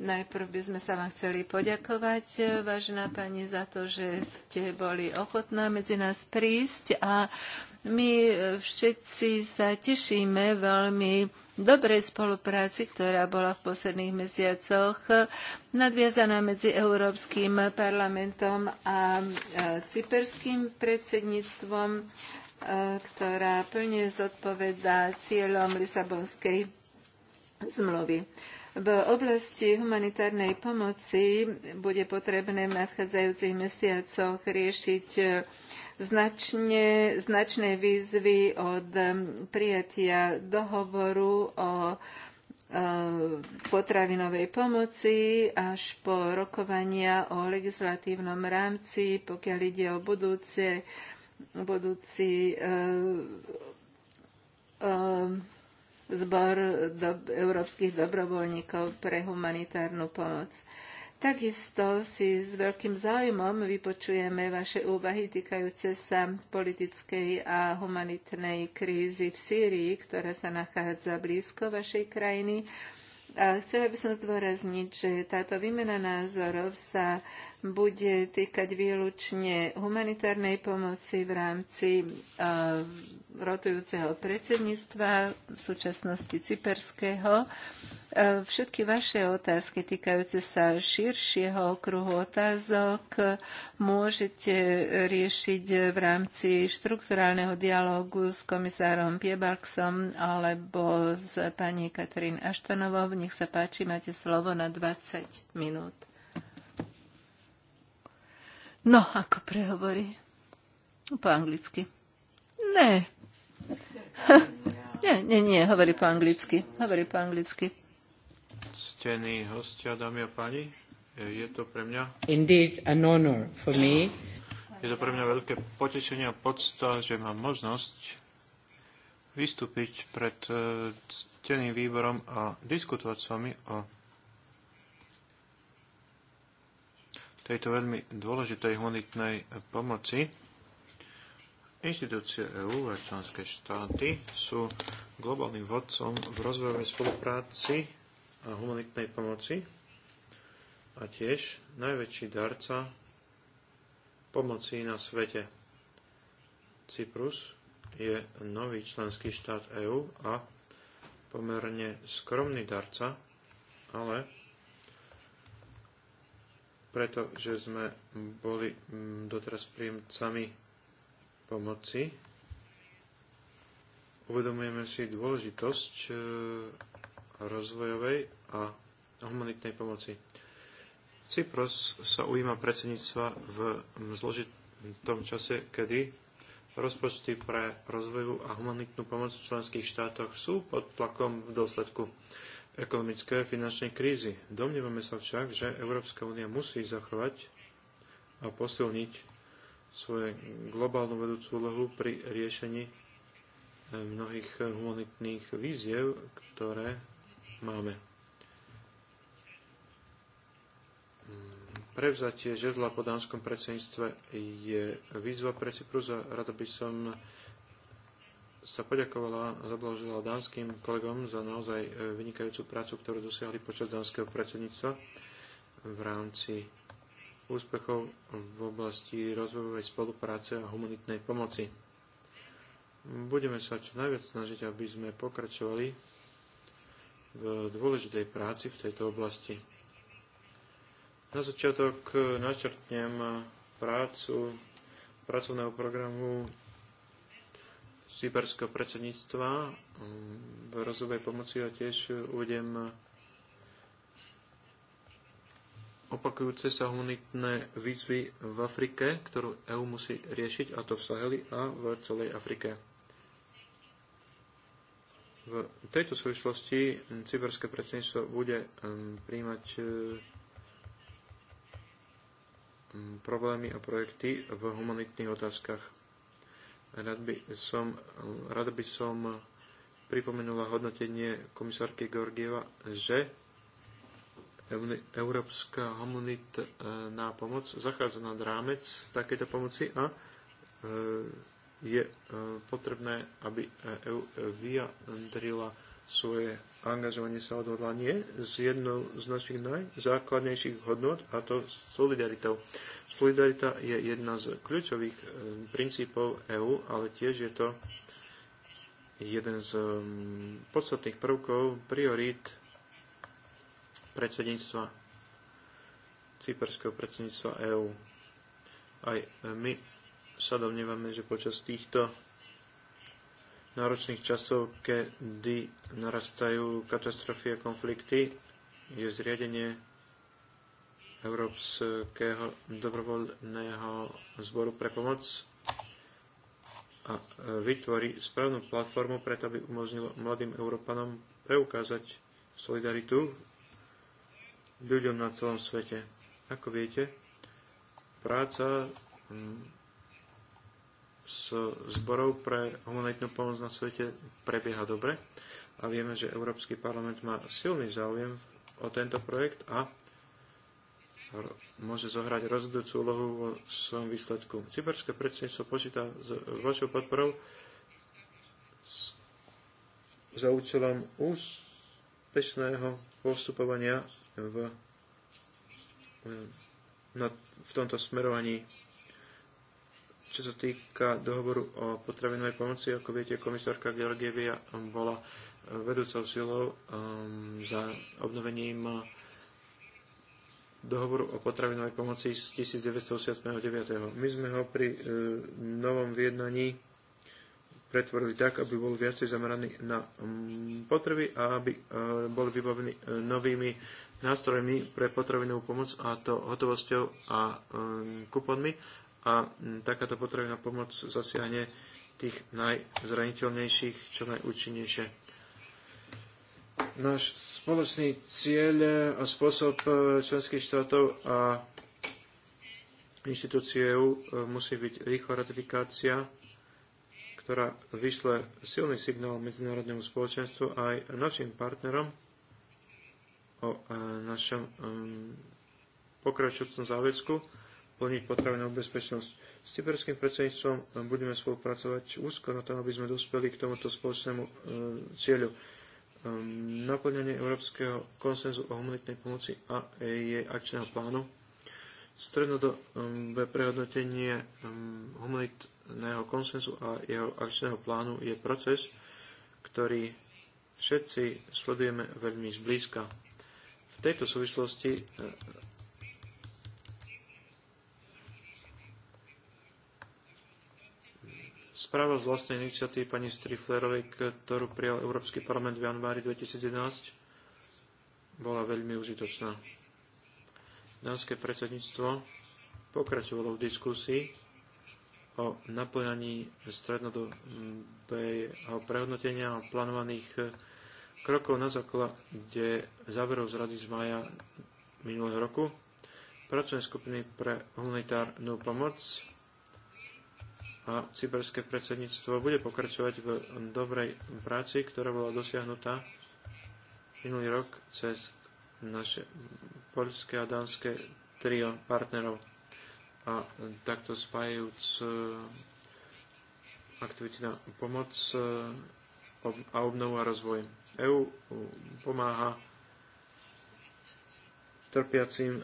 Najprv by sme sa vám chceli poďakovať, vážená pani, za to, že ste boli ochotná medzi nás prísť a my všetci sa tešíme veľmi dobrej spolupráci, ktorá bola v posledných mesiacoch nadviazaná medzi Európskym parlamentom a cyperským predsedníctvom, ktorá plne zodpovedá cieľom Lisabonskej zmluvy. V oblasti humanitárnej pomoci bude potrebné v nadchádzajúcich mesiacoch riešiť značne, značné výzvy od um, prijatia dohovoru o uh, potravinovej pomoci až po rokovania o legislatívnom rámci, pokiaľ ide o budúce, budúci uh, um, zbor do, európskych dobrovoľníkov pre humanitárnu pomoc. Uh, Takisto si s veľkým záujmom vypočujeme vaše úvahy týkajúce sa politickej a humanitnej krízy v Sýrii, ktorá sa nachádza blízko vašej krajiny. A chcela by som zdôrazniť, že táto výmena názorov sa bude týkať výlučne humanitárnej pomoci v rámci uh, rotujúceho predsedníctva, v súčasnosti cyperského. E, všetky vaše otázky týkajúce sa širšieho okruhu otázok môžete riešiť v rámci štrukturálneho dialógu s komisárom Piebalksom alebo s pani Katrin Aštanovou. Nech sa páči, máte slovo na 20 minút. No, ako prehovorí? Po anglicky. Ne. (laughs) nie, nie, nie, hovorí po anglicky. Hovorí po anglicky. Ctení hostia, dámy a páni, je to pre mňa... Indeed an honor for me. Je to pre mňa veľké potešenie a podsta, že mám možnosť vystúpiť pred e, cteným výborom a diskutovať s vami o tejto veľmi dôležitej humanitnej pomoci. Inštitúcie EÚ a členské štáty sú globálnym vodcom v rozvojovej spolupráci a humanitnej pomoci a tiež najväčší darca pomoci na svete. Cyprus je nový členský štát EÚ a pomerne skromný darca, ale pretože sme boli doteraz príjemcami pomoci, uvedomujeme si dôležitosť e, rozvojovej a humanitnej pomoci. Cyprus sa ujíma predsedníctva v zložitom čase, kedy rozpočty pre rozvoju a humanitnú pomoc v členských štátoch sú pod tlakom v dôsledku ekonomické a finančnej krízy. Domnievame sa však, že Európska únia musí zachovať a posilniť svoju globálnu vedúcu úlohu pri riešení mnohých humanitných víziev, ktoré máme prevzatie žezla po dánskom predsedníctve je výzva pre Cyprus a rada by som sa poďakovala a zablažila dánskym kolegom za naozaj e, vynikajúcu prácu, ktorú dosiahli počas dánskeho predsedníctva v rámci úspechov v oblasti rozvojovej spolupráce a humanitnej pomoci. Budeme sa čo najviac snažiť, aby sme pokračovali v dôležitej práci v tejto oblasti. Na začiatok načrtnem prácu pracovného programu Sýberského predsedníctva v rozovej pomoci a tiež uvedem opakujúce sa humanitné výzvy v Afrike, ktorú EU musí riešiť, a to v Saheli a v celej Afrike. V tejto súvislosti cyberské predsedníctvo bude príjmať e, problémy a projekty v humanitných otázkach. Rád by som, rada by som pripomenula hodnotenie komisárky Georgieva, že Európska humanitná pomoc zachádza nad rámec takéto pomoci a e, je e, potrebné, aby EU vyjadrila svoje angažovanie sa odhodlanie z jednou z našich najzákladnejších hodnot, a to solidaritou. Solidarita je jedna z kľúčových e, princípov EÚ, ale tiež je to jeden z mm, podstatných prvkov, priorít predsedníctva, cyperského predsedníctva EÚ. Aj my sa domnievame, že počas týchto náročných časov, kedy narastajú katastrofy a konflikty, je zriadenie Európskeho dobrovoľného zboru pre pomoc a vytvorí správnu platformu preto, aby umožnilo mladým Európanom preukázať solidaritu ľuďom na celom svete. Ako viete, práca s zborov pre humanitnú pomoc na svete prebieha dobre a vieme, že Európsky parlament má silný záujem o tento projekt a môže zohrať rozhodujúcu úlohu vo svojom výsledku. Cyberské predsedníctvo počíta s vašou podporou za účelom úspešného postupovania v, v tomto smerovaní čo sa týka dohovoru o potravinovej pomoci, ako viete, komisárka Georgievia um, bola uh, vedúcou silou um, za obnovením uh, dohovoru o potravinovej pomoci z 1989. My sme ho pri uh, novom vyjednaní pretvorili tak, aby bol viacej zameraný na um, potreby a aby boli vybavení novými nástrojmi pre potravinovú pomoc a to hotovosťou a kuponmi a takáto potrebná pomoc zasiahne tých najzraniteľnejších čo najúčinnejšie. Náš spoločný cieľ a spôsob e, členských štátov a inštitúcie EU e, musí byť rýchla ratifikácia, ktorá vyšle silný signál medzinárodnému spoločenstvu aj našim partnerom o e, našom pokračujúcom záväzku plniť potravinovú bezpečnosť. S cyperským predsedníctvom budeme spolupracovať úzko na tom, aby sme dospeli k tomuto spoločnému e, cieľu e, naplňanie Európskeho konsenzu o humanitnej pomoci a jej akčného plánu, strednodobé prehodnotenie e, humanitného konsenzu a jeho akčného plánu je proces, ktorý všetci sledujeme veľmi zblízka. V tejto súvislosti Správa z vlastnej iniciatívy pani Striflerovej, ktorú prijal Európsky parlament v januári 2011, bola veľmi užitočná. Dánske predsedníctvo pokračovalo v diskusii o naplňaní strednodobého prehodnotenia a plánovaných eh, krokov na základe záverov z Rady z maja minulého roku, pracovnej skupiny pre humanitárnu pomoc a cyperské predsedníctvo bude pokračovať v dobrej práci, ktorá bola dosiahnutá minulý rok cez naše poľské a dánske trio partnerov. A takto spájajúc e, aktivity na pomoc e, a obnovu a rozvoj. EU pomáha trpiacim eh,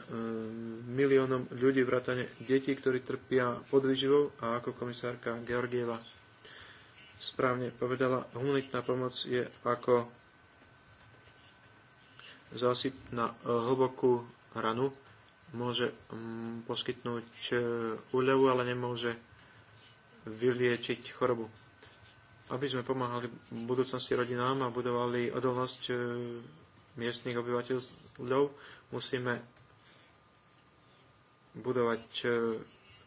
miliónom ľudí vrátane detí, ktorí trpia podvyživou a ako komisárka Georgieva správne povedala, humanitná pomoc je ako zásyp na eh, hlbokú ranu. Môže mm, poskytnúť eh, úľavu, ale nemôže vyliečiť chorobu. Aby sme pomáhali v budúcnosti rodinám a budovali odolnosť miestnych obyvateľov, Musíme budovať e,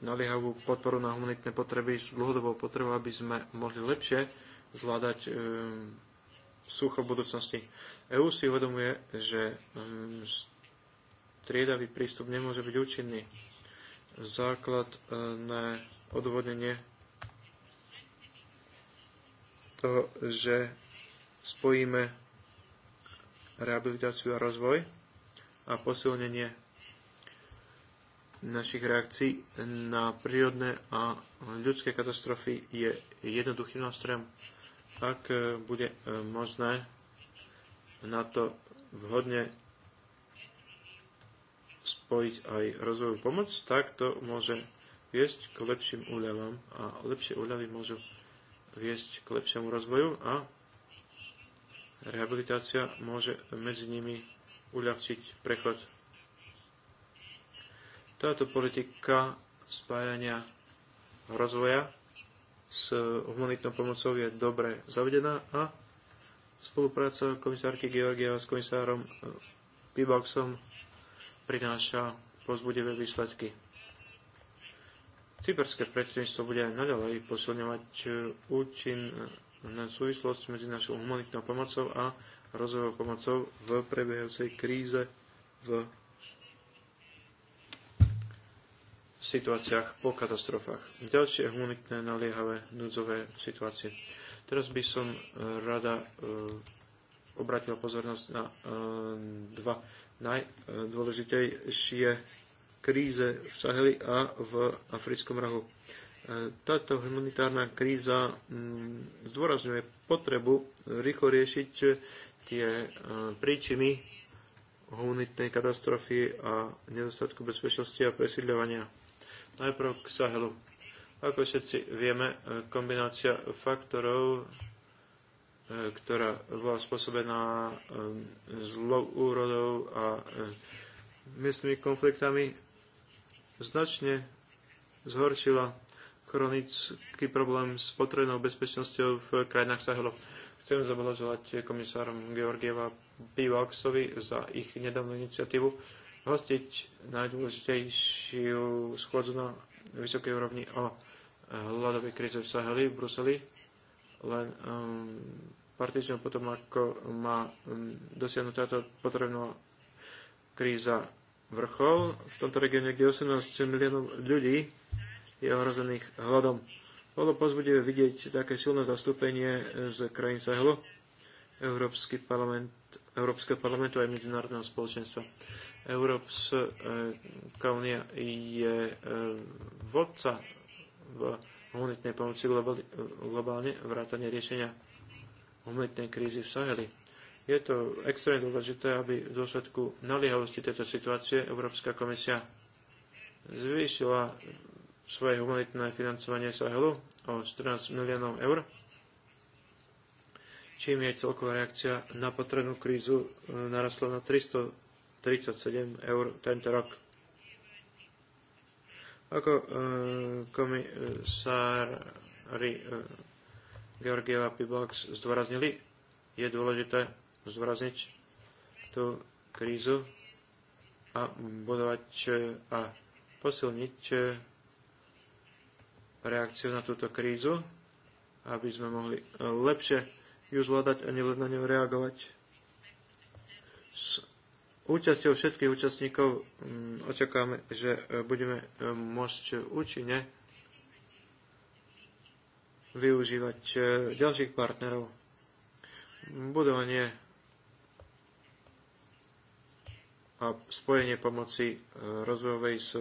naliehavú podporu na humanitné potreby s dlhodobou potrebou, aby sme mohli lepšie zvládať e, sucho v budúcnosti. EÚ si uvedomuje, že mm, triedavý prístup nemôže byť účinný. Základné e, odvodnenie toho, že spojíme rehabilitáciu a rozvoj, a posilnenie našich reakcií na prírodné a ľudské katastrofy je jednoduchým nástrojom, ak e, bude e, možné na to vhodne spojiť aj rozvojovú pomoc, tak to môže viesť k lepším úľavám a lepšie úľavy môžu viesť k lepšiemu rozvoju a rehabilitácia môže medzi nimi uľahčiť prechod. Táto politika spájania rozvoja s humanitnou pomocou je dobre zavedená a spolupráca komisárky Georgieva s komisárom eh, Piboxom prináša pozbudivé výsledky. Cyperské predsedníctvo bude aj naďalej posilňovať eh, účin na eh, súvislosť medzi našou humanitnou pomocou a rozvojovou pomocou v prebiehajúcej kríze v situáciách po katastrofách. Ďalšie humanitné naliehavé núdzové situácie. Teraz by som e, rada e, obratila pozornosť na e, dva najdôležitejšie kríze v Saheli a v africkom Rahu. Táto humanitárna kríza mm, zdôrazňuje potrebu rýchlo riešiť tie e, príčiny humanitnej katastrofy a nedostatku bezpečnosti a presídľovania. Najprv k Sahelu. Ako všetci vieme, e, kombinácia faktorov, e, ktorá bola spôsobená zlou úrodou a miestnymi konfliktami, značne zhoršila chronický problém s potrebnou bezpečnosťou v krajinách Sahelu. Chcem zablažovať komisárom Georgieva Pivaxovi za ich nedávnu iniciatívu hostiť najdôležitejšiu schôdzu na vysokej úrovni o hľadovej eh, kríze v Saheli v Bruseli. Len um, pár týždňov potom, ako má um, dosiahnuť táto potrebná kríza vrchol v tomto regióne, kde 18 miliónov ľudí je ohrozených hľadom. Bolo pozbudivé vidieť také silné zastúpenie e, z krajín Sahelu, Európsky parlament, Európskeho parlamentu aj medzinárodného spoločenstva. Európska únia je e, vodca v humanitnej pomoci globálne vrátane riešenia humanitnej krízy v Saheli. Je to extrémne dôležité, aby v dôsledku naliehavosti tejto situácie Európska komisia zvýšila svoje humanitné financovanie Sahelu o 14 miliónov eur, čím je celková reakcia na potrebnú krízu e, narastla na 337 eur tento rok. Ako e, komisári e, Georgieva Piblax zdôraznili, je dôležité zdôrazniť tú krízu a budovať e, a posilniť e, reakciu na túto krízu, aby sme mohli lepšie ju zvládať a nielen na ňu reagovať. S účasťou všetkých účastníkov mm, očakávame, že e, budeme e, môcť účinne využívať e, ďalších partnerov. Budovanie a spojenie pomoci rozvojovej s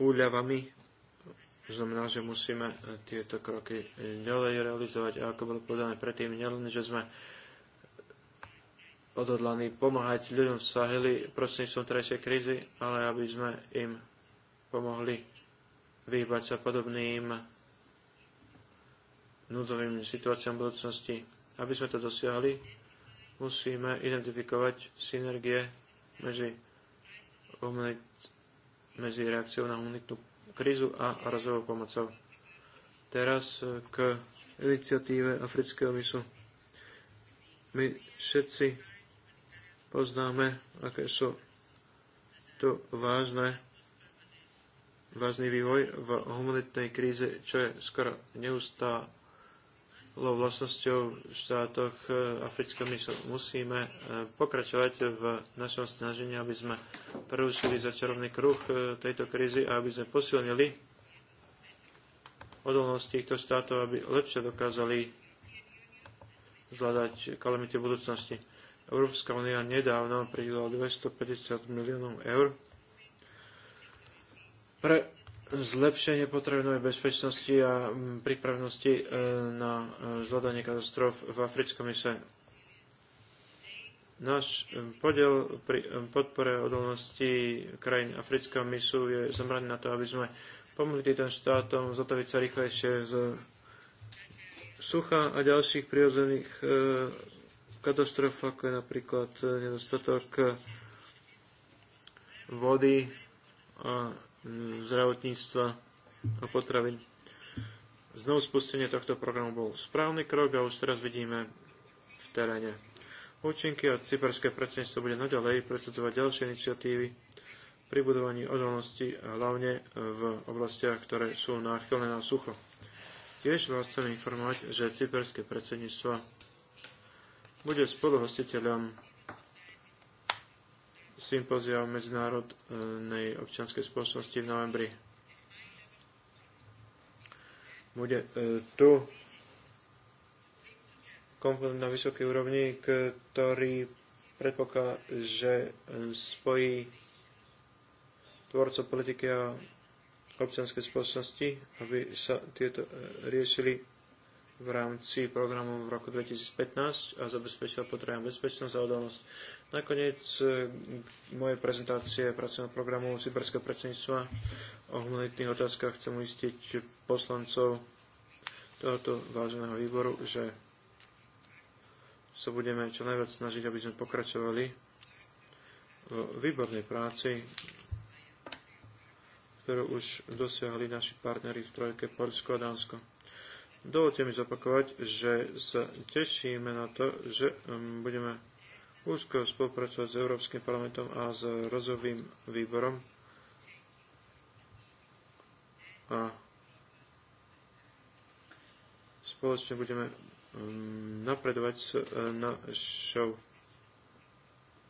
úľavami. Znamená, že musíme eh, tieto kroky eh, ďalej realizovať. A ako bolo povedané predtým, nielen, že sme odhodlaní pomáhať ľuďom v Saheli prostredníctvom terajšej krízy, ale aby sme im pomohli vyhybať sa podobným núdzovým situáciám v budúcnosti. Aby sme to dosiahli, musíme identifikovať synergie medzi humanitárnym medzi reakciou na humanitnú krízu a rozvojovou pomocou. Teraz e, k iniciatíve Afrického misu. My všetci poznáme, aké sú tu vážne vážny vývoj v humanitnej kríze, čo je skoro neustále vlastnosťou v štátoch e, Afrického mysu. Musíme e, pokračovať v našom snažení, aby sme prerušili začarovný kruh e, tejto krízy a aby sme posilnili odolnosť týchto štátov, aby lepšie dokázali zvládať kalamity budúcnosti. Európska únia nedávno pridala 250 miliónov eur pre zlepšenie potravinovej bezpečnosti a mm, pripravnosti e, na e, zvládanie katastrof v africkom mise. Náš e, podiel pri podpore odolnosti krajín afrického misu je zamraný na to, aby sme pomohli týmto štátom zotaviť sa rýchlejšie z sucha a ďalších prirodzených katastrof, ako je napríklad nedostatok vody a zdravotníctva a potravy. Znovu spustenie tohto programu bol správny krok a už teraz vidíme v teréne. Účinky a cyperské predsedníctvo bude naďalej predsedovať ďalšie iniciatívy pri budovaní odolnosti, hlavne v oblastiach, ktoré sú náchylné na sucho. Tiež vás chcem informovať, že cyperské predsedníctvo bude spoluhostiteľom sympozia o medzinárodnej občianskej spoločnosti v novembri. Bude e, tu komponent na vysokej úrovni, ktorý predpokladá, že e, spojí tvorcov politiky a občianskej spoločnosti, aby sa tieto e, riešili v rámci programu v roku 2015 a zabezpečila potrebná bezpečnosť a odolnosť. Nakoniec e, moje prezentácie pracovného programu Cyberského predsedníctva o humanitných otázkach chcem uistiť poslancov tohoto váženého výboru, že sa budeme čo najviac snažiť, aby sme pokračovali v výbornej práci, ktorú už dosiahli naši partnery v Trojke Polsko a Dánsko. Dovolte mi zopakovať, že sa tešíme na to, že um, budeme úzko spolupracovať s Európskym parlamentom a s rozovým výborom. A spoločne budeme um, napredovať s uh, našou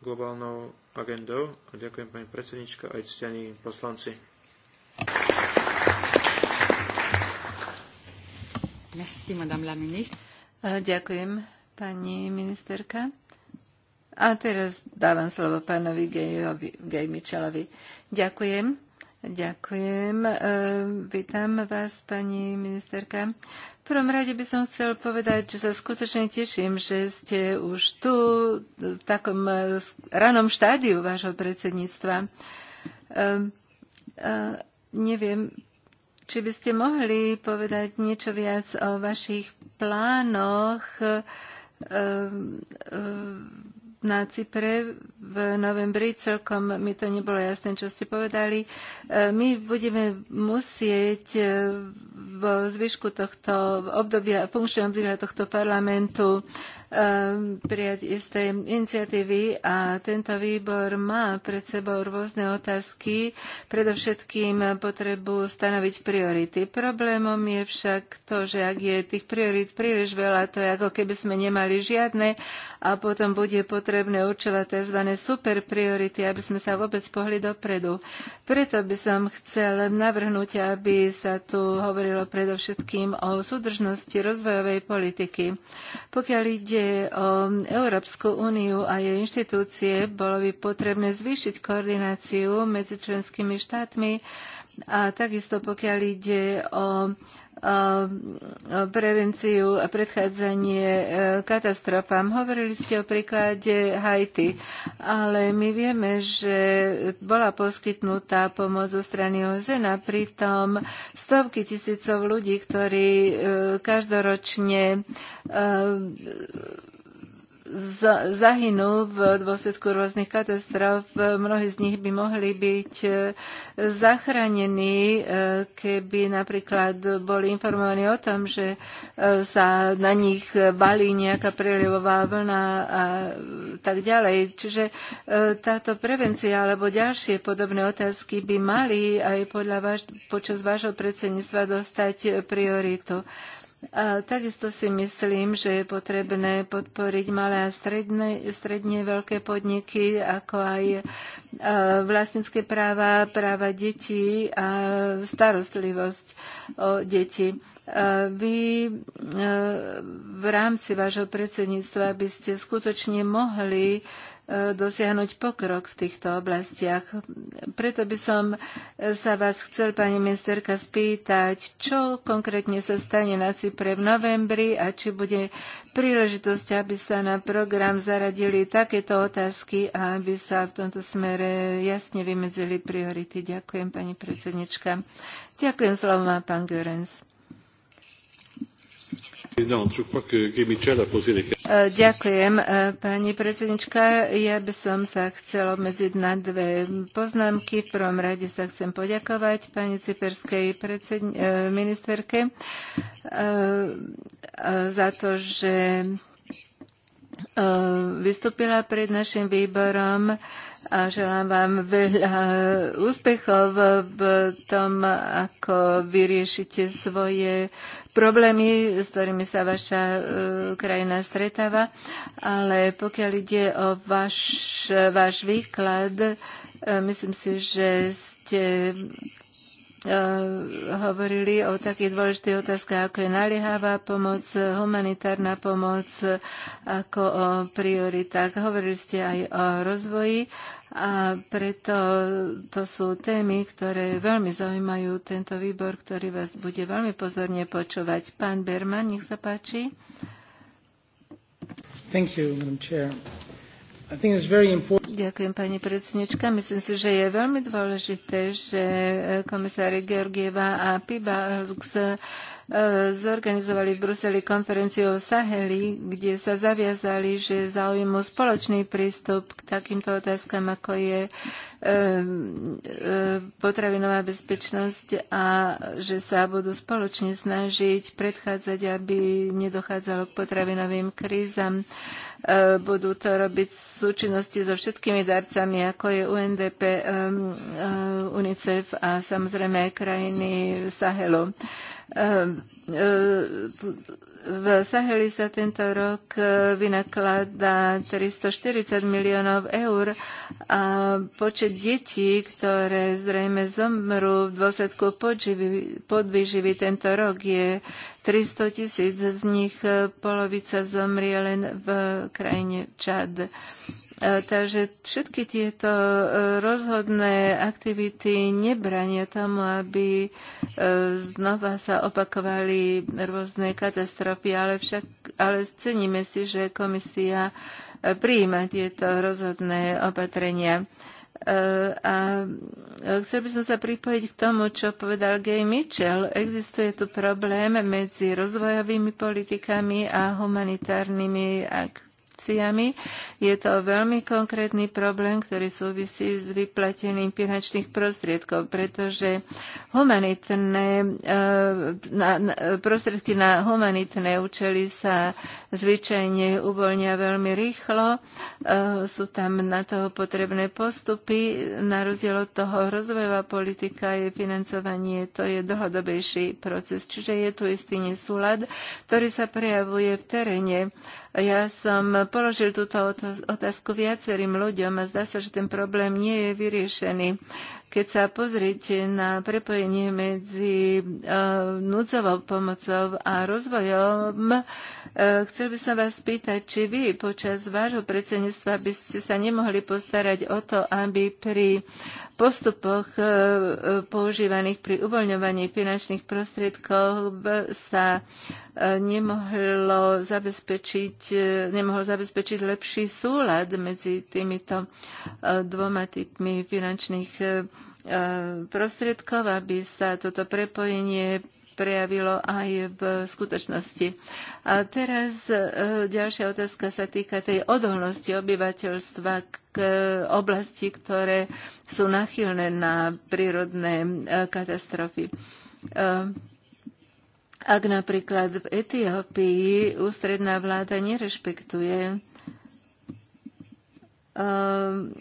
globálnou agendou. A ďakujem pani predsednička aj ctianí poslanci. Merci, madame la ministre. Ďakujem, pani ministerka. A teraz dávam slovo pánovi Gejovi, Gej Mičelovi. Ďakujem. Ďakujem. E, vítam vás, pani ministerka. V prvom rade by som chcel povedať, že sa skutočne teším, že ste už tu v takom e, ranom štádiu vášho predsedníctva. E, e, neviem, či by ste mohli povedať niečo viac o vašich plánoch eh, eh, na Cypre v novembri, celkom mi to nebolo jasné, čo ste povedali. Eh, my budeme musieť vo zvyšku tohto obdobia, funkčného obdobia tohto parlamentu Ehm, prijať isté iniciatívy a tento výbor má pred sebou rôzne otázky, predovšetkým potrebu stanoviť priority. Problémom je však to, že ak je tých priorit príliš veľa, to je ako keby sme nemali žiadne a potom bude potrebné určovať tzv. super priority, aby sme sa vôbec pohli dopredu. Preto by som chcel navrhnúť, aby sa tu hovorilo predovšetkým o súdržnosti rozvojovej politiky. Pokiaľ ide ide o Európsku úniu a jej inštitúcie, bolo by potrebné zvýšiť koordináciu medzi členskými štátmi a takisto pokiaľ ide o Um, prevenciu a predchádzanie uh, katastrofám. Hovorili ste o príklade Haiti, ale my vieme, že bola poskytnutá pomoc zo strany OZN a pritom stovky tisícov ľudí, ktorí uh, každoročne uh, zahynú v dôsledku rôznych katastrof. Mnohí z nich by mohli byť e, zachránení, e, keby napríklad boli informovaní o tom, že e, sa na nich balí nejaká prelivová vlna a tak ďalej. Čiže táto prevencia alebo ďalšie podobné otázky by mali aj podľa vaš- počas vášho predsedníctva dostať prioritu. A takisto si myslím, že je potrebné podporiť malé a stredne, stredne veľké podniky, ako aj e, vlastnícke práva, práva detí a starostlivosť o deti. E, vy e, v rámci vášho predsedníctva by ste skutočne mohli dosiahnuť pokrok v týchto oblastiach. Preto by som sa vás chcel, pani ministerka, spýtať, čo konkrétne sa stane na Cypre v novembri a či bude príležitosť, aby sa na program zaradili takéto otázky a aby sa v tomto smere jasne vymedzili priority. Ďakujem, pani predsednička. Ďakujem slovo má pán Görens. Euh, ďakujem, euh, pani predsednička. Ja by som sa chcela obmedziť na dve poznámky. V prvom rade sa chcem poďakovať pani cyperskej euh, ministerke za to, že vystúpila pred našim výborom a želám vám veľa e, úspechov v tom, ako vyriešite svoje problémy, s ktorými sa vaša e, krajina stretáva, ale pokiaľ ide o váš, váš výklad, e, myslím si, že ste Eh, hovorili o takých dôležitých otázkach, ako je naliehavá pomoc, humanitárna pomoc, ako o prioritách. Hovorili ste aj o rozvoji a preto to sú témy, ktoré veľmi zaujímajú tento výbor, ktorý vás bude veľmi pozorne počúvať. Pán Berman, nech sa páči. Thank you, Madam Chair. Ďakujem, pani predsednička. Myslím si, že je veľmi dôležité, že eh, komisári Georgieva a Pibalks eh, zorganizovali v Bruseli konferenciu o Saheli, kde sa zaviazali, že zaujmú spoločný prístup k takýmto otázkam, ako je eh, potravinová bezpečnosť a že sa budú spoločne snažiť predchádzať, aby nedochádzalo k potravinovým krízam. E, budú to robiť v súčinnosti so všetkými darcami, ako je UNDP, e, e, UNICEF a samozrejme krajiny Sahelu v Saheli sa tento rok e, vynakladá 440 miliónov eur a počet detí, ktoré zrejme zomrú v dôsledku podvýživy tento rok je 300 tisíc, z nich polovica zomrie len v krajine Čad. E, takže všetky tieto e, rozhodné aktivity nebrania tomu, aby e, znova sa opakovali rôzne katastrofy, ale však ale ceníme si, že komisia prijíma tieto rozhodné opatrenia. A chcel by som sa pripojiť k tomu, čo povedal Gay Mitchell. Existuje tu problém medzi rozvojovými politikami a humanitárnymi aktivitami sankciami. Je to veľmi konkrétny problém, ktorý súvisí s vyplatením finančných prostriedkov, pretože humanitné, e, na, na, prostriedky na humanitné účely sa zvyčajne uvoľnia veľmi rýchlo. E, sú tam na to potrebné postupy. Na rozdiel od toho rozvojová politika je financovanie, to je dlhodobejší proces. Čiže je tu istý nesúlad, ktorý sa prejavuje v teréne. Ja som položil túto otázku viacerým ľuďom a zdá sa, že ten problém nie je vyriešený. Keď sa pozrite na prepojenie medzi e, núdzovou pomocou a rozvojom, e, chcel by som vás spýtať, či vy počas vášho predsedníctva by ste sa nemohli postarať o to, aby pri postupoch e, e používaných pri uvoľňovaní finančných prostriedkov sa nemohlo zabezpečiť, e, nemohol zabezpečiť lepší súlad medzi týmito e, dvoma typmi finančných e, prostriedkov, aby sa toto prepojenie prejavilo aj v skutočnosti. A teraz ďalšia otázka sa týka tej odolnosti obyvateľstva k oblasti, ktoré sú nachylné na prírodné katastrofy. Ak napríklad v Etiópii ústredná vláda nerešpektuje ehm,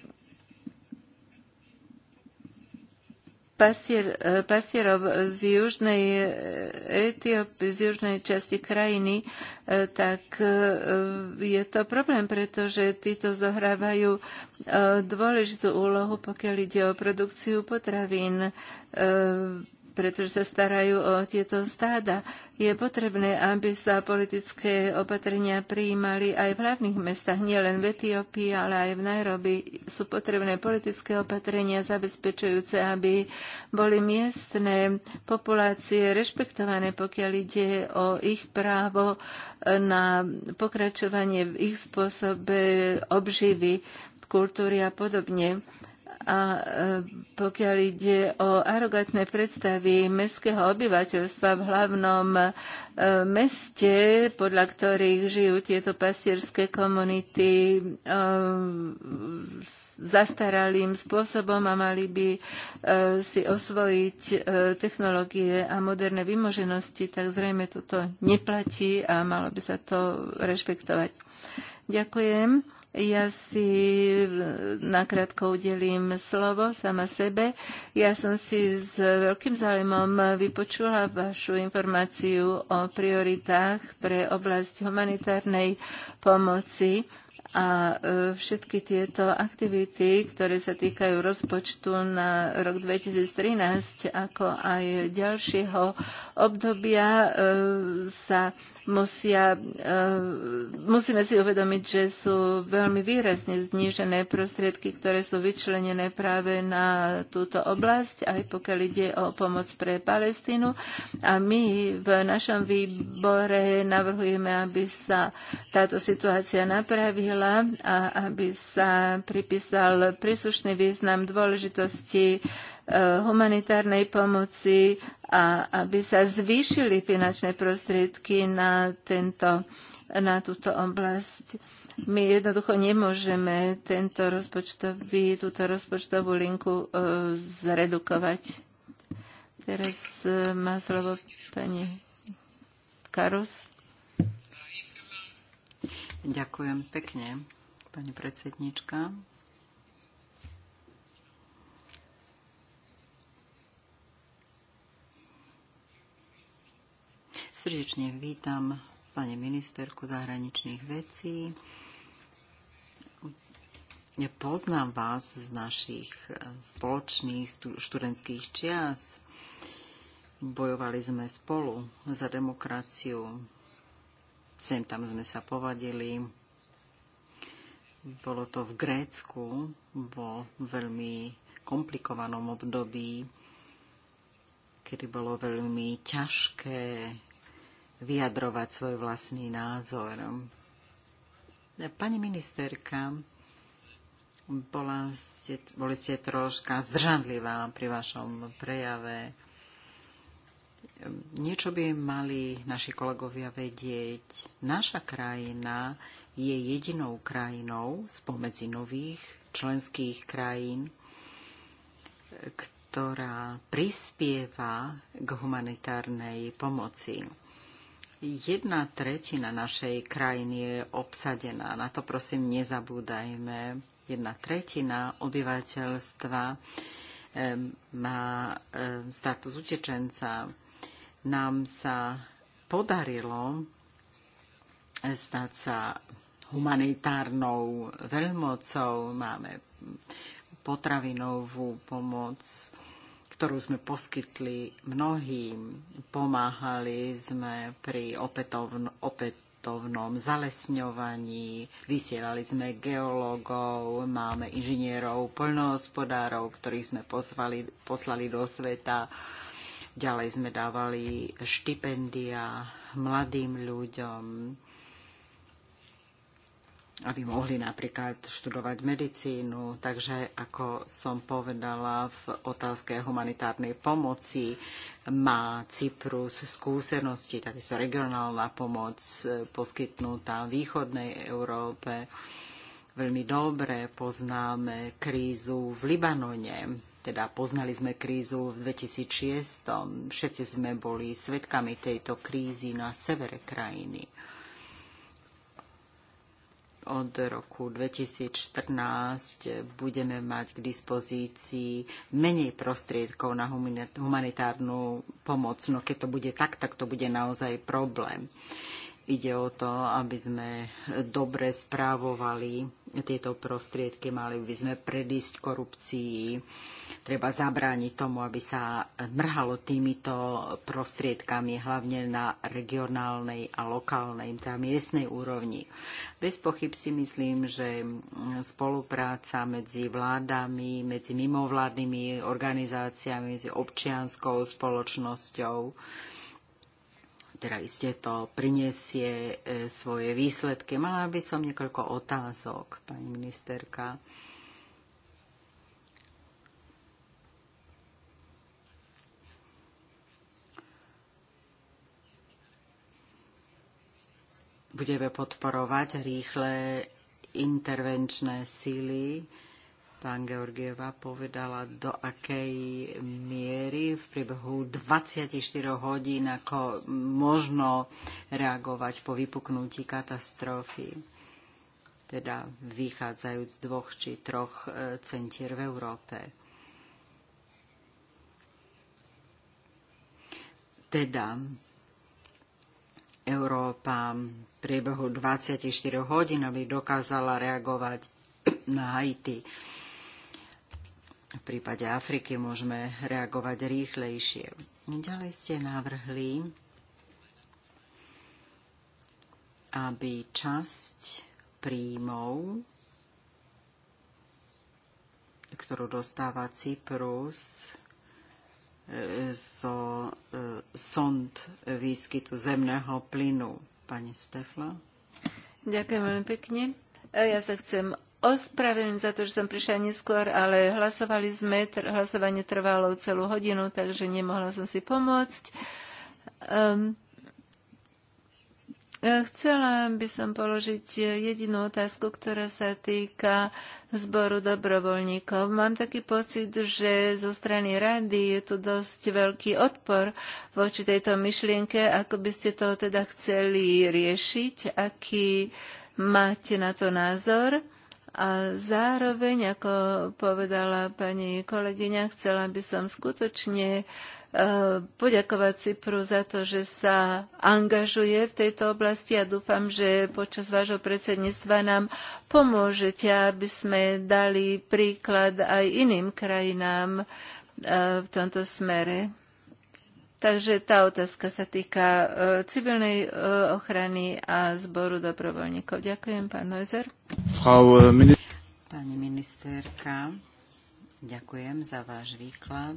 pasier, eh, pasierov z južnej eh, Etiópie, z južnej časti krajiny, eh, tak je to problém, pretože títo zohrávajú dôležitú úlohu, pokiaľ ide o produkciu potravín pretože sa starajú o tieto stáda. Je potrebné, aby sa politické opatrenia prijímali aj v hlavných mestách, nielen v Etiópii, ale aj v Nairobi. Sú potrebné politické opatrenia zabezpečujúce, aby boli miestne populácie rešpektované, pokiaľ ide o ich právo na pokračovanie v ich spôsobe obživy, kultúry a podobne. A e, pokiaľ ide o arogantné predstavy mestského obyvateľstva v hlavnom e, meste, podľa ktorých žijú tieto pastierské komunity e, zastaralým spôsobom a mali by si osvojiť technológie a moderné vymoženosti, tak zrejme toto neplatí a malo by sa to rešpektovať. Ďakujem. Ja si eh, nakrátko udelím slovo sama sebe. Ja som si s veľkým záujmom vypočula vašu informáciu o prioritách pre oblasť humanitárnej pomoci a eh, všetky tieto aktivity, ktoré sa týkajú rozpočtu na rok 2013, ako aj ďalšieho obdobia, eh, sa musia, eh, musíme si uvedomiť, že sú veľmi výrazne znížené prostriedky, ktoré sú vyčlenené práve na túto oblasť, aj pokiaľ ide o pomoc pre Palestínu. A my v našom výbore navrhujeme, aby sa táto situácia napravila a aby sa pripísal príslušný význam dôležitosti Eh, humanitárnej pomoci a aby sa zvýšili finančné prostriedky na, tento, na túto oblasť. My jednoducho nemôžeme tento rozpočtový, túto rozpočtovú linku eh, zredukovať. Teraz eh, má slovo pani Karos. Ďakujem pekne, pani predsednička. Srdečne vítam pani ministerku zahraničných vecí. Poznám vás z našich spoločných študentských čias. Bojovali sme spolu za demokraciu. Sem tam sme sa povadili. Bolo to v Grécku vo veľmi komplikovanom období, kedy bolo veľmi ťažké vyjadrovať svoj vlastný názor. Pani ministerka, bola ste, boli ste troška zdržanlivá pri vašom prejave. Niečo by mali naši kolegovia vedieť. Naša krajina je jedinou krajinou spomedzi nových členských krajín, ktorá prispieva k humanitárnej pomoci jedna tretina našej krajiny je obsadená. Na to prosím nezabúdajme. Jedna tretina obyvateľstva má status utečenca. Nám sa podarilo eh, stať sa humanitárnou veľmocou, máme potravinovú pomoc, ktorú sme poskytli mnohým. Pomáhali sme pri opätovn, opätovnom zalesňovaní, vysielali sme geológov, máme inžinierov, poľnohospodárov, ktorých sme pozvali, poslali do sveta. Ďalej sme dávali štipendia mladým ľuďom aby mohli napríklad študovať medicínu. Takže, ako som povedala v otázke humanitárnej pomoci, má Cyprus skúsenosti, takisto regionálna pomoc e, poskytnutá východnej Európe. Veľmi dobre poznáme krízu v Libanone, teda poznali sme krízu v 2006. Všetci sme boli svedkami tejto krízy na severe krajiny od roku 2014 budeme mať k dispozícii menej prostriedkov na humanitárnu pomoc. No keď to bude tak, tak to bude naozaj problém. Ide o to, aby sme dobre správovali tieto prostriedky, mali by sme predísť korupcii, Treba zabrániť tomu, aby sa mrhalo týmito prostriedkami, hlavne na regionálnej a lokálnej, tá teda miestnej úrovni. Bez pochyb si myslím, že spolupráca medzi vládami, medzi mimovládnymi organizáciami, medzi občianskou spoločnosťou, teda iste to prinesie e, svoje výsledky. Mala by som niekoľko otázok, pani ministerka. budeme podporovať rýchle intervenčné síly. Pán Georgieva povedala, do akej miery v priebehu 24 hodín ako možno reagovať po vypuknutí katastrofy. Teda vychádzajúc z dvoch či troch e, centier v Európe. Teda Európa v priebehu 24 hodín, aby dokázala reagovať na Haiti. V prípade Afriky môžeme reagovať rýchlejšie. Ďalej ste navrhli, aby časť príjmov, ktorú dostáva Cyprus, zo e, sond výskytu zemného plynu. Pani Stefla. Ďakujem veľmi pekne. E, ja sa chcem ospravedlniť za to, že som prišla neskôr, ale hlasovali sme, tr- hlasovanie trvalo celú hodinu, takže nemohla som si pomôcť. Um, Chcela by som položiť jedinú otázku, ktorá sa týka zboru dobrovoľníkov. Mám taký pocit, že zo strany rady je tu dosť veľký odpor voči tejto myšlienke. Ako by ste to teda chceli riešiť? Aký máte na to názor? A zároveň, ako povedala pani kolegyňa, chcela by som skutočne e, poďakovať Cypru za to, že sa angažuje v tejto oblasti a dúfam, že počas vášho predsedníctva nám pomôžete, aby sme dali príklad aj iným krajinám e, v tomto smere. Takže tá otázka sa týka e, civilnej e, ochrany a zboru dobrovoľníkov. Ďakujem, pán Neuser. E, Pani ministerka, ďakujem za váš výklad.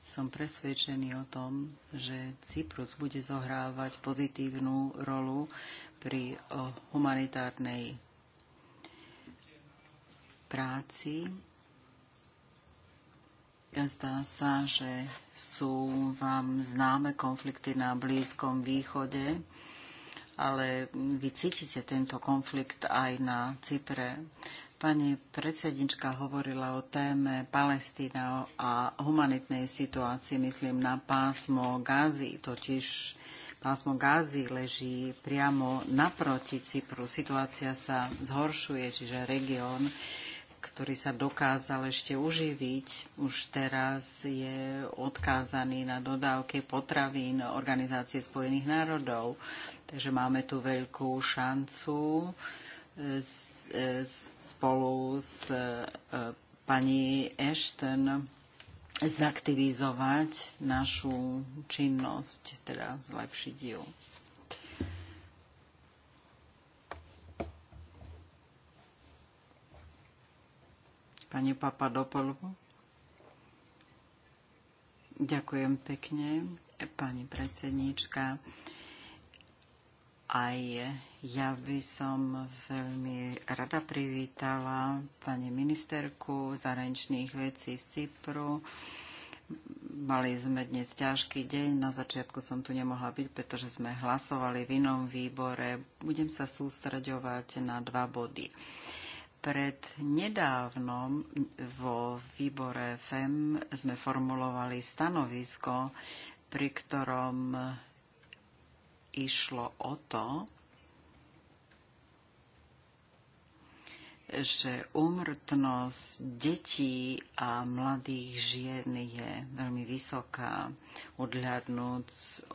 Som presvedčený o tom, že Cyprus bude zohrávať pozitívnu rolu pri humanitárnej práci Zdá sa, že sú vám známe konflikty na Blízkom východe, ale vy cítite tento konflikt aj na Cypre. Pani predsednička hovorila o téme Palestína a humanitnej situácii, myslím na pásmo Gázy, totiž pásmo Gázy leží priamo naproti Cypru. Situácia sa zhoršuje, čiže región ktorý sa dokázal ešte uživiť, už teraz je odkázaný na dodávky potravín Organizácie spojených národov. Takže máme tu veľkú šancu e, e, spolu s e, pani Ashton zaktivizovať našu činnosť, teda zlepšiť ju. pani Papadopolu. Ďakujem pekne, pani predsedníčka. Aj ja by som veľmi rada privítala pani ministerku zahraničných vecí z Cypru. Mali sme dnes ťažký deň, na začiatku som tu nemohla byť, pretože sme hlasovali v inom výbore. Budem sa sústreďovať na dva body pred nedávnom vo výbore FEM sme formulovali stanovisko, pri ktorom išlo o to, že úmrtnosť detí a mladých žien je veľmi vysoká, odhľadnúť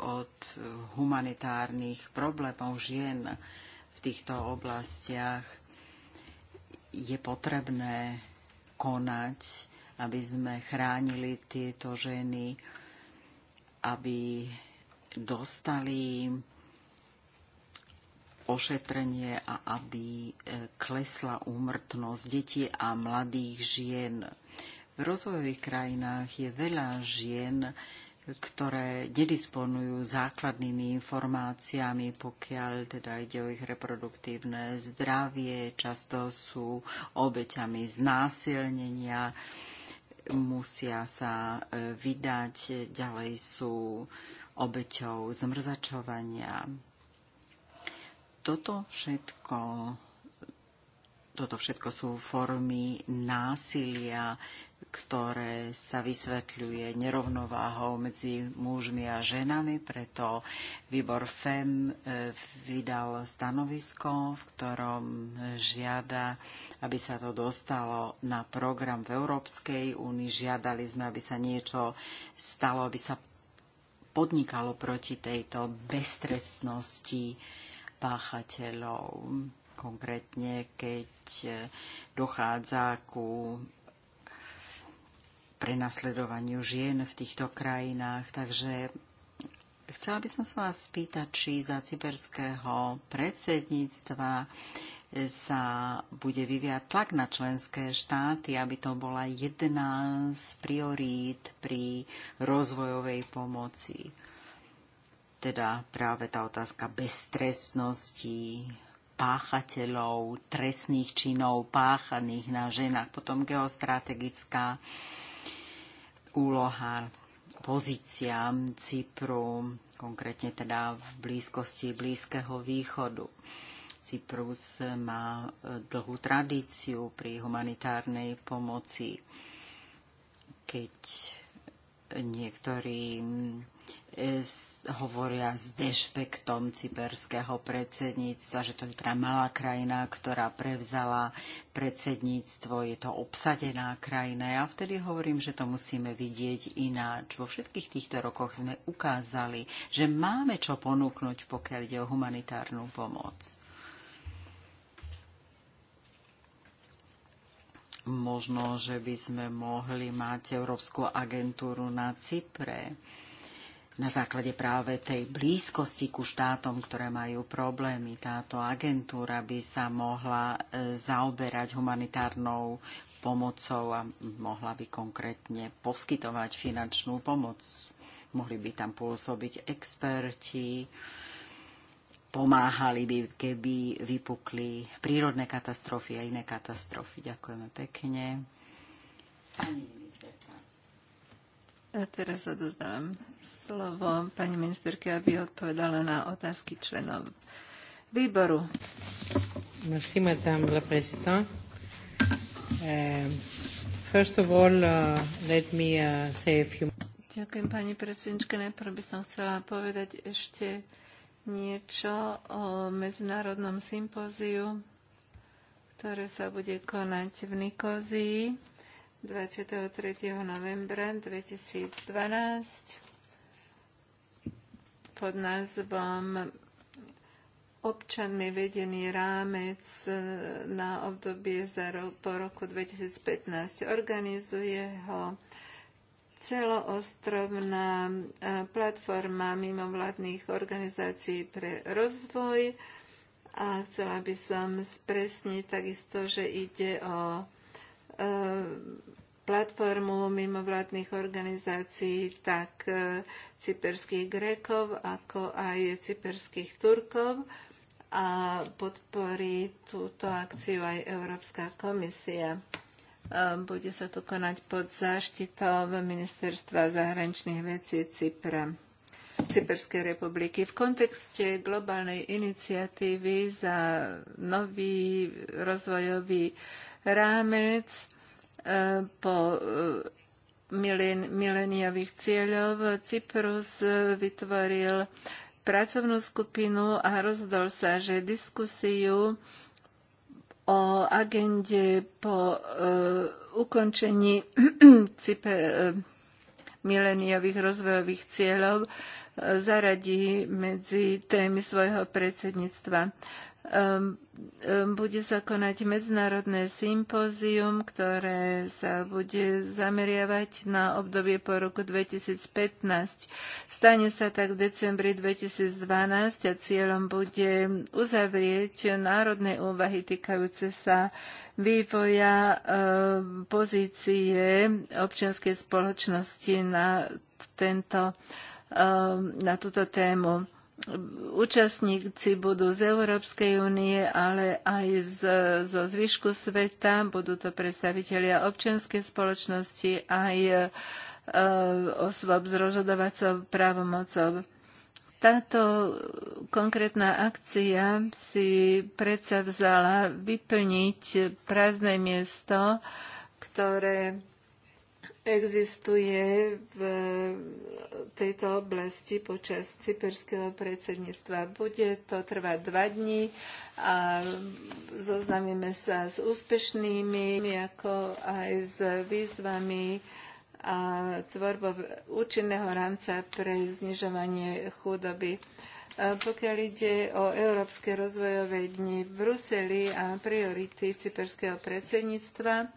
od humanitárnych problémov žien v týchto oblastiach je potrebné konať, aby sme chránili tieto ženy, aby dostali ošetrenie a aby e, klesla úmrtnosť detí a mladých žien. V rozvojových krajinách je veľa žien, ktoré nedisponujú základnými informáciami, pokiaľ teda ide o ich reproduktívne zdravie, často sú obeťami znásilnenia, musia sa e, vydať, ďalej sú obeťou zmrzačovania. Toto všetko, toto všetko sú formy násilia, ktoré sa vysvetľuje nerovnováhou medzi mužmi a ženami, preto výbor FEM e, vydal stanovisko, v ktorom žiada, aby sa to dostalo na program v Európskej únii. Žiadali sme, aby sa niečo stalo, aby sa podnikalo proti tejto bestrestnosti páchateľov konkrétne keď e, dochádza ku prenasledovaniu žien v týchto krajinách. Takže chcela by som sa vás spýtať, či za cyperského predsedníctva sa bude vyviať tlak na členské štáty, aby to bola jedna z priorít pri rozvojovej pomoci. Teda práve tá otázka beztrestnosti, páchateľov, trestných činov páchaných na ženách, potom geostrategická úloha, pozícia Cypru, konkrétne teda v blízkosti Blízkeho východu. Cyprus má e, dlhú tradíciu pri humanitárnej pomoci. Keď niektorí hovoria s dešpektom cyperského predsedníctva, že to je teda malá krajina, ktorá prevzala predsedníctvo, je to obsadená krajina. Ja vtedy hovorím, že to musíme vidieť ináč. Vo všetkých týchto rokoch sme ukázali, že máme čo ponúknuť, pokiaľ ide o humanitárnu pomoc. Možno, že by sme mohli mať Európsku agentúru na Cypre na základe práve tej blízkosti ku štátom, ktoré majú problémy. Táto agentúra by sa mohla e, zaoberať humanitárnou pomocou a mohla by konkrétne poskytovať finančnú pomoc. Mohli by tam pôsobiť experti, pomáhali by, keby vypukli prírodné katastrofy a iné katastrofy. Ďakujeme pekne. Pani a teraz odozdávam slovo pani ministerke, aby odpovedala na otázky členov výboru. Merci, madame la présidente. Uh, first of all, uh, let me uh, say a few... Ďakujem, pani predsednička. Najprv by som chcela povedať ešte niečo o medzinárodnom sympóziu, ktoré sa bude konať v Nikozii 23. novembra 2012 pod názvom Občanmi vedený rámec na obdobie za po roku 2015. Organizuje ho celoostrovná e, platforma mimovládnych organizácií pre rozvoj a chcela by som spresniť takisto, že ide o E, platformu mimovládnych organizácií tak e, cyperských Grékov, ako aj cyperských Turkov a podporí túto akciu aj Európska komisia. E, bude sa to konať pod záštitou Ministerstva zahraničných vecí Cypra. Cyperskej republiky. V kontexte globálnej iniciatívy za nový rozvojový rámec e, po e, mileniových cieľov. Cyprus e, vytvoril pracovnú skupinu a rozhodol sa, že diskusiu o agende po ukončení (clears throat) mileniových rozvojových cieľov zaradí medzi témy svojho predsedníctva. Ehm, ehm, bude sa konať medzinárodné sympózium, ktoré sa bude zameriavať na obdobie po roku 2015. Stane sa tak v decembri 2012 a cieľom bude uzavrieť národné úvahy týkajúce sa vývoja ehm, pozície občianskej spoločnosti na, tento, na túto tému účastníci budú z Európskej únie, ale aj z, zo zvyšku sveta. Budú to predstavitelia občianskej spoločnosti aj e, osôb z rozhodovacou právomocou. Táto konkrétna akcia si predsa vzala vyplniť prázdne miesto, ktoré existuje v eh, tejto oblasti počas cyperského predsedníctva. Bude to trvať dva dní a zoznamíme sa s úspešnými, ako aj s výzvami a tvorbou účinného rámca pre znižovanie chudoby. Pokiaľ ide o Európske rozvojové dni v Bruseli a priority cyperského predsedníctva,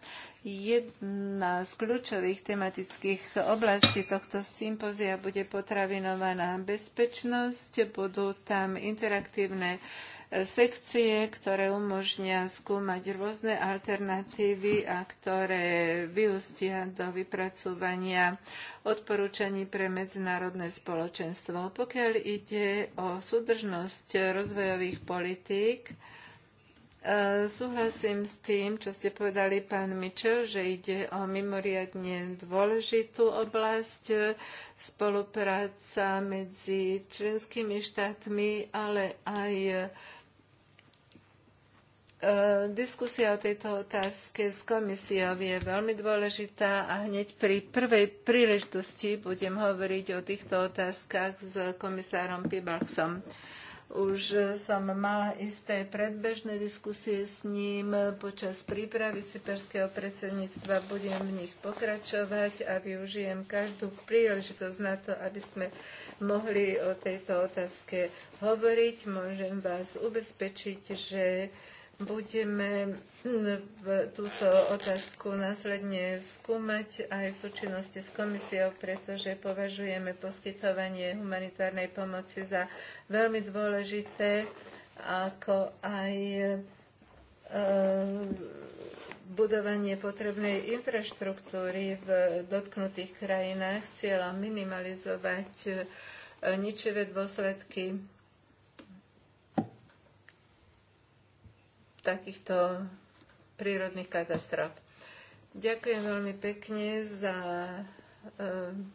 Jedna z kľúčových tematických oblastí tohto sympozia bude potravinovaná bezpečnosť. Budú tam interaktívne e, sekcie, ktoré umožnia skúmať rôzne alternatívy a ktoré vyústia do vypracovania odporúčaní pre medzinárodné spoločenstvo. Pokiaľ ide o súdržnosť rozvojových politík, E, súhlasím s tým, čo ste povedali, pán Mitchell, že ide o mimoriadne dôležitú oblasť e, spolupráca medzi členskými štátmi, ale aj e, diskusia o tejto otázke s komisiou je veľmi dôležitá a hneď pri prvej príležitosti budem hovoriť o týchto otázkach s komisárom Pibalksom. Už som mala isté predbežné diskusie s ním počas prípravy cyperského predsedníctva. Budem v nich pokračovať a využijem každú príležitosť na to, aby sme mohli o tejto otázke hovoriť. Môžem vás ubezpečiť, že budeme túto otázku následne skúmať aj v súčinnosti s komisiou, pretože považujeme poskytovanie humanitárnej pomoci za veľmi dôležité, ako aj e, budovanie potrebnej infraštruktúry v dotknutých krajinách s cieľom minimalizovať e, ničivé dôsledky takýchto prírodných katastrof. Ďakujem veľmi pekne za ehm,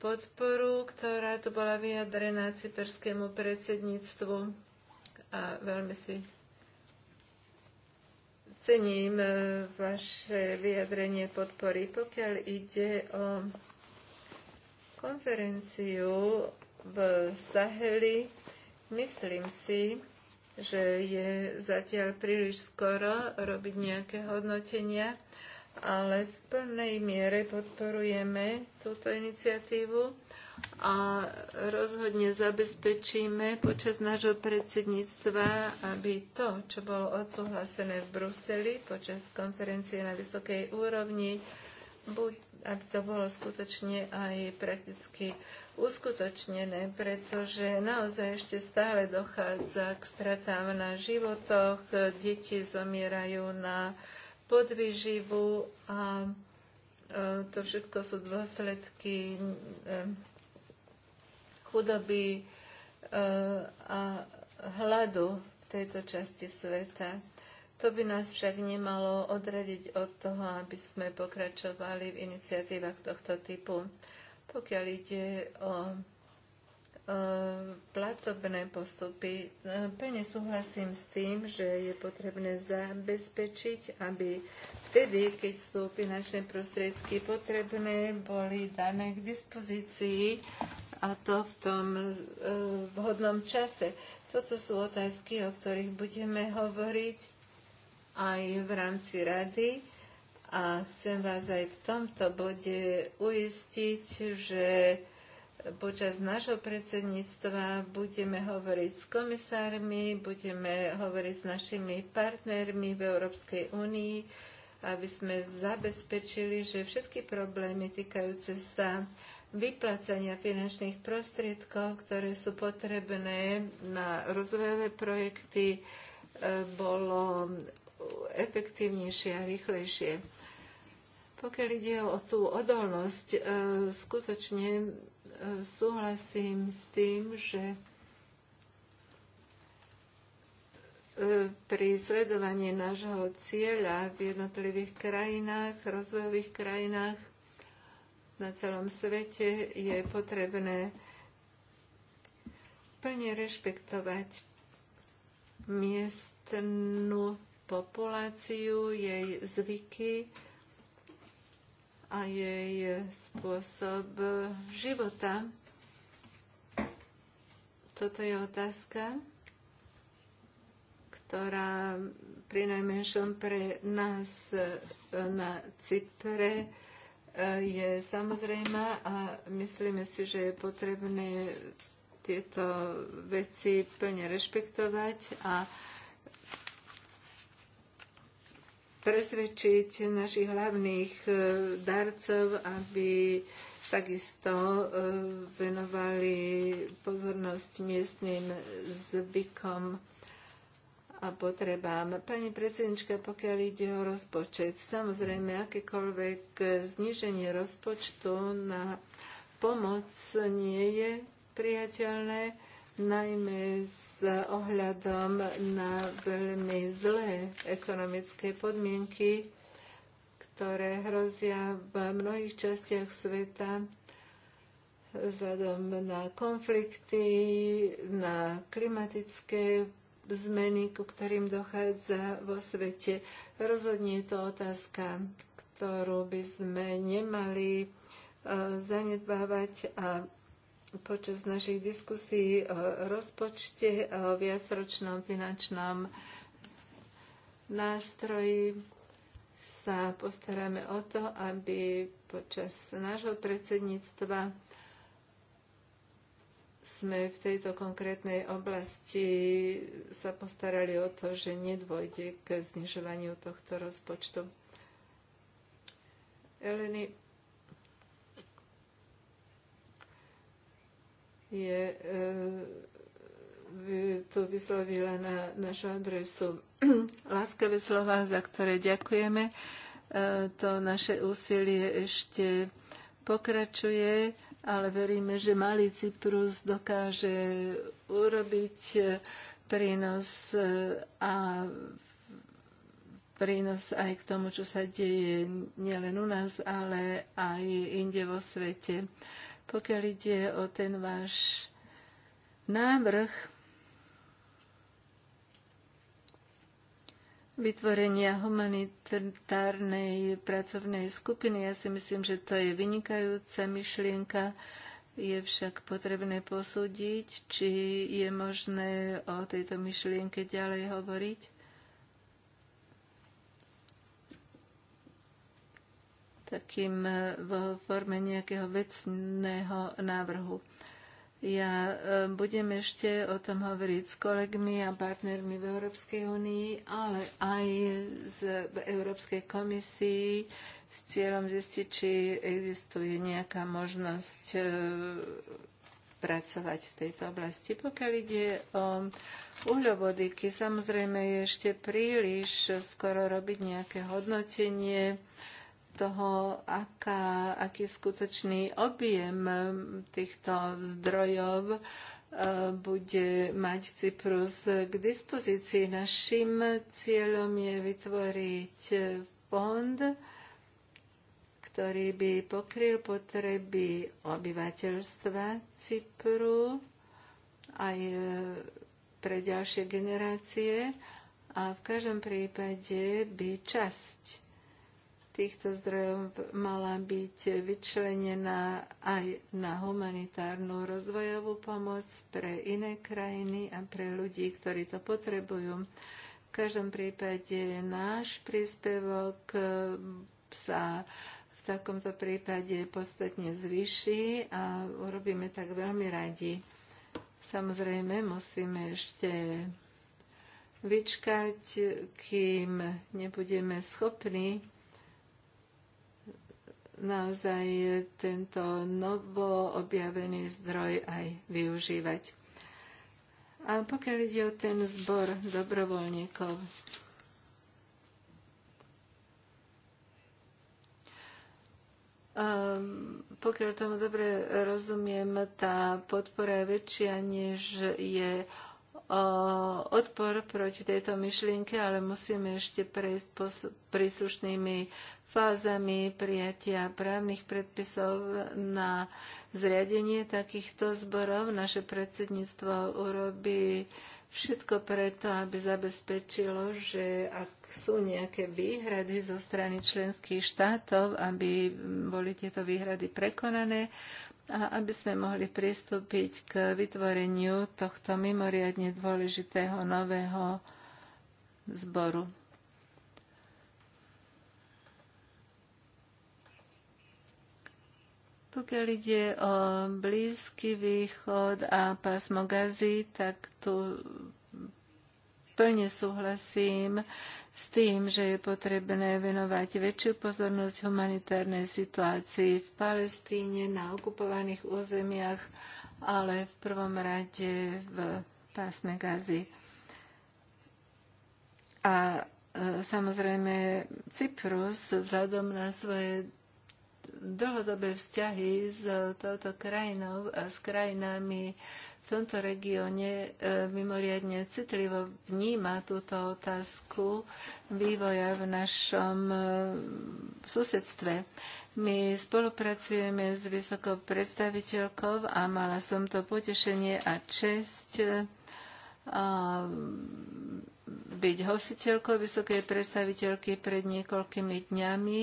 podporu, ktorá tu bola vyjadrená cyperskému predsedníctvu a veľmi si cením e, vaše vyjadrenie podpory. Pokiaľ ide o konferenciu v Saheli, myslím si, že je zatiaľ príliš skoro robiť nejaké hodnotenia, ale v plnej miere podporujeme túto iniciatívu a rozhodne zabezpečíme počas nášho predsedníctva, aby to, čo bolo odsúhlasené v Bruseli počas konferencie na vysokej úrovni, buď aby to bolo skutočne aj prakticky uskutočnené, pretože naozaj ešte stále dochádza k stratám na životoch, deti zomierajú na podvyživu a e, to všetko sú dôsledky e, chudoby e, a hladu v tejto časti sveta. To by nás však nemalo odradiť od toho, aby sme pokračovali v iniciatívach tohto typu. Pokiaľ ide o e, platobné postupy. E, plne súhlasím s tým, že je potrebné zabezpečiť, aby vtedy, keď sú finančné prostriedky potrebné, boli dané k dispozícii a to v tom e, vhodnom čase. Toto sú otázky, o ktorých budeme hovoriť aj v rámci rady a chcem vás aj v tomto bode uistiť, že počas nášho predsedníctva budeme hovoriť s komisármi, budeme hovoriť s našimi partnermi v Európskej únii, aby sme zabezpečili, že všetky problémy týkajúce sa vyplacania finančných prostriedkov, ktoré sú potrebné na rozvojové projekty, eh, bolo efektívnejšie a rýchlejšie. Pokiaľ ide o tú odolnosť, e, skutočne e, súhlasím s tým, že e, pri sledovaní nášho cieľa v jednotlivých krajinách, rozvojových krajinách na celom svete je potrebné plne rešpektovať miestnú populáciu, jej zvyky a jej spôsob života. Toto je otázka, ktorá pri najmenšom pre nás e, na Cypre e, je samozrejme a myslíme si, že je potrebné tieto veci plne rešpektovať a presvedčiť našich hlavných e, darcov, aby takisto e, venovali pozornosť miestnym zvykom a potrebám. Pani predsednička, pokiaľ ide o rozpočet, samozrejme akékoľvek zníženie rozpočtu na pomoc nie je priateľné najmä s ohľadom na veľmi zlé ekonomické podmienky, ktoré hrozia v mnohých častiach sveta vzhľadom na konflikty, na klimatické zmeny, ku ktorým dochádza vo svete. Rozhodne je to otázka, ktorú by sme nemali eh, zanedbávať a počas našich diskusí o rozpočte, o viacročnom finančnom nástroji sa postaráme o to, aby počas nášho predsedníctva sme v tejto konkrétnej oblasti sa postarali o to, že nedôjde k znižovaniu tohto rozpočtu. Eleni, je eh, tu vyslovila na našu adresu (clears throat) láskavé slova, za ktoré ďakujeme. Eh, to naše úsilie ešte pokračuje, ale veríme, že malý Cyprus dokáže urobiť eh, prínos a prínos aj k tomu, čo sa deje nielen u nás, ale aj inde vo svete. Pokiaľ ide o ten váš návrh vytvorenia humanitárnej pracovnej skupiny, ja si myslím, že to je vynikajúca myšlienka. Je však potrebné posúdiť, či je možné o tejto myšlienke ďalej hovoriť takým e, v forme nejakého vecného návrhu. Ja e, budem ešte o tom hovoriť s kolegmi a partnermi v Európskej únii, ale aj z Európskej komisii s cieľom zistiť, či existuje nejaká možnosť e, pracovať v tejto oblasti. Pokiaľ ide o uhľovodíky, samozrejme je ešte príliš skoro robiť nejaké hodnotenie toho, aká, aký skutočný objem um, týchto zdrojov uh, bude mať Cyprus k dispozícii. Našim cieľom je vytvoriť uh, fond, ktorý by pokryl potreby obyvateľstva Cypru aj pre ďalšie generácie a v každom prípade by časť týchto zdrojov mala byť vyčlenená aj na humanitárnu rozvojovú pomoc pre iné krajiny a pre ľudí, ktorí to potrebujú. V každom prípade náš príspevok sa v takomto prípade podstatne zvyší a urobíme tak veľmi radi. Samozrejme, musíme ešte vyčkať, kým nebudeme schopní naozaj tento novo objavený zdroj aj využívať. A pokiaľ ide o ten zbor dobrovoľníkov, Um, pokiaľ tomu dobre rozumiem, tá podpora je väčšia, než je odpor proti tejto myšlienke, ale musíme ešte prejsť príslušnými fázami prijatia právnych predpisov na zriadenie takýchto zborov. Naše predsedníctvo urobí všetko preto, aby zabezpečilo, že ak sú nejaké výhrady zo strany členských štátov, aby boli tieto výhrady prekonané a aby sme mohli pristúpiť k vytvoreniu tohto mimoriadne dôležitého nového zboru. Pokiaľ ide o Blízky východ a pásmo Gazy, tak tu plne súhlasím s tým, že je potrebné venovať väčšiu pozornosť humanitárnej situácii v Palestíne, na okupovaných územiach, ale v prvom rade v pásme Gazy. A e, samozrejme Cyprus vzhľadom na svoje dlhodobé vzťahy s touto krajinou a s krajinami v tomto regióne e, mimoriadne citlivo vníma túto otázku vývoja v našom e, susedstve. My spolupracujeme s vysokou predstaviteľkou a mala som to potešenie a čest e, byť hostiteľkou vysokej predstaviteľky pred niekoľkými dňami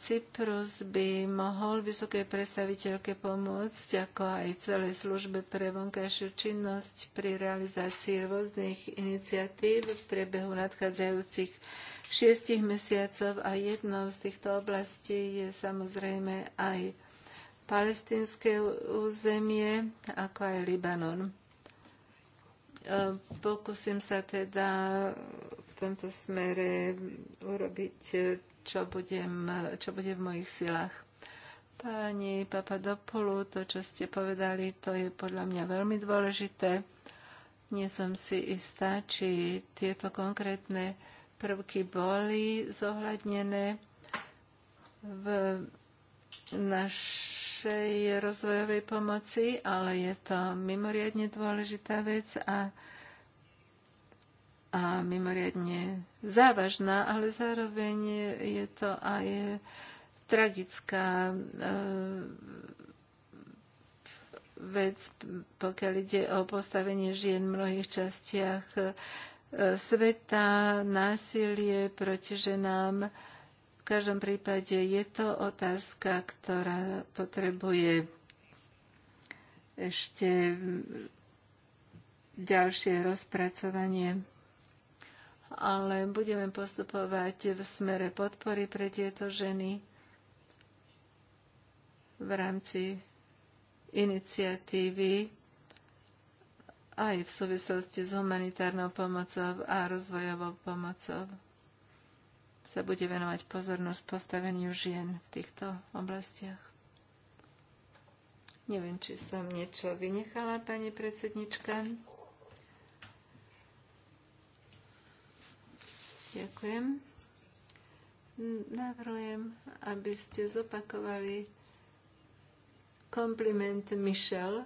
Cyprus by mohol vysokej predstaviteľke pomôcť, ako aj celej službe pre vonkajšiu činnosť pri realizácii rôznych iniciatív v priebehu nadchádzajúcich šiestich mesiacov a jednou z týchto oblastí je samozrejme aj palestinské územie, ako aj Libanon. E, pokúsim sa teda v tomto smere urobiť čo, budem, čo bude v mojich silách. Pani Papadopoulou, to, čo ste povedali, to je podľa mňa veľmi dôležité. Nie som si istá, či tieto konkrétne prvky boli zohľadnené v našej rozvojovej pomoci, ale je to mimoriadne dôležitá vec a a mimoriadne závažná, ale zároveň je to aj tragická eh, vec, pokiaľ ide o postavenie žien v mnohých častiach eh, sveta, násilie proti ženám. V každom prípade je to otázka, ktorá potrebuje ešte ďalšie rozpracovanie ale budeme postupovať v smere podpory pre tieto ženy v rámci iniciatívy aj v súvislosti s humanitárnou pomocou a rozvojovou pomocou sa bude venovať pozornosť postaveniu žien v týchto oblastiach. Neviem, či som niečo vynechala, pani predsednička. Ďakujem. Navrhujem, aby ste zopakovali kompliment Michelle,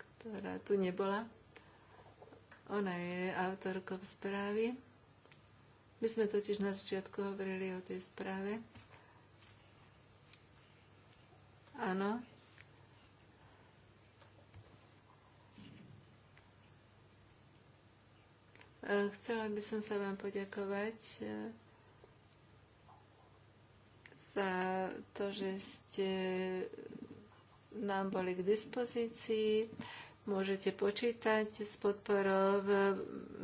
ktorá tu nebola. Ona je autorkou správy. My sme totiž na začiatku hovorili o tej správe. Áno, Chcela by som sa vám poďakovať eh, za to, že ste nám boli k dispozícii. Môžete počítať s podporou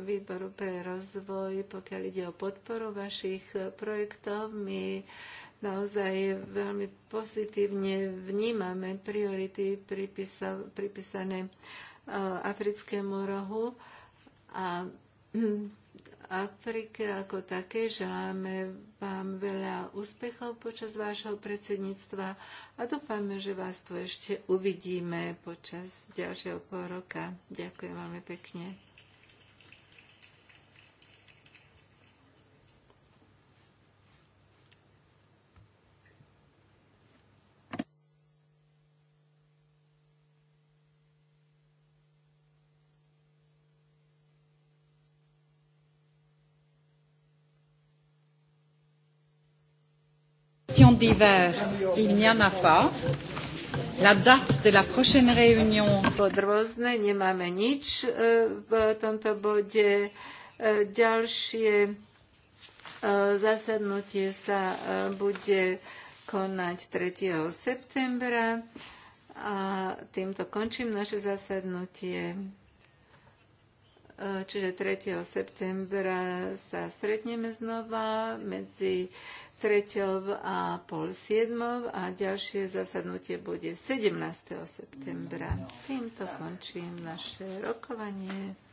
Výboru pre rozvoj, pokiaľ ide o podporu vašich projektov. My naozaj veľmi pozitívne vnímame priority pripísané eh, africkému rohu a Afrike ako také. Želáme vám veľa úspechov počas vášho predsedníctva a dúfame, že vás tu ešte uvidíme počas ďalšieho pol roka. Ďakujem veľmi pekne. amendements d'hiver, il n'y en a pas. La date de la prochaine réunion. Podrozne, nie mamy nic w e, tomto bodzie. E, Dalsze zasadnutie sa e, bude konať 3. septembra a týmto končím naše zasadnutie. Čiže 3. septembra sa stretneme znova medzi treťov a pol siedmov a ďalšie zasadnutie bude 17. septembra. Týmto končím naše rokovanie.